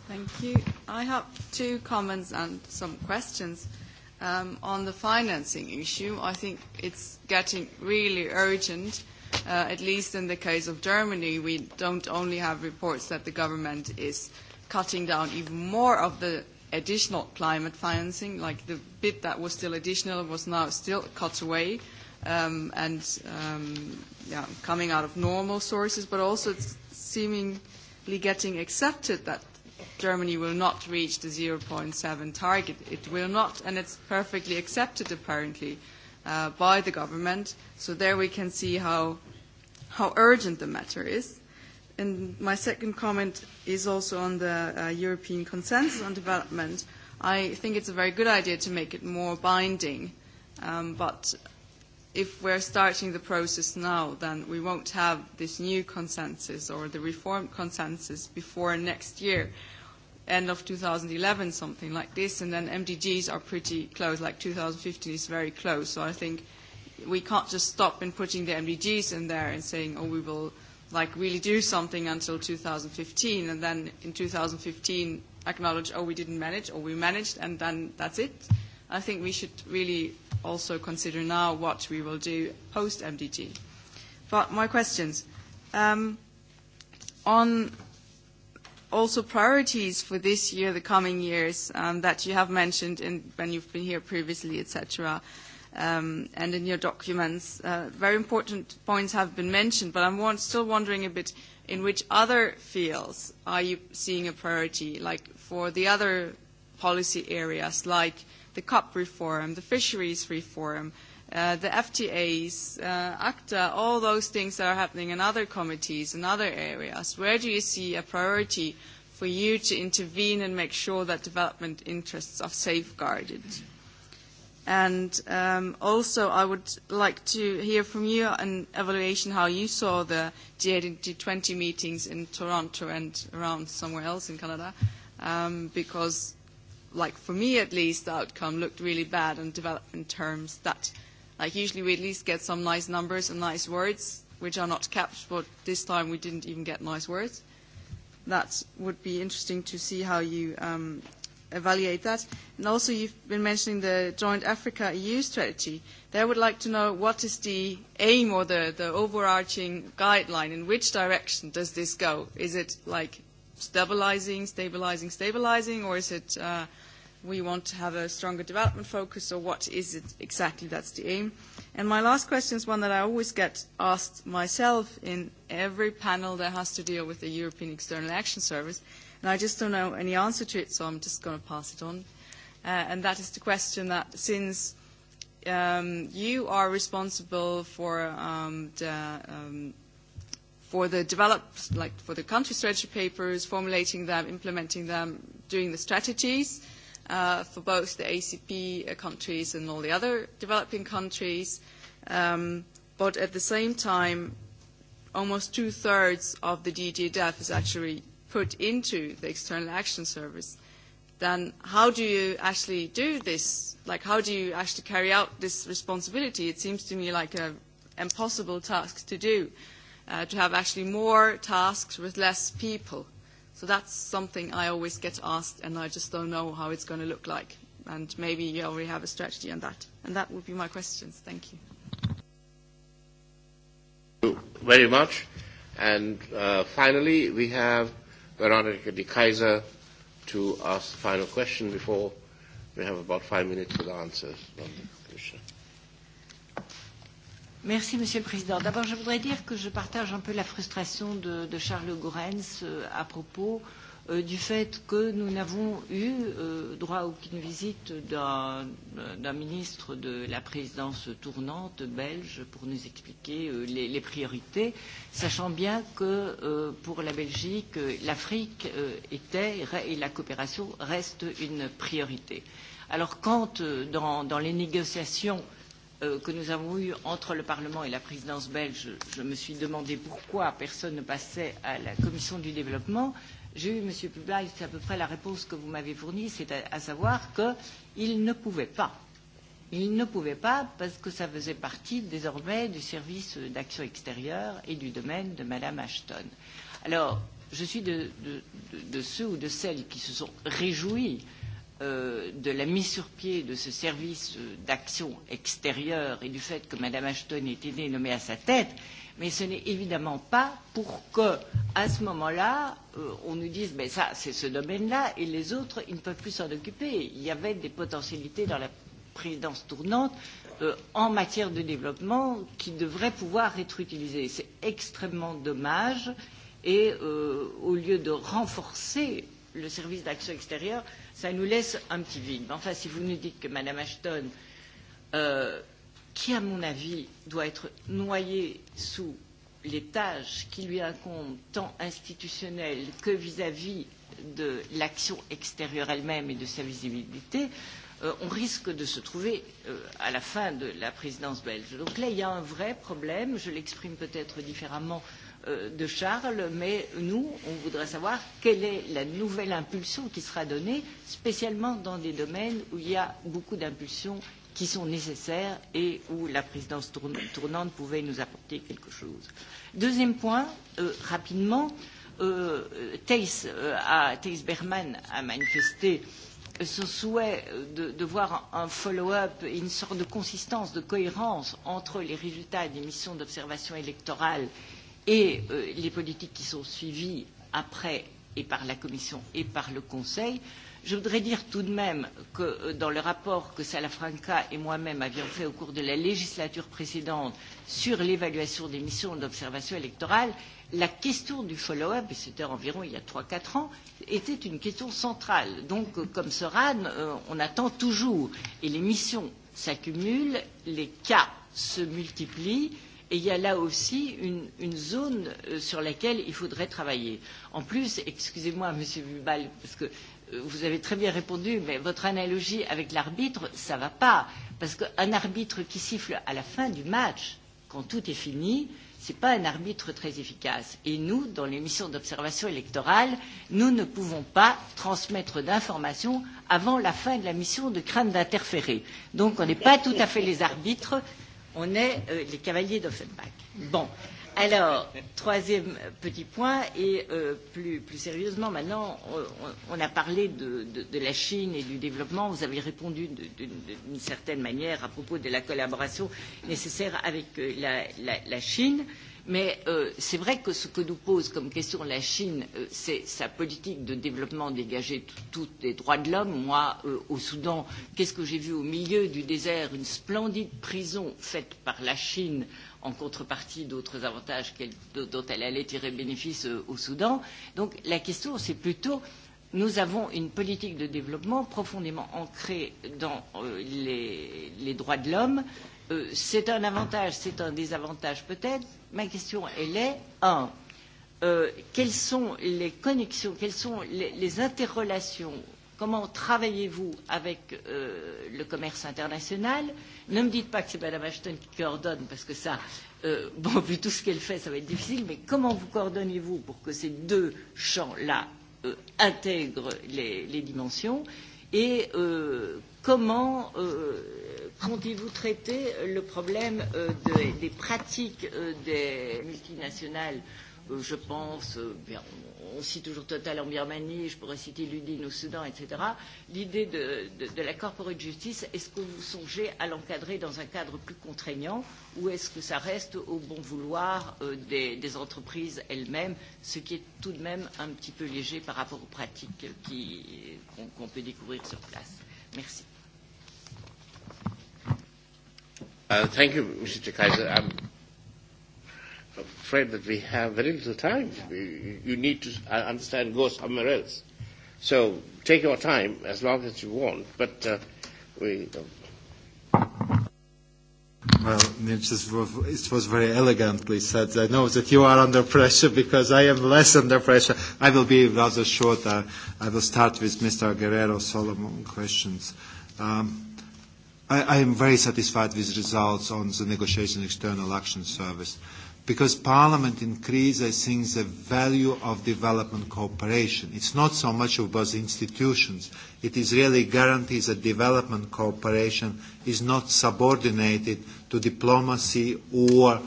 Thank you. I have two comments and some questions. Um, on the financing issue, I think it's getting really urgent uh, at least in the case of Germany, we don't only have reports that the government is cutting down even more of the additional climate financing, like the bit that was still additional was now still cut away um, and um, yeah, coming out of normal sources, but also it's seemingly getting accepted that Germany will not reach the 0.7 target. It will not, and it's perfectly accepted apparently. Uh, uh, by the government. So there we can see how, how urgent the matter is. And my second comment is also on the uh, European Consensus on Development. I think it's a very good idea to make it more binding, um, but if we're starting the process now, then we won't have this new consensus or the reformed consensus before next year, end of 2011, something like this, and then MDGs are pretty close, like 2015 is very close. So I think we can't just stop in putting the MDGs in there and saying, oh, we will like really do something until 2015, and then in 2015 acknowledge, oh, we didn't manage, or we managed, and then that's it. I think we should really also consider now what we will do post-MDG. But my questions. Um, on also priorities for this year, the coming years, um, that you have mentioned in, when you've been here previously, etc., cetera, um, and in your documents. Uh, very important points have been mentioned, but I'm still wondering a bit in which other fields are you seeing a priority, like for the other policy areas, like the CAP reform, the fisheries reform, Uh, the FTAs, uh, ACTA, all those things that are happening in other committees, and other areas. Where do you see a priority for you to intervene and make sure that development interests are safeguarded? And um, also, I would like to hear from you an evaluation how you saw the G8 G20 meetings in Toronto and around somewhere else in Canada, um, because, like for me at least, the outcome looked really bad in development terms. That Like usually we at least get some nice numbers and nice words, which are not kept, but this time we didn't even get nice words. That would be interesting to see how you um, evaluate that. And also you've been mentioning the joint Africa-EU strategy. They would like to know what is the aim or the, the overarching guideline, in which direction does this go? Is it like stabilizing, stabilizing, stabilizing, or is it uh, we want to have a stronger development focus, or what is it exactly that's the aim? And my last question is one that I always get asked myself in every panel that has to deal with the European External Action Service, and I just don't know any answer to it, so I'm just going to pass it on. Uh, and that is the question that since um, you are responsible for um, the um, for the develop, like for the country strategy papers, formulating them, implementing them, doing the strategies uh, for both the ACP uh, countries and all the other developing countries. Um, but at the same time, almost two-thirds of the DG DEF is actually put into the External Action Service. Then how do you actually do this? Like, how do you actually carry out this responsibility? It seems to me like an impossible task to do, uh, to have actually more tasks with less people. So that's something I always get asked, and I just don't know how it's going to look like. And maybe you already have a strategy on that. And that would be my questions. Thank you. Thank you very much. And uh, finally, we have Veronica de Kaiser to ask the final question before we have about five minutes for the answers. London. Merci, Monsieur le Président. D'abord, je voudrais dire que je partage un peu la frustration de, de Charles Gorenz euh, à propos euh, du fait que nous n'avons eu euh, droit à aucune visite d'un ministre de la présidence tournante belge pour nous expliquer euh, les, les priorités, sachant bien que euh, pour la Belgique, l'Afrique euh, était et la coopération reste une priorité. Alors quand, euh, dans, dans les négociations euh, Euh, que nous avons eue entre le Parlement et la présidence belge, je me suis demandé pourquoi personne ne passait à la commission du développement. J'ai eu, Monsieur Pubal, c'est à peu près la réponse que vous m'avez fournie, c'est à, à savoir qu'il ne pouvait pas. Il ne pouvait pas parce que ça faisait partie désormais du service d'action extérieure et du domaine de Mme Ashton. Alors, je suis de, de, de, de ceux ou de celles qui se sont réjouis euh, Euh, de la mise sur pied de ce service euh, d'action extérieure et du fait que Mme Ashton ait été nommée à sa tête, mais ce n'est évidemment pas pour que, à ce moment-là, euh, on nous dise mais ça, c'est ce domaine-là et les autres, ils ne peuvent plus s'en occuper. Il y avait des potentialités dans la présidence tournante euh, en matière de développement qui devraient pouvoir être utilisées. C'est extrêmement dommage et euh, au lieu de renforcer le service d'action extérieure, ça nous laisse un petit vide. Mais enfin, si vous nous dites que Mme Ashton, euh, qui à mon avis doit être noyée sous les tâches qui lui incombent, tant institutionnelles que vis-à-vis de l'action extérieure elle-même et de sa visibilité, euh, on risque de se trouver euh, à la fin de la présidence belge. Donc là, il y a un vrai problème, je l'exprime peut-être différemment euh, Euh, de Charles, mais nous, on voudrait savoir quelle est la nouvelle impulsion qui sera donnée, spécialement dans des domaines où il y a beaucoup d'impulsions qui sont nécessaires et où la présidence tournante pouvait nous apporter quelque chose. Deuxième point, euh, rapidement, euh, Thijs, euh, a, Thijs Berman a manifesté ce souhait de, de voir un follow-up, une sorte de consistance, de cohérence entre les résultats des missions d'observation électorale et et euh, les politiques qui sont suivies après et par la Commission et par le Conseil. Je voudrais dire tout de même que euh, dans le rapport que Salafranca et moi-même avions fait au cours de la législature précédente sur l'évaluation des missions d'observation électorale, la question du follow-up, et c'était environ il y a 3-4 ans, était une question centrale. Donc, euh, comme Soran, euh, on attend toujours. Et les missions s'accumulent, les cas se multiplient, Et il y a là aussi une, une zone euh, sur laquelle il faudrait travailler. En plus, excusez-moi, Monsieur Bubal, parce que euh, vous avez très bien répondu, mais votre analogie avec l'arbitre, ça ne va pas. Parce qu'un arbitre qui siffle à la fin du match, quand tout est fini, ce n'est pas un arbitre très efficace. Et nous, dans les missions d'observation électorale, nous ne pouvons pas transmettre d'informations avant la fin de la mission de crainte d'interférer. Donc on n'est pas tout à fait les arbitres on est euh, les cavaliers d'Offenbach. Bon, alors, troisième petit point, et euh, plus, plus sérieusement, maintenant, on, on a parlé de, de, de la Chine et du développement. Vous avez répondu d'une certaine manière à propos de la collaboration nécessaire avec euh, la, la, la Chine. Euh, Mais euh, c'est vrai que ce que nous pose comme question la Chine, euh, c'est sa politique de développement dégagé de tous les droits de l'homme. Moi, euh, au Soudan, qu'est-ce que j'ai vu au milieu du désert Une splendide prison faite par la Chine en contrepartie d'autres avantages elle, dont elle allait tirer bénéfice euh, au Soudan. Donc la question, c'est plutôt nous avons une politique de développement profondément ancrée dans euh, les, les droits de l'homme Euh, c'est un avantage, c'est un désavantage peut-être. Ma question, elle est, un, euh, quelles sont les connexions, quelles sont les, les interrelations Comment travaillez-vous avec euh, le commerce international Ne me dites pas que c'est Mme Ashton qui coordonne, parce que ça, euh, bon, vu tout ce qu'elle fait, ça va être difficile, mais comment vous coordonnez-vous pour que ces deux champs-là euh, intègrent les, les dimensions et euh, comment euh, comptez-vous traiter le problème euh, de, des pratiques euh, des multinationales euh, je pense, euh, bien, on cite toujours Total en Birmanie, je pourrais citer Ludin au Soudan, etc. L'idée de, de, de la corporate justice, est-ce que vous songez à l'encadrer dans un cadre plus contraignant ou est-ce que ça reste au bon vouloir euh, des, des entreprises elles-mêmes, ce qui est tout de même un petit peu léger par rapport aux pratiques qu'on qu, qu, qu peut découvrir sur place Merci. Uh, thank you, Mr. Kaiser. Um, afraid that we have very little time. We, you need to, uh, understand, go somewhere else. So take your time as long as you want, but uh, we. Uh, well, it, just was, it was very elegantly said. I know that you are under pressure because I am less under pressure. I will be rather short. Uh, I will start with Mr. Guerrero Solomon questions. Um, I, I am very satisfied with results on the negotiation external action service. Uh, because Parliament Greece, I think, the value of development cooperation. It's not so much about the institutions. It is really guarantees that development cooperation is not subordinated to diplomacy or,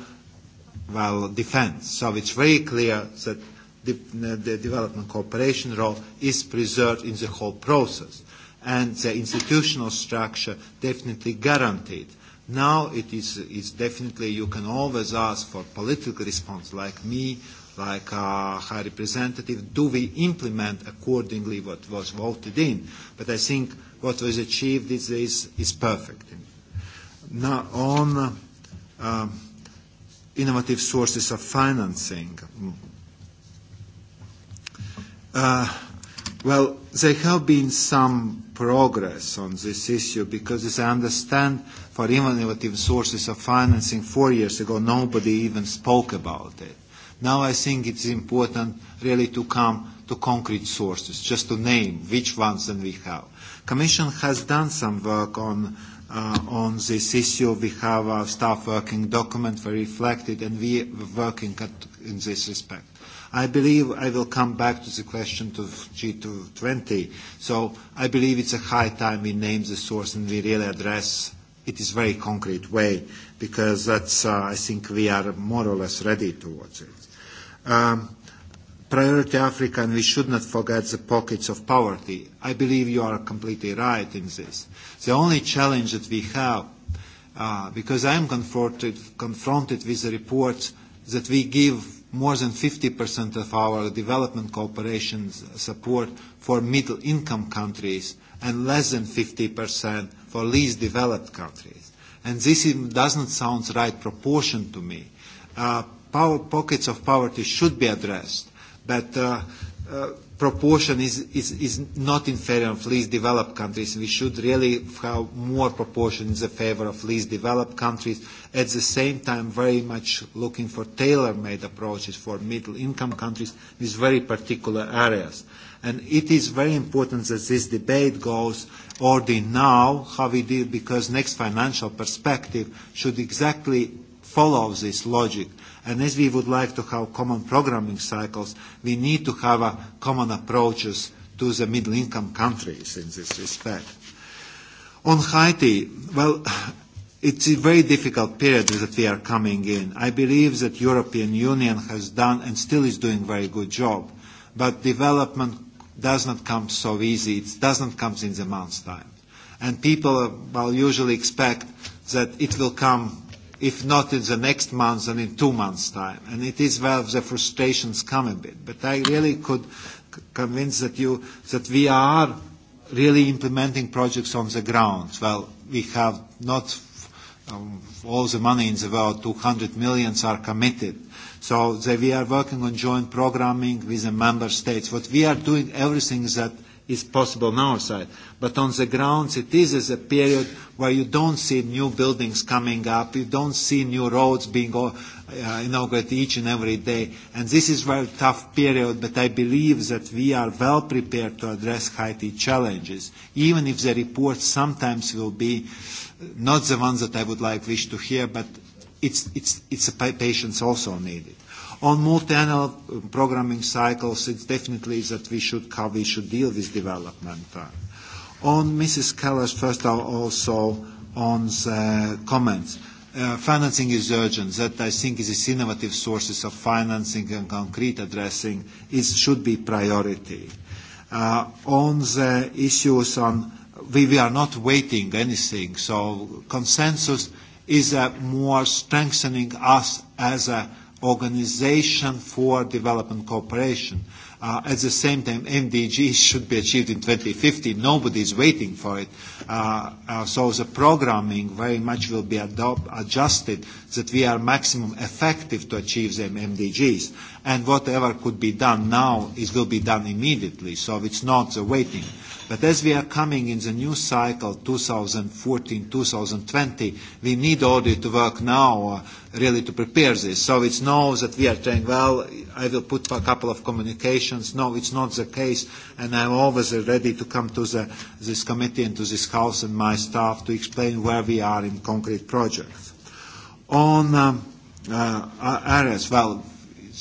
well, defense. So it's very clear that the, the development cooperation role is preserved in the whole process. And the institutional structure definitely guaranteed Now it is is definitely you can always ask for political response, like me, like uh, High Representative. Do we implement accordingly what was voted in? But I think what was achieved is is, is perfect. Now on uh, innovative sources of financing. Mm. Uh, Well, there have been some progress on this issue because, as I understand, for innovative sources of financing, four years ago, nobody even spoke about it. Now I think it's important really to come to concrete sources, just to name which ones and we have. Commission has done some work on, uh, on this issue. We have a staff working document very reflected, and we are working at, in this respect. I believe I will come back to the question of G20. So I believe it's a high time we name the source and we really address it is very concrete way because that's uh, I think we are more or less ready towards it. Um, priority Africa, and we should not forget the pockets of poverty. I believe you are completely right in this. The only challenge that we have, uh, because I am confronted, confronted with the reports that we give more than 50% of our development cooperation support for middle income countries and less than 50% for least developed countries. And this doesn't sound right proportion to me. Uh, power, pockets of poverty should be addressed, but uh, uh, proportion is, is, is not in favor of least developed countries. We should really have more proportion in the favor of least developed countries. At the same time, very much looking for tailor-made approaches for middle-income countries with very particular areas. And it is very important that this debate goes already now, how we deal, because next financial perspective should exactly follow this logic And as we would like to have common programming cycles, we need to have a common approaches to the middle-income countries in this respect. On Haiti, well, <sighs> it's a very difficult period that we are coming in. I believe that European Union has done and still is doing a very good job, but development does not come so easy. It does not come in the month's time. And people uh, well, usually expect that it will come if not in the next month, then in two months' time. And it is where the frustrations come a bit. But I really could convince that you that we are really implementing projects on the ground. Well, we have not um, all the money in the world, 200 millions are committed. So they, we are working on joint programming with the member states. What we are doing, everything that is possible on our side. But on the grounds, it is as a period where you don't see new buildings coming up, you don't see new roads being uh, inaugurated each and every day. And this is a very tough period, but I believe that we are well prepared to address Haiti challenges, even if the reports sometimes will be uh, not the ones that I would like wish to hear, but it's, it's, it's a patience also needed. On multi-annual programming cycles, it's definitely that we should, cover, we should deal with development. Uh. On Mrs. Keller's first also on the comments. Uh, financing is urgent. That I think is this innovative sources of financing and concrete addressing is, should be priority. Uh, on the issues on, we, we are not waiting anything. So consensus is a more strengthening us as a Organization for Development Cooperation. Uh, at the same time, MDGs should be achieved in 2050. Nobody is waiting for it. Uh, uh, so the programming very much will be adopt, adjusted that we are maximum effective to achieve the MDGs. And whatever could be done now, it will be done immediately. So it's not the waiting. Uh, But as we are coming in the new cycle, 2014-2020, we need audit to work now, uh, really to prepare this. So it's now that we are saying, well, I will put a couple of communications. No, it's not the case, and I'm always ready to come to the, this committee and to this house and my staff to explain where we are in concrete projects. On um, uh, areas, well,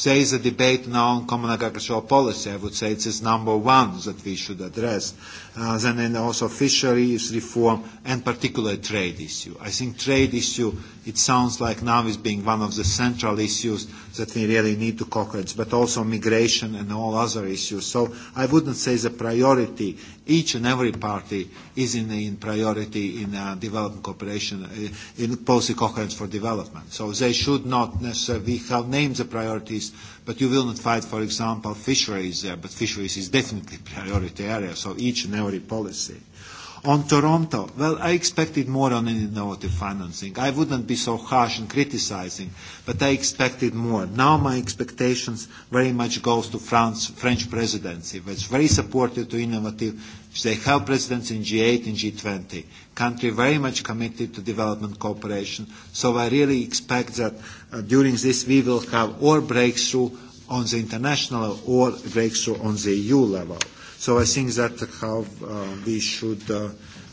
There the debate now on common agricultural policy. I would say it is number one that we should address uh, then and also fisheries reform and particularly trade issue. I think trade issue, it sounds like now is being one of the central issues that we really need to cockroach, but also migration and all other issues. So I wouldn't say the priority, each and every party is in, in priority in uh, development cooperation, uh, in policy coherence for development. So they should not necessarily, we have named the priorities, But you will not fight, for example, fisheries there, but fisheries is definitely <laughs> priority area, so each and every policy. On Toronto, well, I expected more on innovative financing. I wouldn't be so harsh in criticizing, but I expected more. Now my expectations very much goes to France, French presidency, which is very supportive to innovative They help presidents in G8 and G20, country very much committed to development cooperation. So I really expect that uh, during this we will have or breakthrough on the international level or breakthrough on the EU level. So I think that's how uh, we should uh,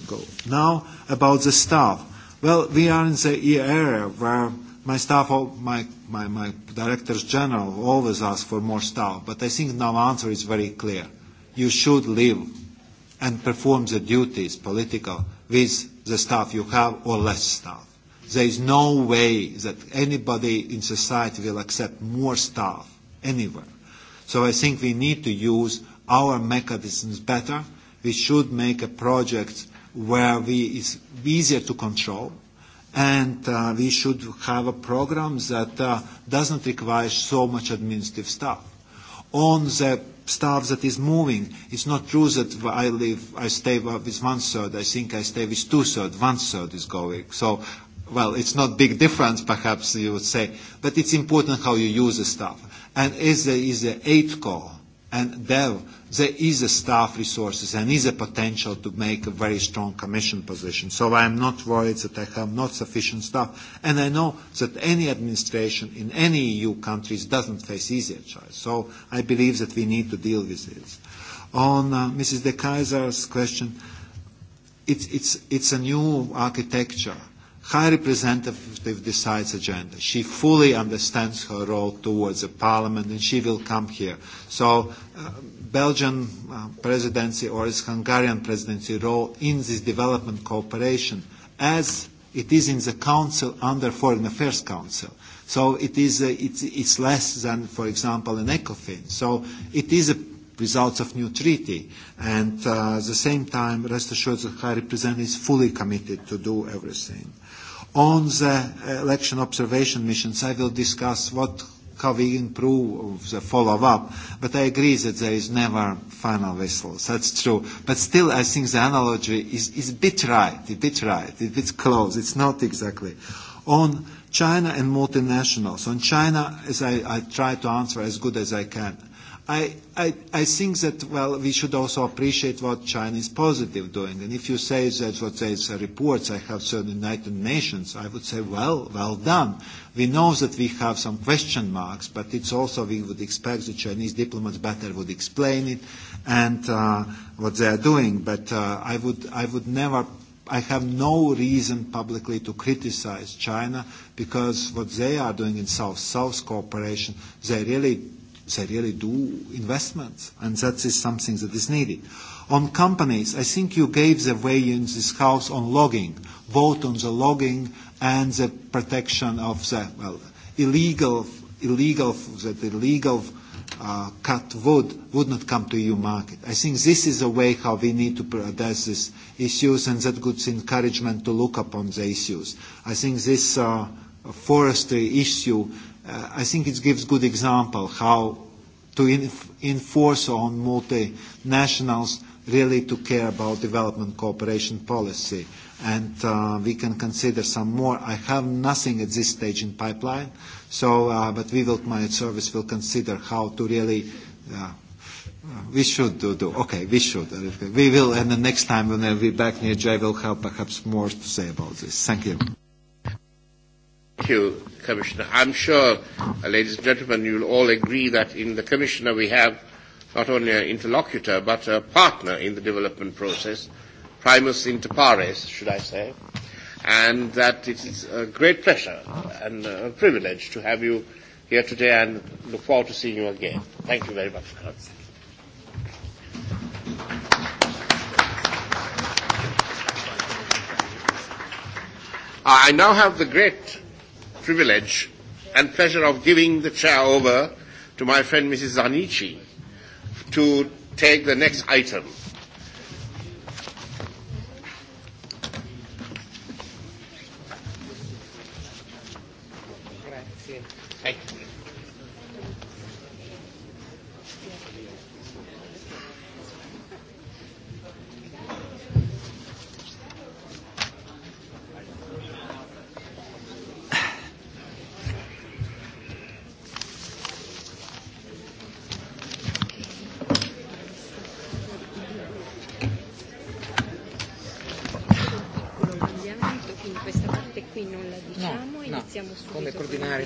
go. Now about the staff. Well, we are in the era where my staff, my, my, my directors general always ask for more staff, but I think now the answer is very clear. You should leave and perform the duties political with the staff you have or less staff. There is no way that anybody in society will accept more staff anywhere. So I think we need to use our mechanisms better. We should make a project where we, is easier to control and uh, we should have a program that uh, doesn't require so much administrative staff on the staff that is moving. It's not true that I live, I stay with one third. I think I stay with two third. One third is going. So, well, it's not big difference, perhaps you would say, but it's important how you use the staff. And is there is the eight core and dev there is a staff resources and is a potential to make a very strong commission position. So I am not worried that I have not sufficient staff. And I know that any administration in any EU countries doesn't face easier choice. So I believe that we need to deal with this. On uh, Mrs. De Kaiser's question, it's, it's, it's a new architecture. High Representative decides agenda. She fully understands her role towards the Parliament and she will come here. So uh, Belgian uh, presidency or its Hungarian presidency role in this development cooperation as it is in the Council under Foreign Affairs Council. So it is, uh, it's, it's less than, for example, an ECOFIN. So it is a result of new treaty. And uh, at the same time, rest assured that High Representative is fully committed to do everything. On the election observation missions, I will discuss what we of the follow-up? But I agree that there is never final whistle. That's true. But still, I think the analogy is, is a bit right, a bit right, It, it's close. It's not exactly. On China and multinationals, on China, as I, I try to answer as good as I can, I, I, I think that, well, we should also appreciate what China is positive doing. And if you say that what they say reports, I have certain United Nations, I would say, well, well done. We know that we have some question marks, but it's also we would expect the Chinese diplomats better would explain it and uh, what they are doing. But uh, I, would, I would never I have no reason publicly to criticize China because what they are doing in South-South cooperation, they really they really do investments, and that is something that is needed. On companies, I think you gave the way in this house on logging, vote on the logging and the protection of the well illegal illegal that illegal uh, cut wood would not come to EU market. I think this is a way how we need to address these issues, and that good encouragement to look upon the issues. I think this. Uh, forestry issue uh, I think it gives good example how to inf- enforce on multinationals really to care about development cooperation policy. And uh, we can consider some more. I have nothing at this stage in pipeline, so uh, but we will, my service will consider how to really uh, uh we should do, do. Okay, we should. We will, and the next time when we'll be back near Jay, will have perhaps more to say about this. Thank you. Thank you, Commissioner. I'm sure, uh, ladies and gentlemen, you'll all agree that in the Commissioner we have not only an interlocutor but a partner in the development process, primus inter pares, should I say, and that it is a great pleasure and a privilege to have you here today and look forward to seeing you again. Thank you very much. I now have the great privilege and pleasure of giving the chair over to my friend Mrs. Zanichi to take the next item.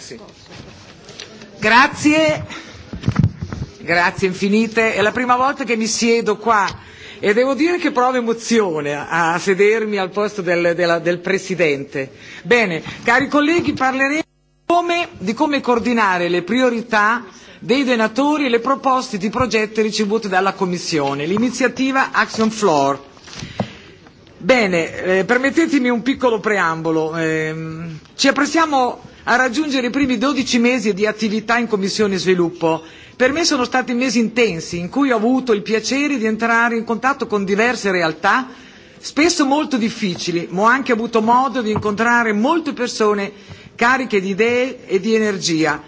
sì. Grazie, grazie infinite. È la prima volta che mi siedo qua e devo dire che provo emozione a sedermi al posto del, della, del Presidente. Bene, cari colleghi, parleremo come, di come coordinare le priorità dei donatori e le proposte di progetti ricevute dalla Commissione, l'iniziativa Action Floor. Bene, eh, permettetemi un piccolo preambolo. Eh, ci apprestiamo a raggiungere i primi 12 mesi di attività in Commissione Sviluppo. Per me sono stati mesi intensi in cui ho avuto il piacere di entrare in contatto con diverse realtà, spesso molto difficili, ma ho anche avuto modo di incontrare molte persone cariche di idee e di energia,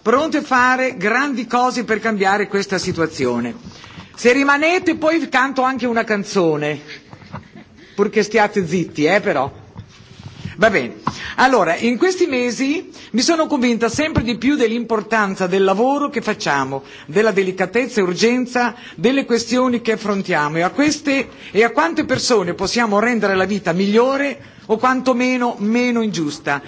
pronte a fare grandi cose per cambiare questa situazione. Se rimanete poi canto anche una canzone, purché stiate zitti, eh però. Va bene. Allora, in questi mesi mi sono convinta sempre di più dell'importanza del lavoro che facciamo, della delicatezza e urgenza delle questioni che affrontiamo e a queste e a quante persone possiamo rendere la vita migliore o quantomeno meno ingiusta.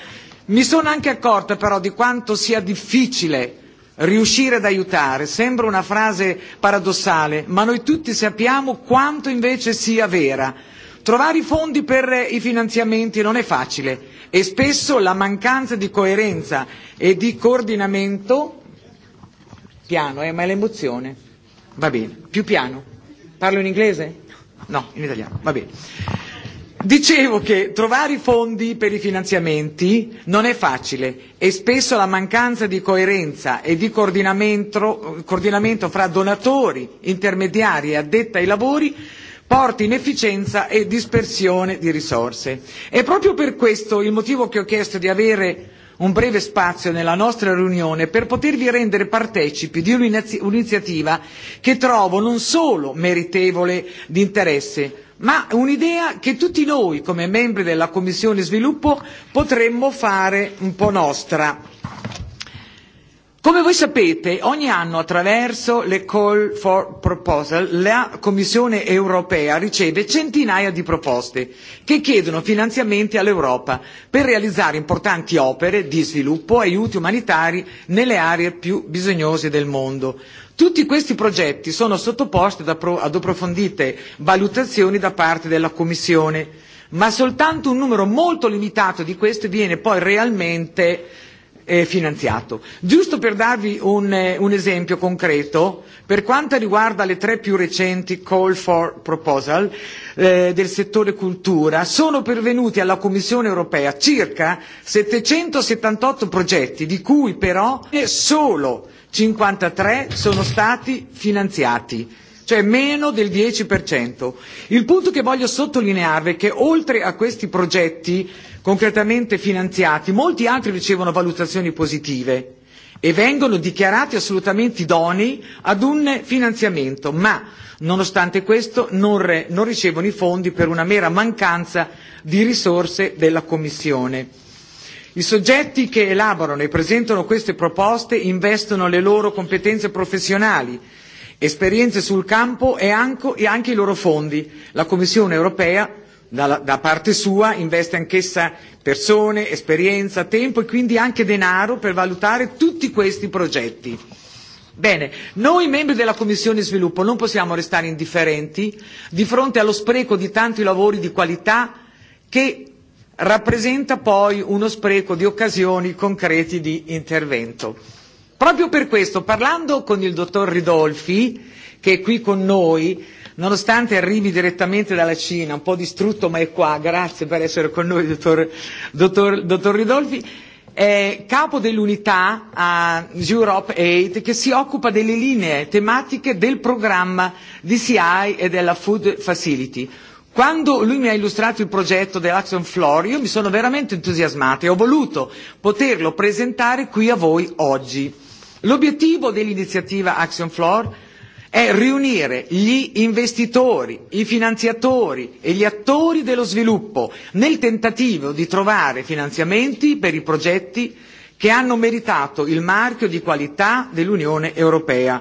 Mi sono anche accorta però di quanto sia difficile riuscire ad aiutare sembra una frase paradossale ma noi tutti sappiamo quanto invece sia vera Trovare i fondi per eh, i finanziamenti non è facile e spesso la mancanza di coerenza e di coordinamento piano, eh, ma è l'emozione. Va bene, più piano. Parlo in inglese? No, in italiano, va bene. Dicevo che trovare i fondi per i finanziamenti non è facile e spesso la mancanza di coerenza e di coordinamento, coordinamento fra donatori, intermediari e addetti ai lavori porti inefficienza e dispersione di risorse. È proprio per questo il motivo che ho chiesto di avere un breve spazio nella nostra riunione per potervi rendere partecipi di un'iniziativa che trovo non solo meritevole di interesse, ma un'idea che tutti noi, come membri della Commissione Sviluppo, potremmo fare un po' nostra Come voi sapete, ogni anno attraverso le call for proposal la Commissione europea riceve centinaia di proposte che chiedono finanziamenti all'Europa per realizzare importanti opere di sviluppo e aiuti umanitari nelle aree più bisognose del mondo. Tutti questi progetti sono sottoposti ad approfondite valutazioni da parte della Commissione, ma soltanto un numero molto limitato di questi viene poi realmente eh, finanziato. Giusto per darvi un, eh, un esempio concreto, per quanto riguarda le tre più recenti call for proposal eh, del settore cultura, sono pervenuti alla Commissione europea circa 778 progetti, di cui però solo 53 sono stati finanziati cioè meno del 10%. Il punto che voglio sottolineare è che oltre a questi progetti concretamente finanziati, molti altri ricevono valutazioni positive e vengono dichiarati assolutamente idonei ad un finanziamento, ma nonostante questo non, re, non ricevono i fondi per una mera mancanza di risorse della Commissione. I soggetti che elaborano e presentano queste proposte investono le loro competenze professionali, esperienze sul campo e anche, e anche i loro fondi. La Commissione europea da, da parte sua investe anch'essa persone, esperienza, tempo e quindi anche denaro per valutare tutti questi progetti. Bene, noi membri della Commissione Sviluppo non possiamo restare indifferenti di fronte allo spreco di tanti lavori di qualità che rappresenta poi uno spreco di occasioni concreti di intervento. Proprio per questo, parlando con il dottor Ridolfi, che è qui con noi, nonostante arrivi direttamente dalla Cina, un po' distrutto ma è qua, grazie per essere con noi dottor, dottor, dottor Ridolfi, è capo dell'unità a Europe Aid che si occupa delle linee tematiche del programma DCI e della Food Facility. Quando lui mi ha illustrato il progetto dell'Action Floor io mi sono veramente entusiasmata e ho voluto poterlo presentare qui a voi oggi. L'obiettivo dell'iniziativa Action Floor è riunire gli investitori, i finanziatori e gli attori dello sviluppo nel tentativo di trovare finanziamenti per i progetti che hanno meritato il marchio di qualità dell'Unione europea.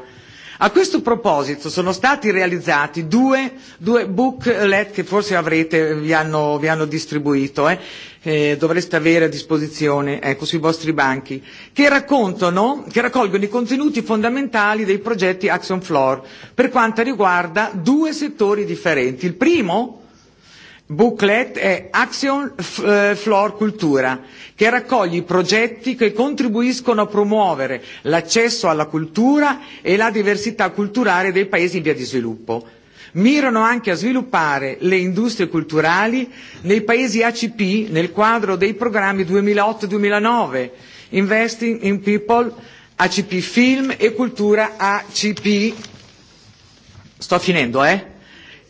A questo proposito sono stati realizzati due, due booklet che forse avrete, vi hanno, vi hanno distribuito, eh, eh, dovreste avere a disposizione ecco, sui vostri banchi, che, raccontano, che raccolgono i contenuti fondamentali dei progetti Action Floor per quanto riguarda due settori differenti. Il primo booklet è Action eh, Floor Cultura, che raccoglie i progetti che contribuiscono a promuovere l'accesso alla cultura e la diversità culturale dei paesi in via di sviluppo mirano anche a sviluppare le industrie culturali nei paesi ACP nel quadro dei programmi 2008-2009, Investing in People, ACP Film e Cultura ACP. Sto finendo, eh?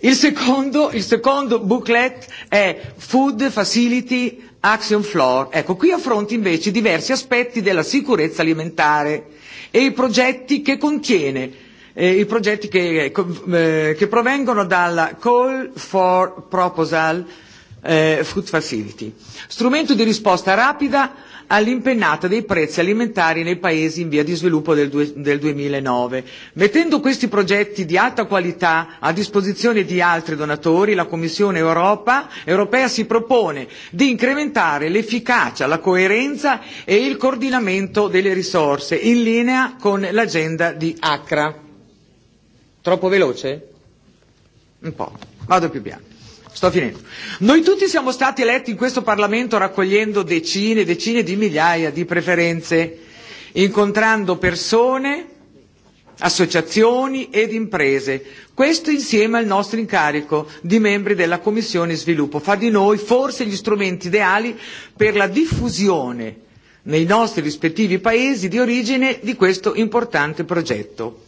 Il secondo, il secondo booklet è Food Facility Action Floor. Ecco, qui affronti invece diversi aspetti della sicurezza alimentare e i progetti che contiene eh, i progetti che, eh, eh che provengono dalla Call for Proposal eh, Food Facility, strumento di risposta rapida all'impennata dei prezzi alimentari nei paesi in via di sviluppo del, due, del 2009. Mettendo questi progetti di alta qualità a disposizione di altri donatori, la Commissione Europa, europea si propone di incrementare l'efficacia, la coerenza e il coordinamento delle risorse in linea con l'agenda di Accra Troppo veloce? Un po'. Vado più piano. Sto finendo. Noi tutti siamo stati eletti in questo Parlamento raccogliendo decine e decine di migliaia di preferenze, incontrando persone, associazioni ed imprese. Questo insieme al nostro incarico di membri della Commissione Sviluppo fa di noi forse gli strumenti ideali per la diffusione nei nostri rispettivi paesi di origine di questo importante progetto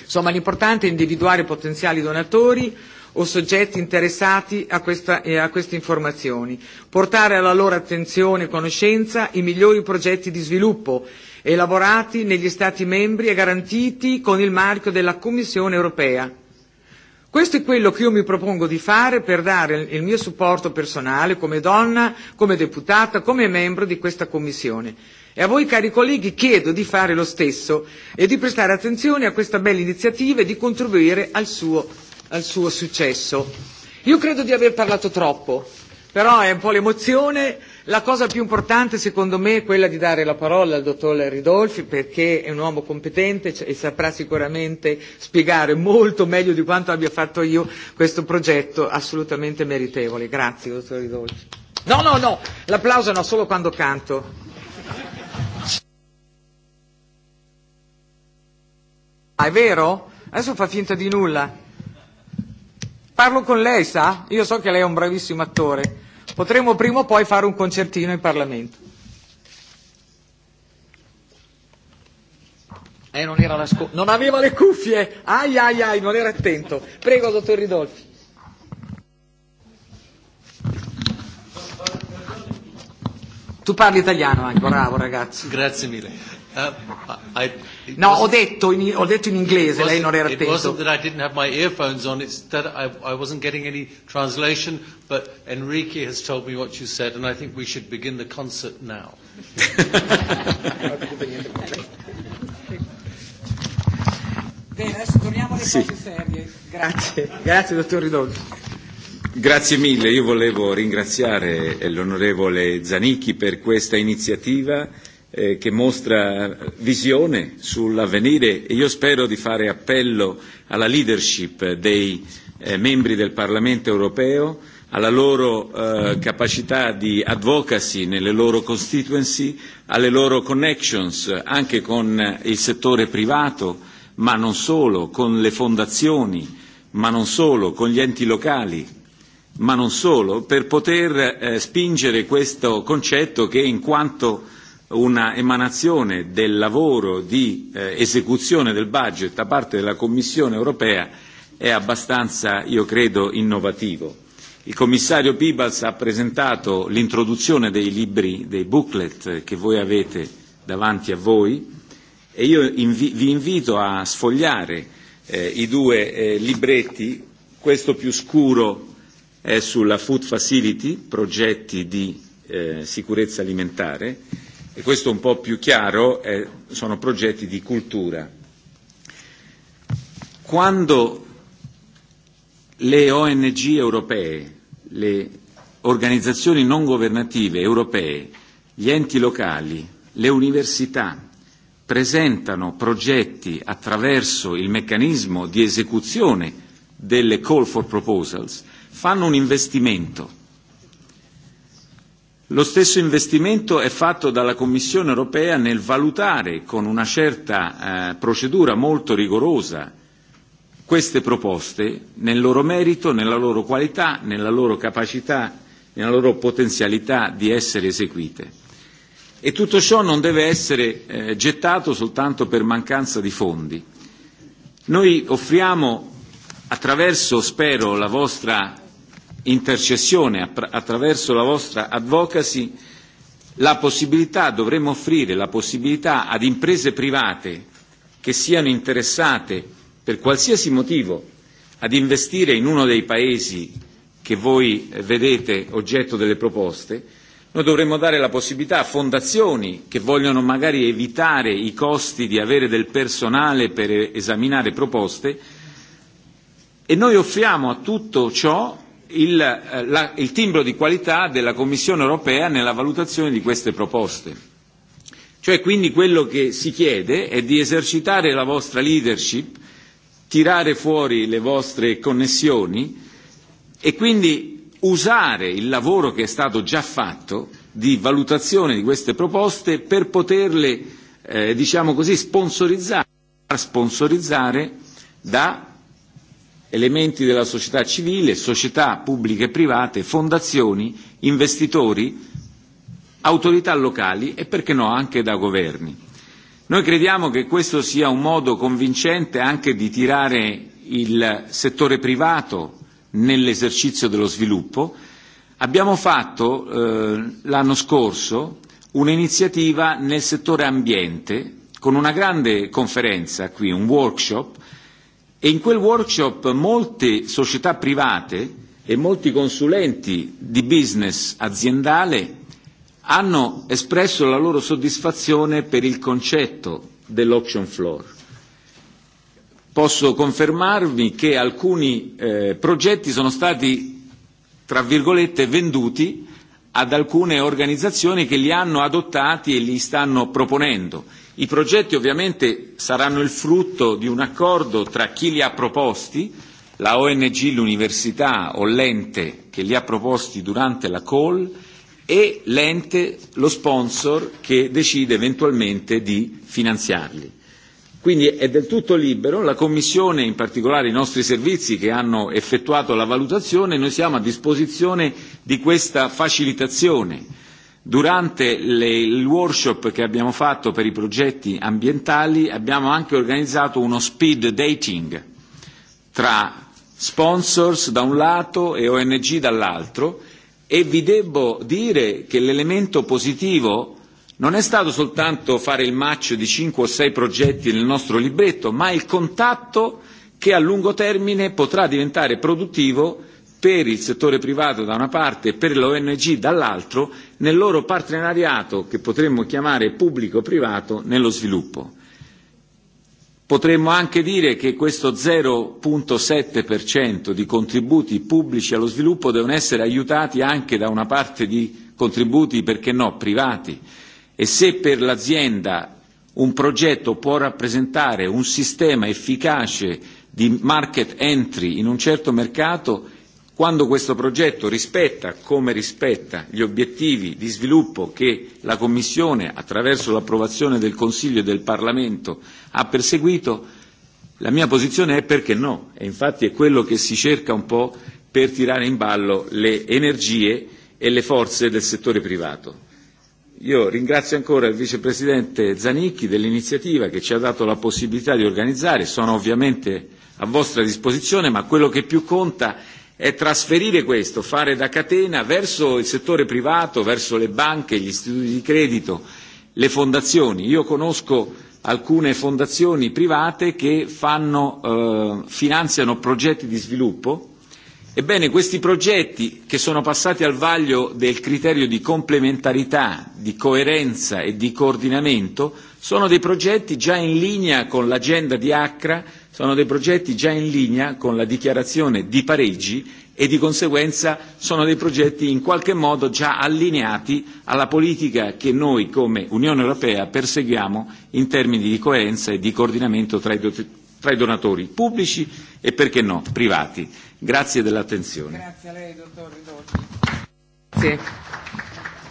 Insomma, l'importante è individuare potenziali donatori o soggetti interessati a, questa, eh, a queste informazioni, portare alla loro attenzione e conoscenza i migliori progetti di sviluppo elaborati negli Stati membri e garantiti con il marchio della Commissione europea. Questo è quello che io mi propongo di fare per dare il mio supporto personale come donna, come deputata, come membro di questa Commissione. E a voi cari colleghi chiedo di fare lo stesso e di prestare attenzione a questa bella iniziativa e di contribuire al suo, al suo successo. Io credo di aver parlato troppo, però è un po' l'emozione. La cosa più importante secondo me è quella di dare la parola al dottor Ridolfi perché è un uomo competente e saprà sicuramente spiegare molto meglio di quanto abbia fatto io questo progetto assolutamente meritevole. Grazie dottor Ridolfi. No, no, no, l'applauso no, solo quando canto. Ah, è vero? Adesso fa finta di nulla. Parlo con lei, sa? Io so che lei è un bravissimo attore. Potremmo prima o poi fare un concertino in Parlamento. Eh, non era la scu- Non aveva le cuffie! Ai ai ai, non era attento. Prego, dottor Ridolfi. Tu parli italiano anche, bravo ragazzi. Grazie mille. Uh, no, ho detto, in, ho detto in inglese, lei non era attento. It wasn't that I didn't have my earphones on, it's that I, I wasn't getting any translation, but Enrique has told me what you said, and I think we should begin the concert now. Bene, adesso torniamo alle sì. cose serie. Grazie. Grazie, dottor Ridolfi. Grazie mille, io volevo ringraziare l'onorevole Zanicchi per questa iniziativa Eh, che mostra visione sull'avvenire e io spero di fare appello alla leadership dei eh, membri del Parlamento europeo, alla loro eh, capacità di advocacy nelle loro constituency, alle loro connections anche con il settore privato, ma non solo, con le fondazioni, ma non solo, con gli enti locali, ma non solo, per poter eh, spingere questo concetto che in quanto una emanazione del lavoro di eh, esecuzione del budget da parte della Commissione europea è abbastanza, io credo, innovativo. Il commissario Pibals ha presentato l'introduzione dei libri, dei booklet che voi avete davanti a voi e io invi- vi invito a sfogliare eh, i due eh, libretti, questo più scuro è sulla Food Facility, progetti di eh, sicurezza alimentare, e questo un po' più chiaro, eh, sono progetti di cultura. Quando le ONG europee, le organizzazioni non governative europee, gli enti locali, le università presentano progetti attraverso il meccanismo di esecuzione delle call for proposals, fanno un investimento Lo stesso investimento è fatto dalla Commissione europea nel valutare con una certa eh, procedura molto rigorosa queste proposte nel loro merito, nella loro qualità, nella loro capacità, nella loro potenzialità di essere eseguite. E tutto ciò non deve essere eh, gettato soltanto per mancanza di fondi. Noi offriamo, attraverso, spero, la vostra intercessione attraverso la vostra advocacy la possibilità, dovremmo offrire la possibilità ad imprese private che siano interessate per qualsiasi motivo ad investire in uno dei paesi che voi eh, vedete oggetto delle proposte, noi dovremmo dare la possibilità a fondazioni che vogliono magari evitare i costi di avere del personale per eh, esaminare proposte e noi offriamo a tutto ciò il, eh, la, il timbro di qualità della Commissione europea nella valutazione di queste proposte. Cioè quindi quello che si chiede è di esercitare la vostra leadership, tirare fuori le vostre connessioni e quindi usare il lavoro che è stato già fatto di valutazione di queste proposte per poterle, eh, diciamo così, sponsorizzare, sponsorizzare da elementi della società civile, società pubbliche e private, fondazioni, investitori, autorità locali e perché no anche da governi. Noi crediamo che questo sia un modo convincente anche di tirare il settore privato nell'esercizio dello sviluppo. Abbiamo fatto eh, l'anno scorso un'iniziativa nel settore ambiente con una grande conferenza qui, un workshop E in quel workshop molte società private e molti consulenti di business aziendale hanno espresso la loro soddisfazione per il concetto dell'auction floor. Posso confermarvi che alcuni eh, progetti sono stati, tra virgolette, venduti ad alcune organizzazioni che li hanno adottati e li stanno proponendo. I progetti ovviamente saranno il frutto di un accordo tra chi li ha proposti, la ONG, l'università o l'ente che li ha proposti durante la call e l'ente, lo sponsor che decide eventualmente di finanziarli. Quindi è del tutto libero, la Commissione, in particolare i nostri servizi che hanno effettuato la valutazione, noi siamo a disposizione di questa facilitazione. Durante le, il workshop che abbiamo fatto per i progetti ambientali abbiamo anche organizzato uno speed dating tra sponsors da un lato e ONG dall'altro e vi devo dire che l'elemento positivo Non è stato soltanto fare il match di cinque o sei progetti nel nostro libretto, ma il contatto che a lungo termine potrà diventare produttivo per il settore privato da una parte e per l'ONG dall'altro nel loro partenariato che potremmo chiamare pubblico-privato nello sviluppo. Potremmo anche dire che questo 0,7% di contributi pubblici allo sviluppo devono essere aiutati anche da una parte di contributi, perché no, privati e se per l'azienda un progetto può rappresentare un sistema efficace di market entry in un certo mercato, quando questo progetto rispetta, come rispetta, gli obiettivi di sviluppo che la Commissione, attraverso l'approvazione del Consiglio e del Parlamento, ha perseguito, la mia posizione è perché no, e infatti è quello che si cerca un po' per tirare in ballo le energie e le forze del settore privato. Io ringrazio ancora il vicepresidente Zanicchi dell'iniziativa che ci ha dato la possibilità di organizzare, sono ovviamente a vostra disposizione, ma quello che più conta è trasferire questo, fare da catena verso il settore privato, verso le banche, gli istituti di credito, le fondazioni. Io conosco alcune fondazioni private che fanno, eh, finanziano progetti di sviluppo Ebbene, questi progetti che sono passati al vaglio del criterio di complementarità, di coerenza e di coordinamento sono dei progetti già in linea con l'agenda di Accra, sono dei progetti già in linea con la dichiarazione di Parigi e di conseguenza sono dei progetti in qualche modo già allineati alla politica che noi come Unione Europea perseguiamo in termini di coerenza e di coordinamento tra i, do- tra i donatori pubblici e perché no privati. Grazie dell'attenzione. Grazie a lei, dottor Ridolfi. Sì.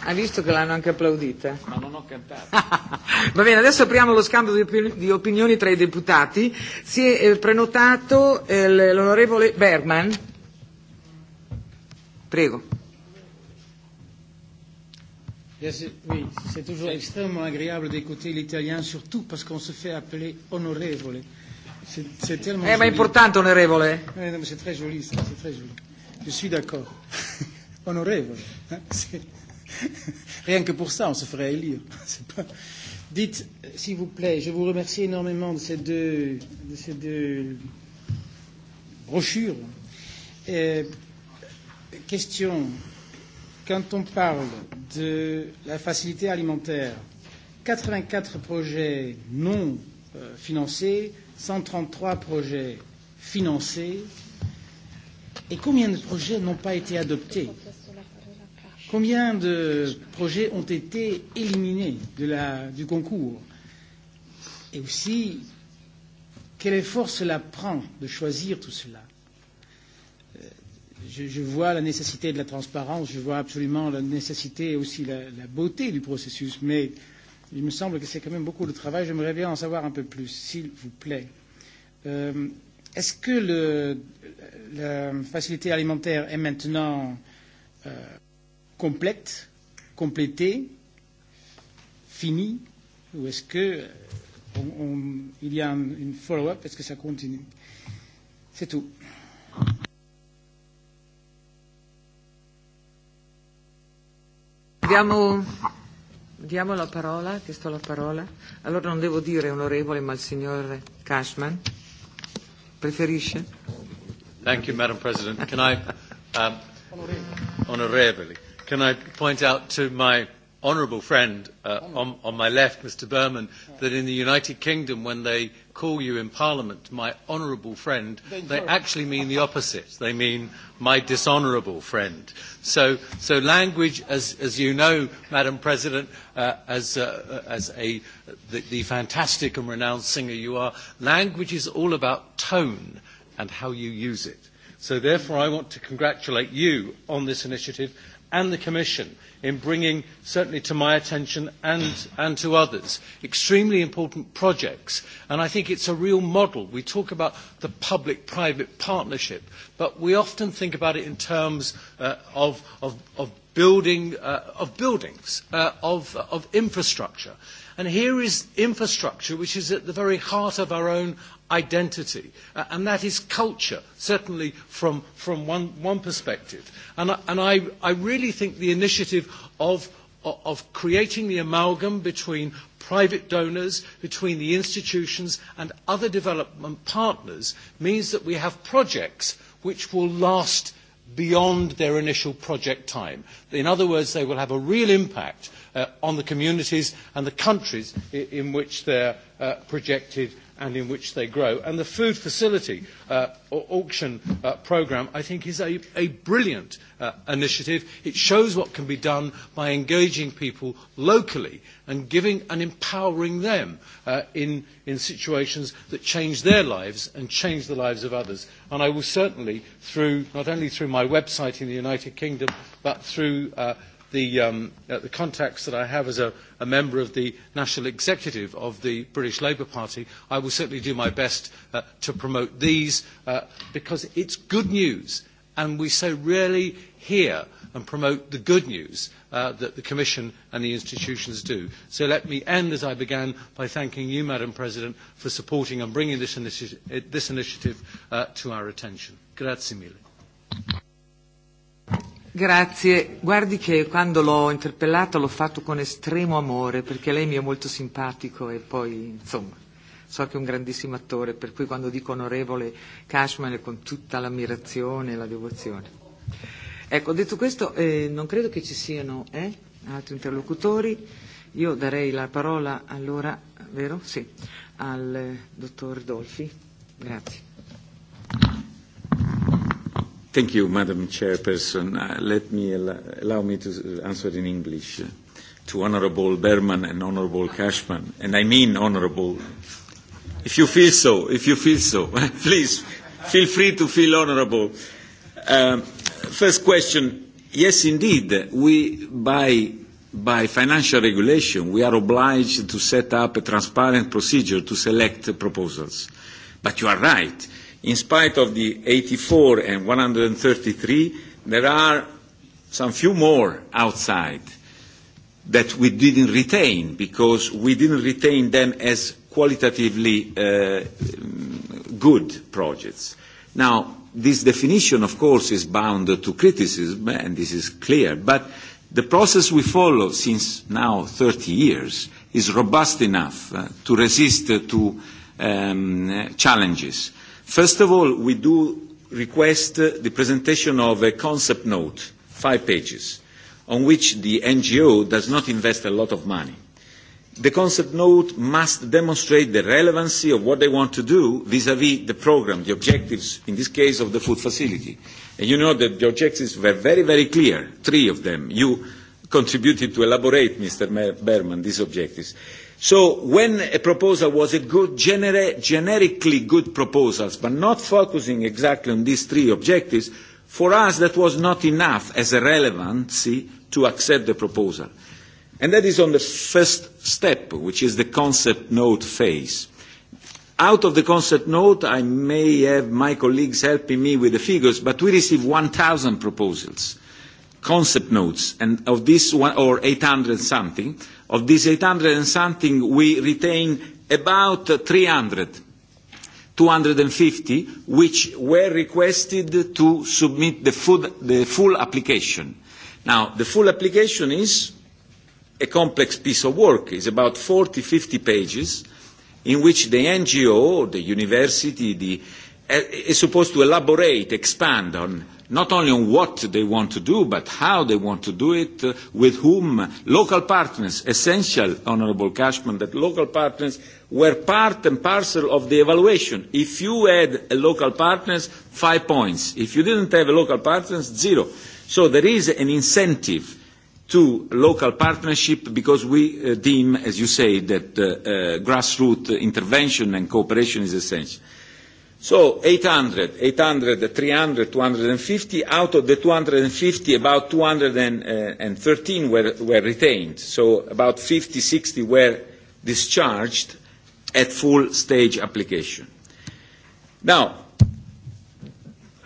Ha visto che l'hanno anche applaudita. Ma non ho cantato. <laughs> Va bene, adesso apriamo lo scambio di, opin- di opinioni tra i deputati. Si è eh, prenotato eh, l'onorevole Bergman. Prego. Oui, c'est toujours extrêmement agréable d'écouter l'italien, surtout parce qu'on se fait appeler honorevole. C'est tellement. Eh ben, importante, onorevole. Eh, non, mais c'est très joli, ça, c'est très joli. Je suis d'accord. <laughs> honorevole. Hein, <laughs> Rien que pour ça, on se ferait élire. <laughs> Pas... Dites, euh, s'il vous plaît, je vous remercie énormément de ces deux, de ces deux brochures. Euh, question. Quand on parle de la facilité alimentaire, 84 projets non euh, financés 133 projets financés. Et combien de projets n'ont pas été adoptés Combien de projets ont été éliminés de la, du concours Et aussi, quel effort cela prend de choisir tout cela euh, je, je vois la nécessité de la transparence, je vois absolument la nécessité et aussi la, la beauté du processus, mais euh, Il me semble que c'est quand même beaucoup de travail. J'aimerais bien en savoir un peu plus, s'il vous plaît. Euh, Est-ce que le, la facilité alimentaire est maintenant euh, complète, complétée, finie Ou est-ce qu'il y a un, une follow-up Est-ce que ça continue C'est tout. Abbiamo Diamo la parola, ti sto la parola. Allora non devo dire onorevole, ma il signor Cashman preferisce. Thank you, Madam President. Can I, um, onorevoli, can I point out to my honourable friend uh, on, on my left, Mr Berman, that in the United Kingdom, when they call you in Parliament my honourable friend, they actually mean the opposite. They mean my dishonourable friend. So, so language, as, as you know, Madam President, uh, as, uh, as a, the, the fantastic and renowned singer you are, language is all about tone and how you use it. So therefore, I want to congratulate you on this initiative and the Commission in bringing, certainly to my attention and, and to others, extremely important projects. And I think it's a real model. We talk about the public-private partnership, but we often think about it in terms uh, of, of, of, building, uh, of buildings, uh, of, of infrastructure. And here is infrastructure, which is at the very heart of our own identity, uh, and that is culture, certainly from, from one, one perspective. And, and I, I really think the initiative of of creating the amalgam between private donors, between the institutions and other development partners means that we have projects which will last beyond their initial project time. In other words, they will have a real impact uh, on the communities and the countries in, in which they're uh, projected and in which they grow. And the food facility uh, auction uh, programme, I think, is a, a brilliant uh, initiative. It shows what can be done by engaging people locally and giving and empowering them uh, in, in situations that change their lives and change the lives of others. And I will certainly, through, not only through my website in the United Kingdom, but through uh, the, um, uh, the contacts that I have as a, a member of the National Executive of the British Labour Party, I will certainly do my best uh, to promote these uh, because it's good news and we so rarely hear and promote the good news uh, that the Commission and the institutions do. So let me end as I began by thanking you, Madam President, for supporting and bringing this, initi this initiative uh, to our attention. Grazie mille. Grazie, guardi che quando l'ho interpellata l'ho fatto con estremo amore perché lei mi è molto simpatico e poi insomma so che è un grandissimo attore per cui quando dico onorevole Cashman è con tutta l'ammirazione e la devozione. Ecco, detto questo eh, non credo che ci siano eh, altri interlocutori, io darei la parola allora, vero? Sì, al eh, dottor Dolfi. Grazie. Thank you, Madam Chairperson. Uh, let me allow, allow me to answer in English uh, to Honourable Berman and Honourable Cashman, and I mean Honourable. If you feel so, if you feel so, <laughs> please feel free to feel honourable. Um, first question: Yes, indeed, we by by financial regulation we are obliged to set up a transparent procedure to select proposals. But you are right In spite of the 84 and 133, there are some few more outside that we didn't retain because we didn't retain them as qualitatively uh, good projects. Now, this definition, of course, is bound to criticism, and this is clear, but the process we follow since now 30 years is robust enough uh, to resist uh, to um, challenges. First of all, we do request the presentation of a concept note, five pages, on which the NGO does not invest a lot of money. The concept note must demonstrate the relevancy of what they want to do vis-à-vis -vis the program, the objectives, in this case, of the food facility. And you know that the objectives were very, very clear, three of them. You contributed to elaborate, Mr. Berman, these objectives. So when a proposal was a good, generically good proposals, but not focusing exactly on these three objectives, for us that was not enough as a relevancy to accept the proposal. And that is on the first step, which is the concept note phase. Out of the concept note, I may have my colleagues helping me with the figures, but we received 1,000 proposals, concept notes, and of this one, or 800 something, Of these 800 and something, we retain about 300, 250, which were requested to submit the, the full application. Now, the full application is a complex piece of work. It's about 40, 50 pages in which the NGO, the university, the, eh, is supposed to elaborate, expand on not only on what they want to do, but how they want to do it, uh, with whom. Local partners, essential, Honourable Cashman, that local partners were part and parcel of the evaluation. If you had a local partners, five points. If you didn't have a local partners, zero. So there is an incentive to local partnership because we uh, deem, as you say, that uh, uh, grassroots intervention and cooperation is essential. So 800, 800, 300, 250. Out of the 250, about 213 uh, were, were retained. So about 50, 60 were discharged at full stage application. Now,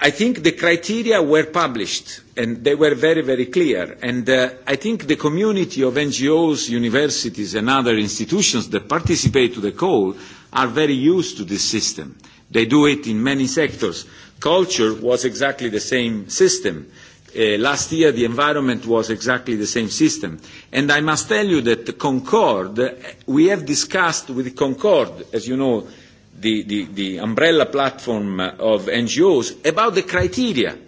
I think the criteria were published and they were very, very clear. And uh, I think the community of NGOs, universities and other institutions that participate to the call are very used to this system. They do it in many sectors. Culture was exactly the same system. Uh, last year, the environment was exactly the same system. And I must tell you that Concord, uh, we have discussed with Concord, as you know, the, the, the umbrella platform of NGOs, about the criteria.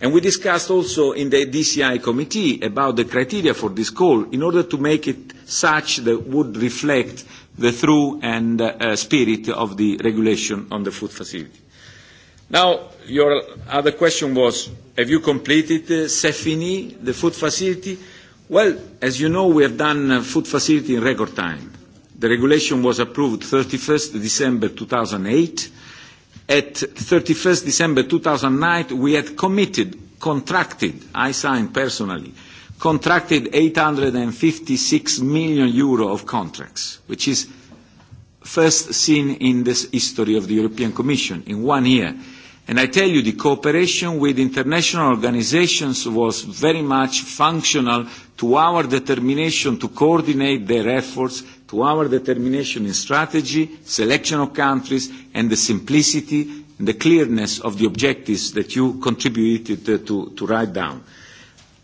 And we discussed also in the DCI committee about the criteria for this call in order to make it such that would reflect the through and uh, uh, spirit of the regulation on the food facility. Now, your other question was, have you completed uh, the food facility? Well, as you know, we have done uh, food facility in record time. The regulation was approved 31st December 2008. At 31st December 2009, we had committed, contracted, I signed personally, contracted 856 million euro of contracts, which is first seen in this history of the European Commission in one year. And I tell you, the cooperation with international organizations was very much functional to our determination to coordinate their efforts, to our determination in strategy, selection of countries, and the simplicity and the clearness of the objectives that you contributed uh, to, to write down.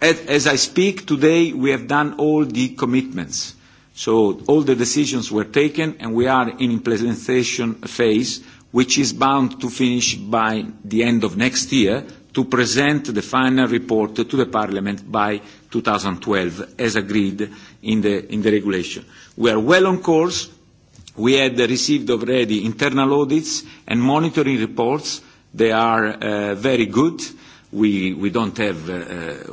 As, as I speak today, we have done all the commitments. So all the decisions were taken, and we are in implementation phase, which is bound to finish by the end of next year to present the final report to the Parliament by 2012, as agreed in the, in the regulation. We are well on course. We had received already internal audits and monitoring reports. They are uh, very good. Uh, we, we don't have, uh,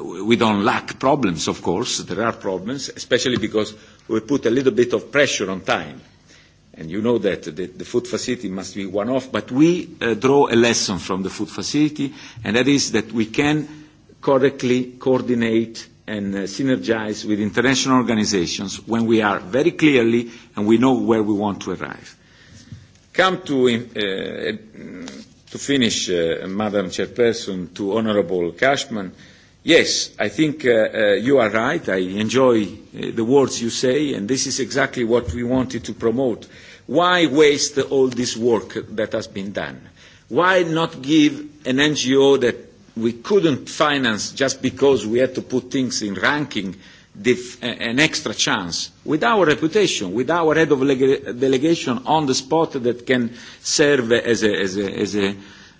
uh, we don't lack problems, of course. There are problems, especially because we put a little bit of pressure on time. And you know that the, the food facility must be one-off, but we uh, draw a lesson from the food facility, and that is that we can correctly coordinate and uh, synergize with international organizations when we are very clearly and we know where we want to arrive. Come to uh, to finish, uh, Madam Chairperson, to Honourable Cashman, yes, I think uh, uh, you are right. I enjoy uh, the words you say, and this is exactly what we wanted to promote. Why waste all this work that has been done? Why not give an NGO that we couldn't finance just because we had to put things in ranking – an extra chance with our reputation, with our head of delegation on the spot that can serve as a, as a, as a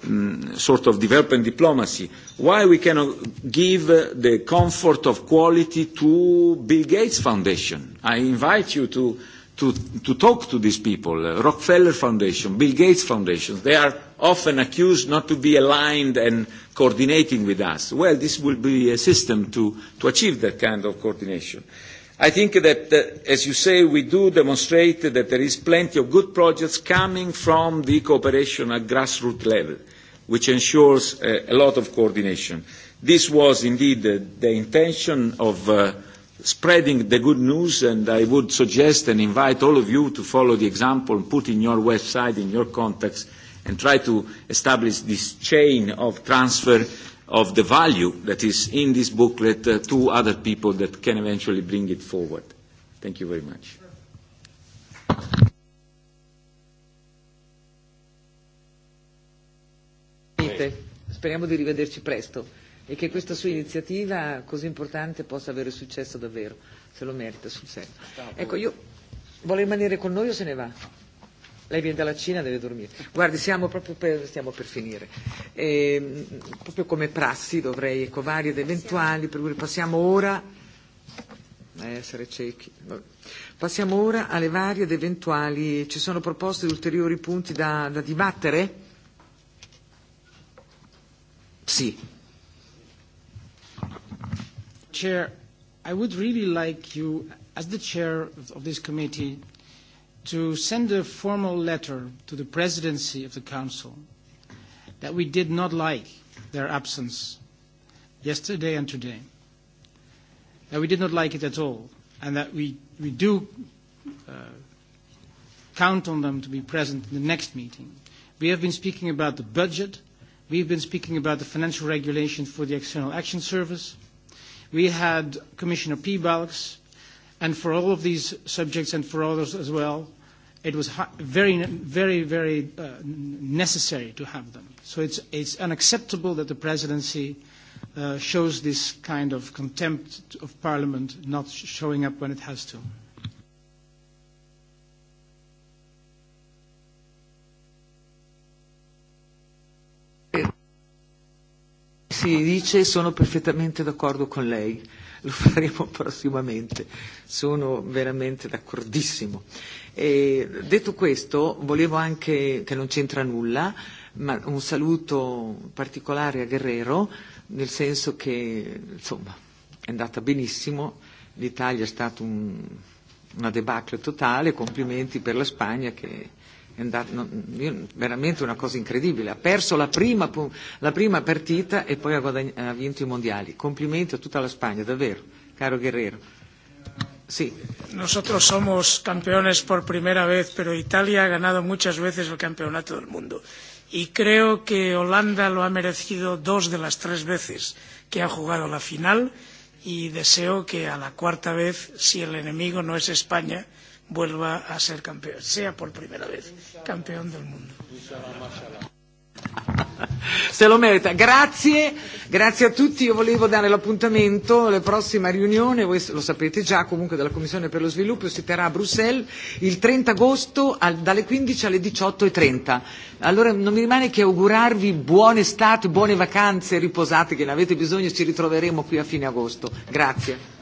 um, sort of development diplomacy. Why we cannot give the comfort of quality to Bill Gates Foundation? I invite you to, to, to talk to these people, Rockefeller Foundation, Bill Gates Foundation. They are often accused not to be aligned and coordinating with us. Well, this will be a system to, to achieve that kind of coordination. I think that, uh, as you say, we do demonstrate that there is plenty of good projects coming from the cooperation at grassroots level, which ensures uh, a lot of coordination. This was indeed the, the intention of uh, spreading the good news, and I would suggest and invite all of you to follow the example and put in your website, in your contacts, and try to establish this chain of transfer of the value that is in this booklet uh, to other people that can eventually bring it forward. Thank you very much. Speriamo di rivederci presto e che questa sua iniziativa così importante possa avere successo davvero, se lo merita sul serio. Ecco, io vuole rimanere con noi o se ne va? Lei viene dalla Cina e deve dormire. Guardi, siamo proprio per, stiamo per finire. E, proprio come prassi dovrei ecco, varie ed eventuali, per cui passiamo ora a essere ciechi. Passiamo ora alle varie ed eventuali. Ci sono proposte di ulteriori punti da, da dibattere? Sì. Chair, I would really like you, as the chair of this committee, to send a formal letter to the presidency of the council that we did not like their absence yesterday and today, that we did not like it at all, and that we, we do uh, count on them to be present in the next meeting. We have been speaking about the budget. We've been speaking about the financial regulation for the External Action Service. We had Commissioner P. Balks, and for all of these subjects and for others as well, it was very, very, very uh, necessary to have them. So it's, it's unacceptable that the presidency uh, shows this kind of contempt of parliament not showing up when it has to. Si dice sono perfettamente d'accordo con lei lo <laughs> faremo prossimamente. Sono veramente d'accordissimo. E, detto questo, volevo anche, che non c'entra nulla, ma un saluto particolare a Guerrero, nel senso che insomma, è andata benissimo, l'Italia è stata un, una debacle totale, complimenti per la Spagna che è andato, non, veramente una cosa incredibile, ha perso la prima, la prima partita e poi ha, guadagn- ha vinto i mondiali. Complimenti a tutta la Spagna, davvero, caro Guerrero. Sí. Nosotros somos campeones por primera vez, pero Italia ha ganado muchas veces el campeonato del mundo. Y creo que Holanda lo ha merecido dos de las tres veces que ha jugado la final. Y deseo que a la cuarta vez, si el enemigo no es España, vuelva a ser campeón, sea por primera vez campeón del mundo. <laughs> Se lo merita. Grazie, grazie a tutti. Io volevo dare l'appuntamento alla prossima riunione, voi lo sapete già, comunque della Commissione per lo sviluppo si terrà a Bruxelles il 30 agosto al, dalle 15 alle 18.30. E allora non mi rimane che augurarvi buone estate, buone vacanze, riposate che ne avete bisogno, ci ritroveremo qui a fine agosto. Grazie.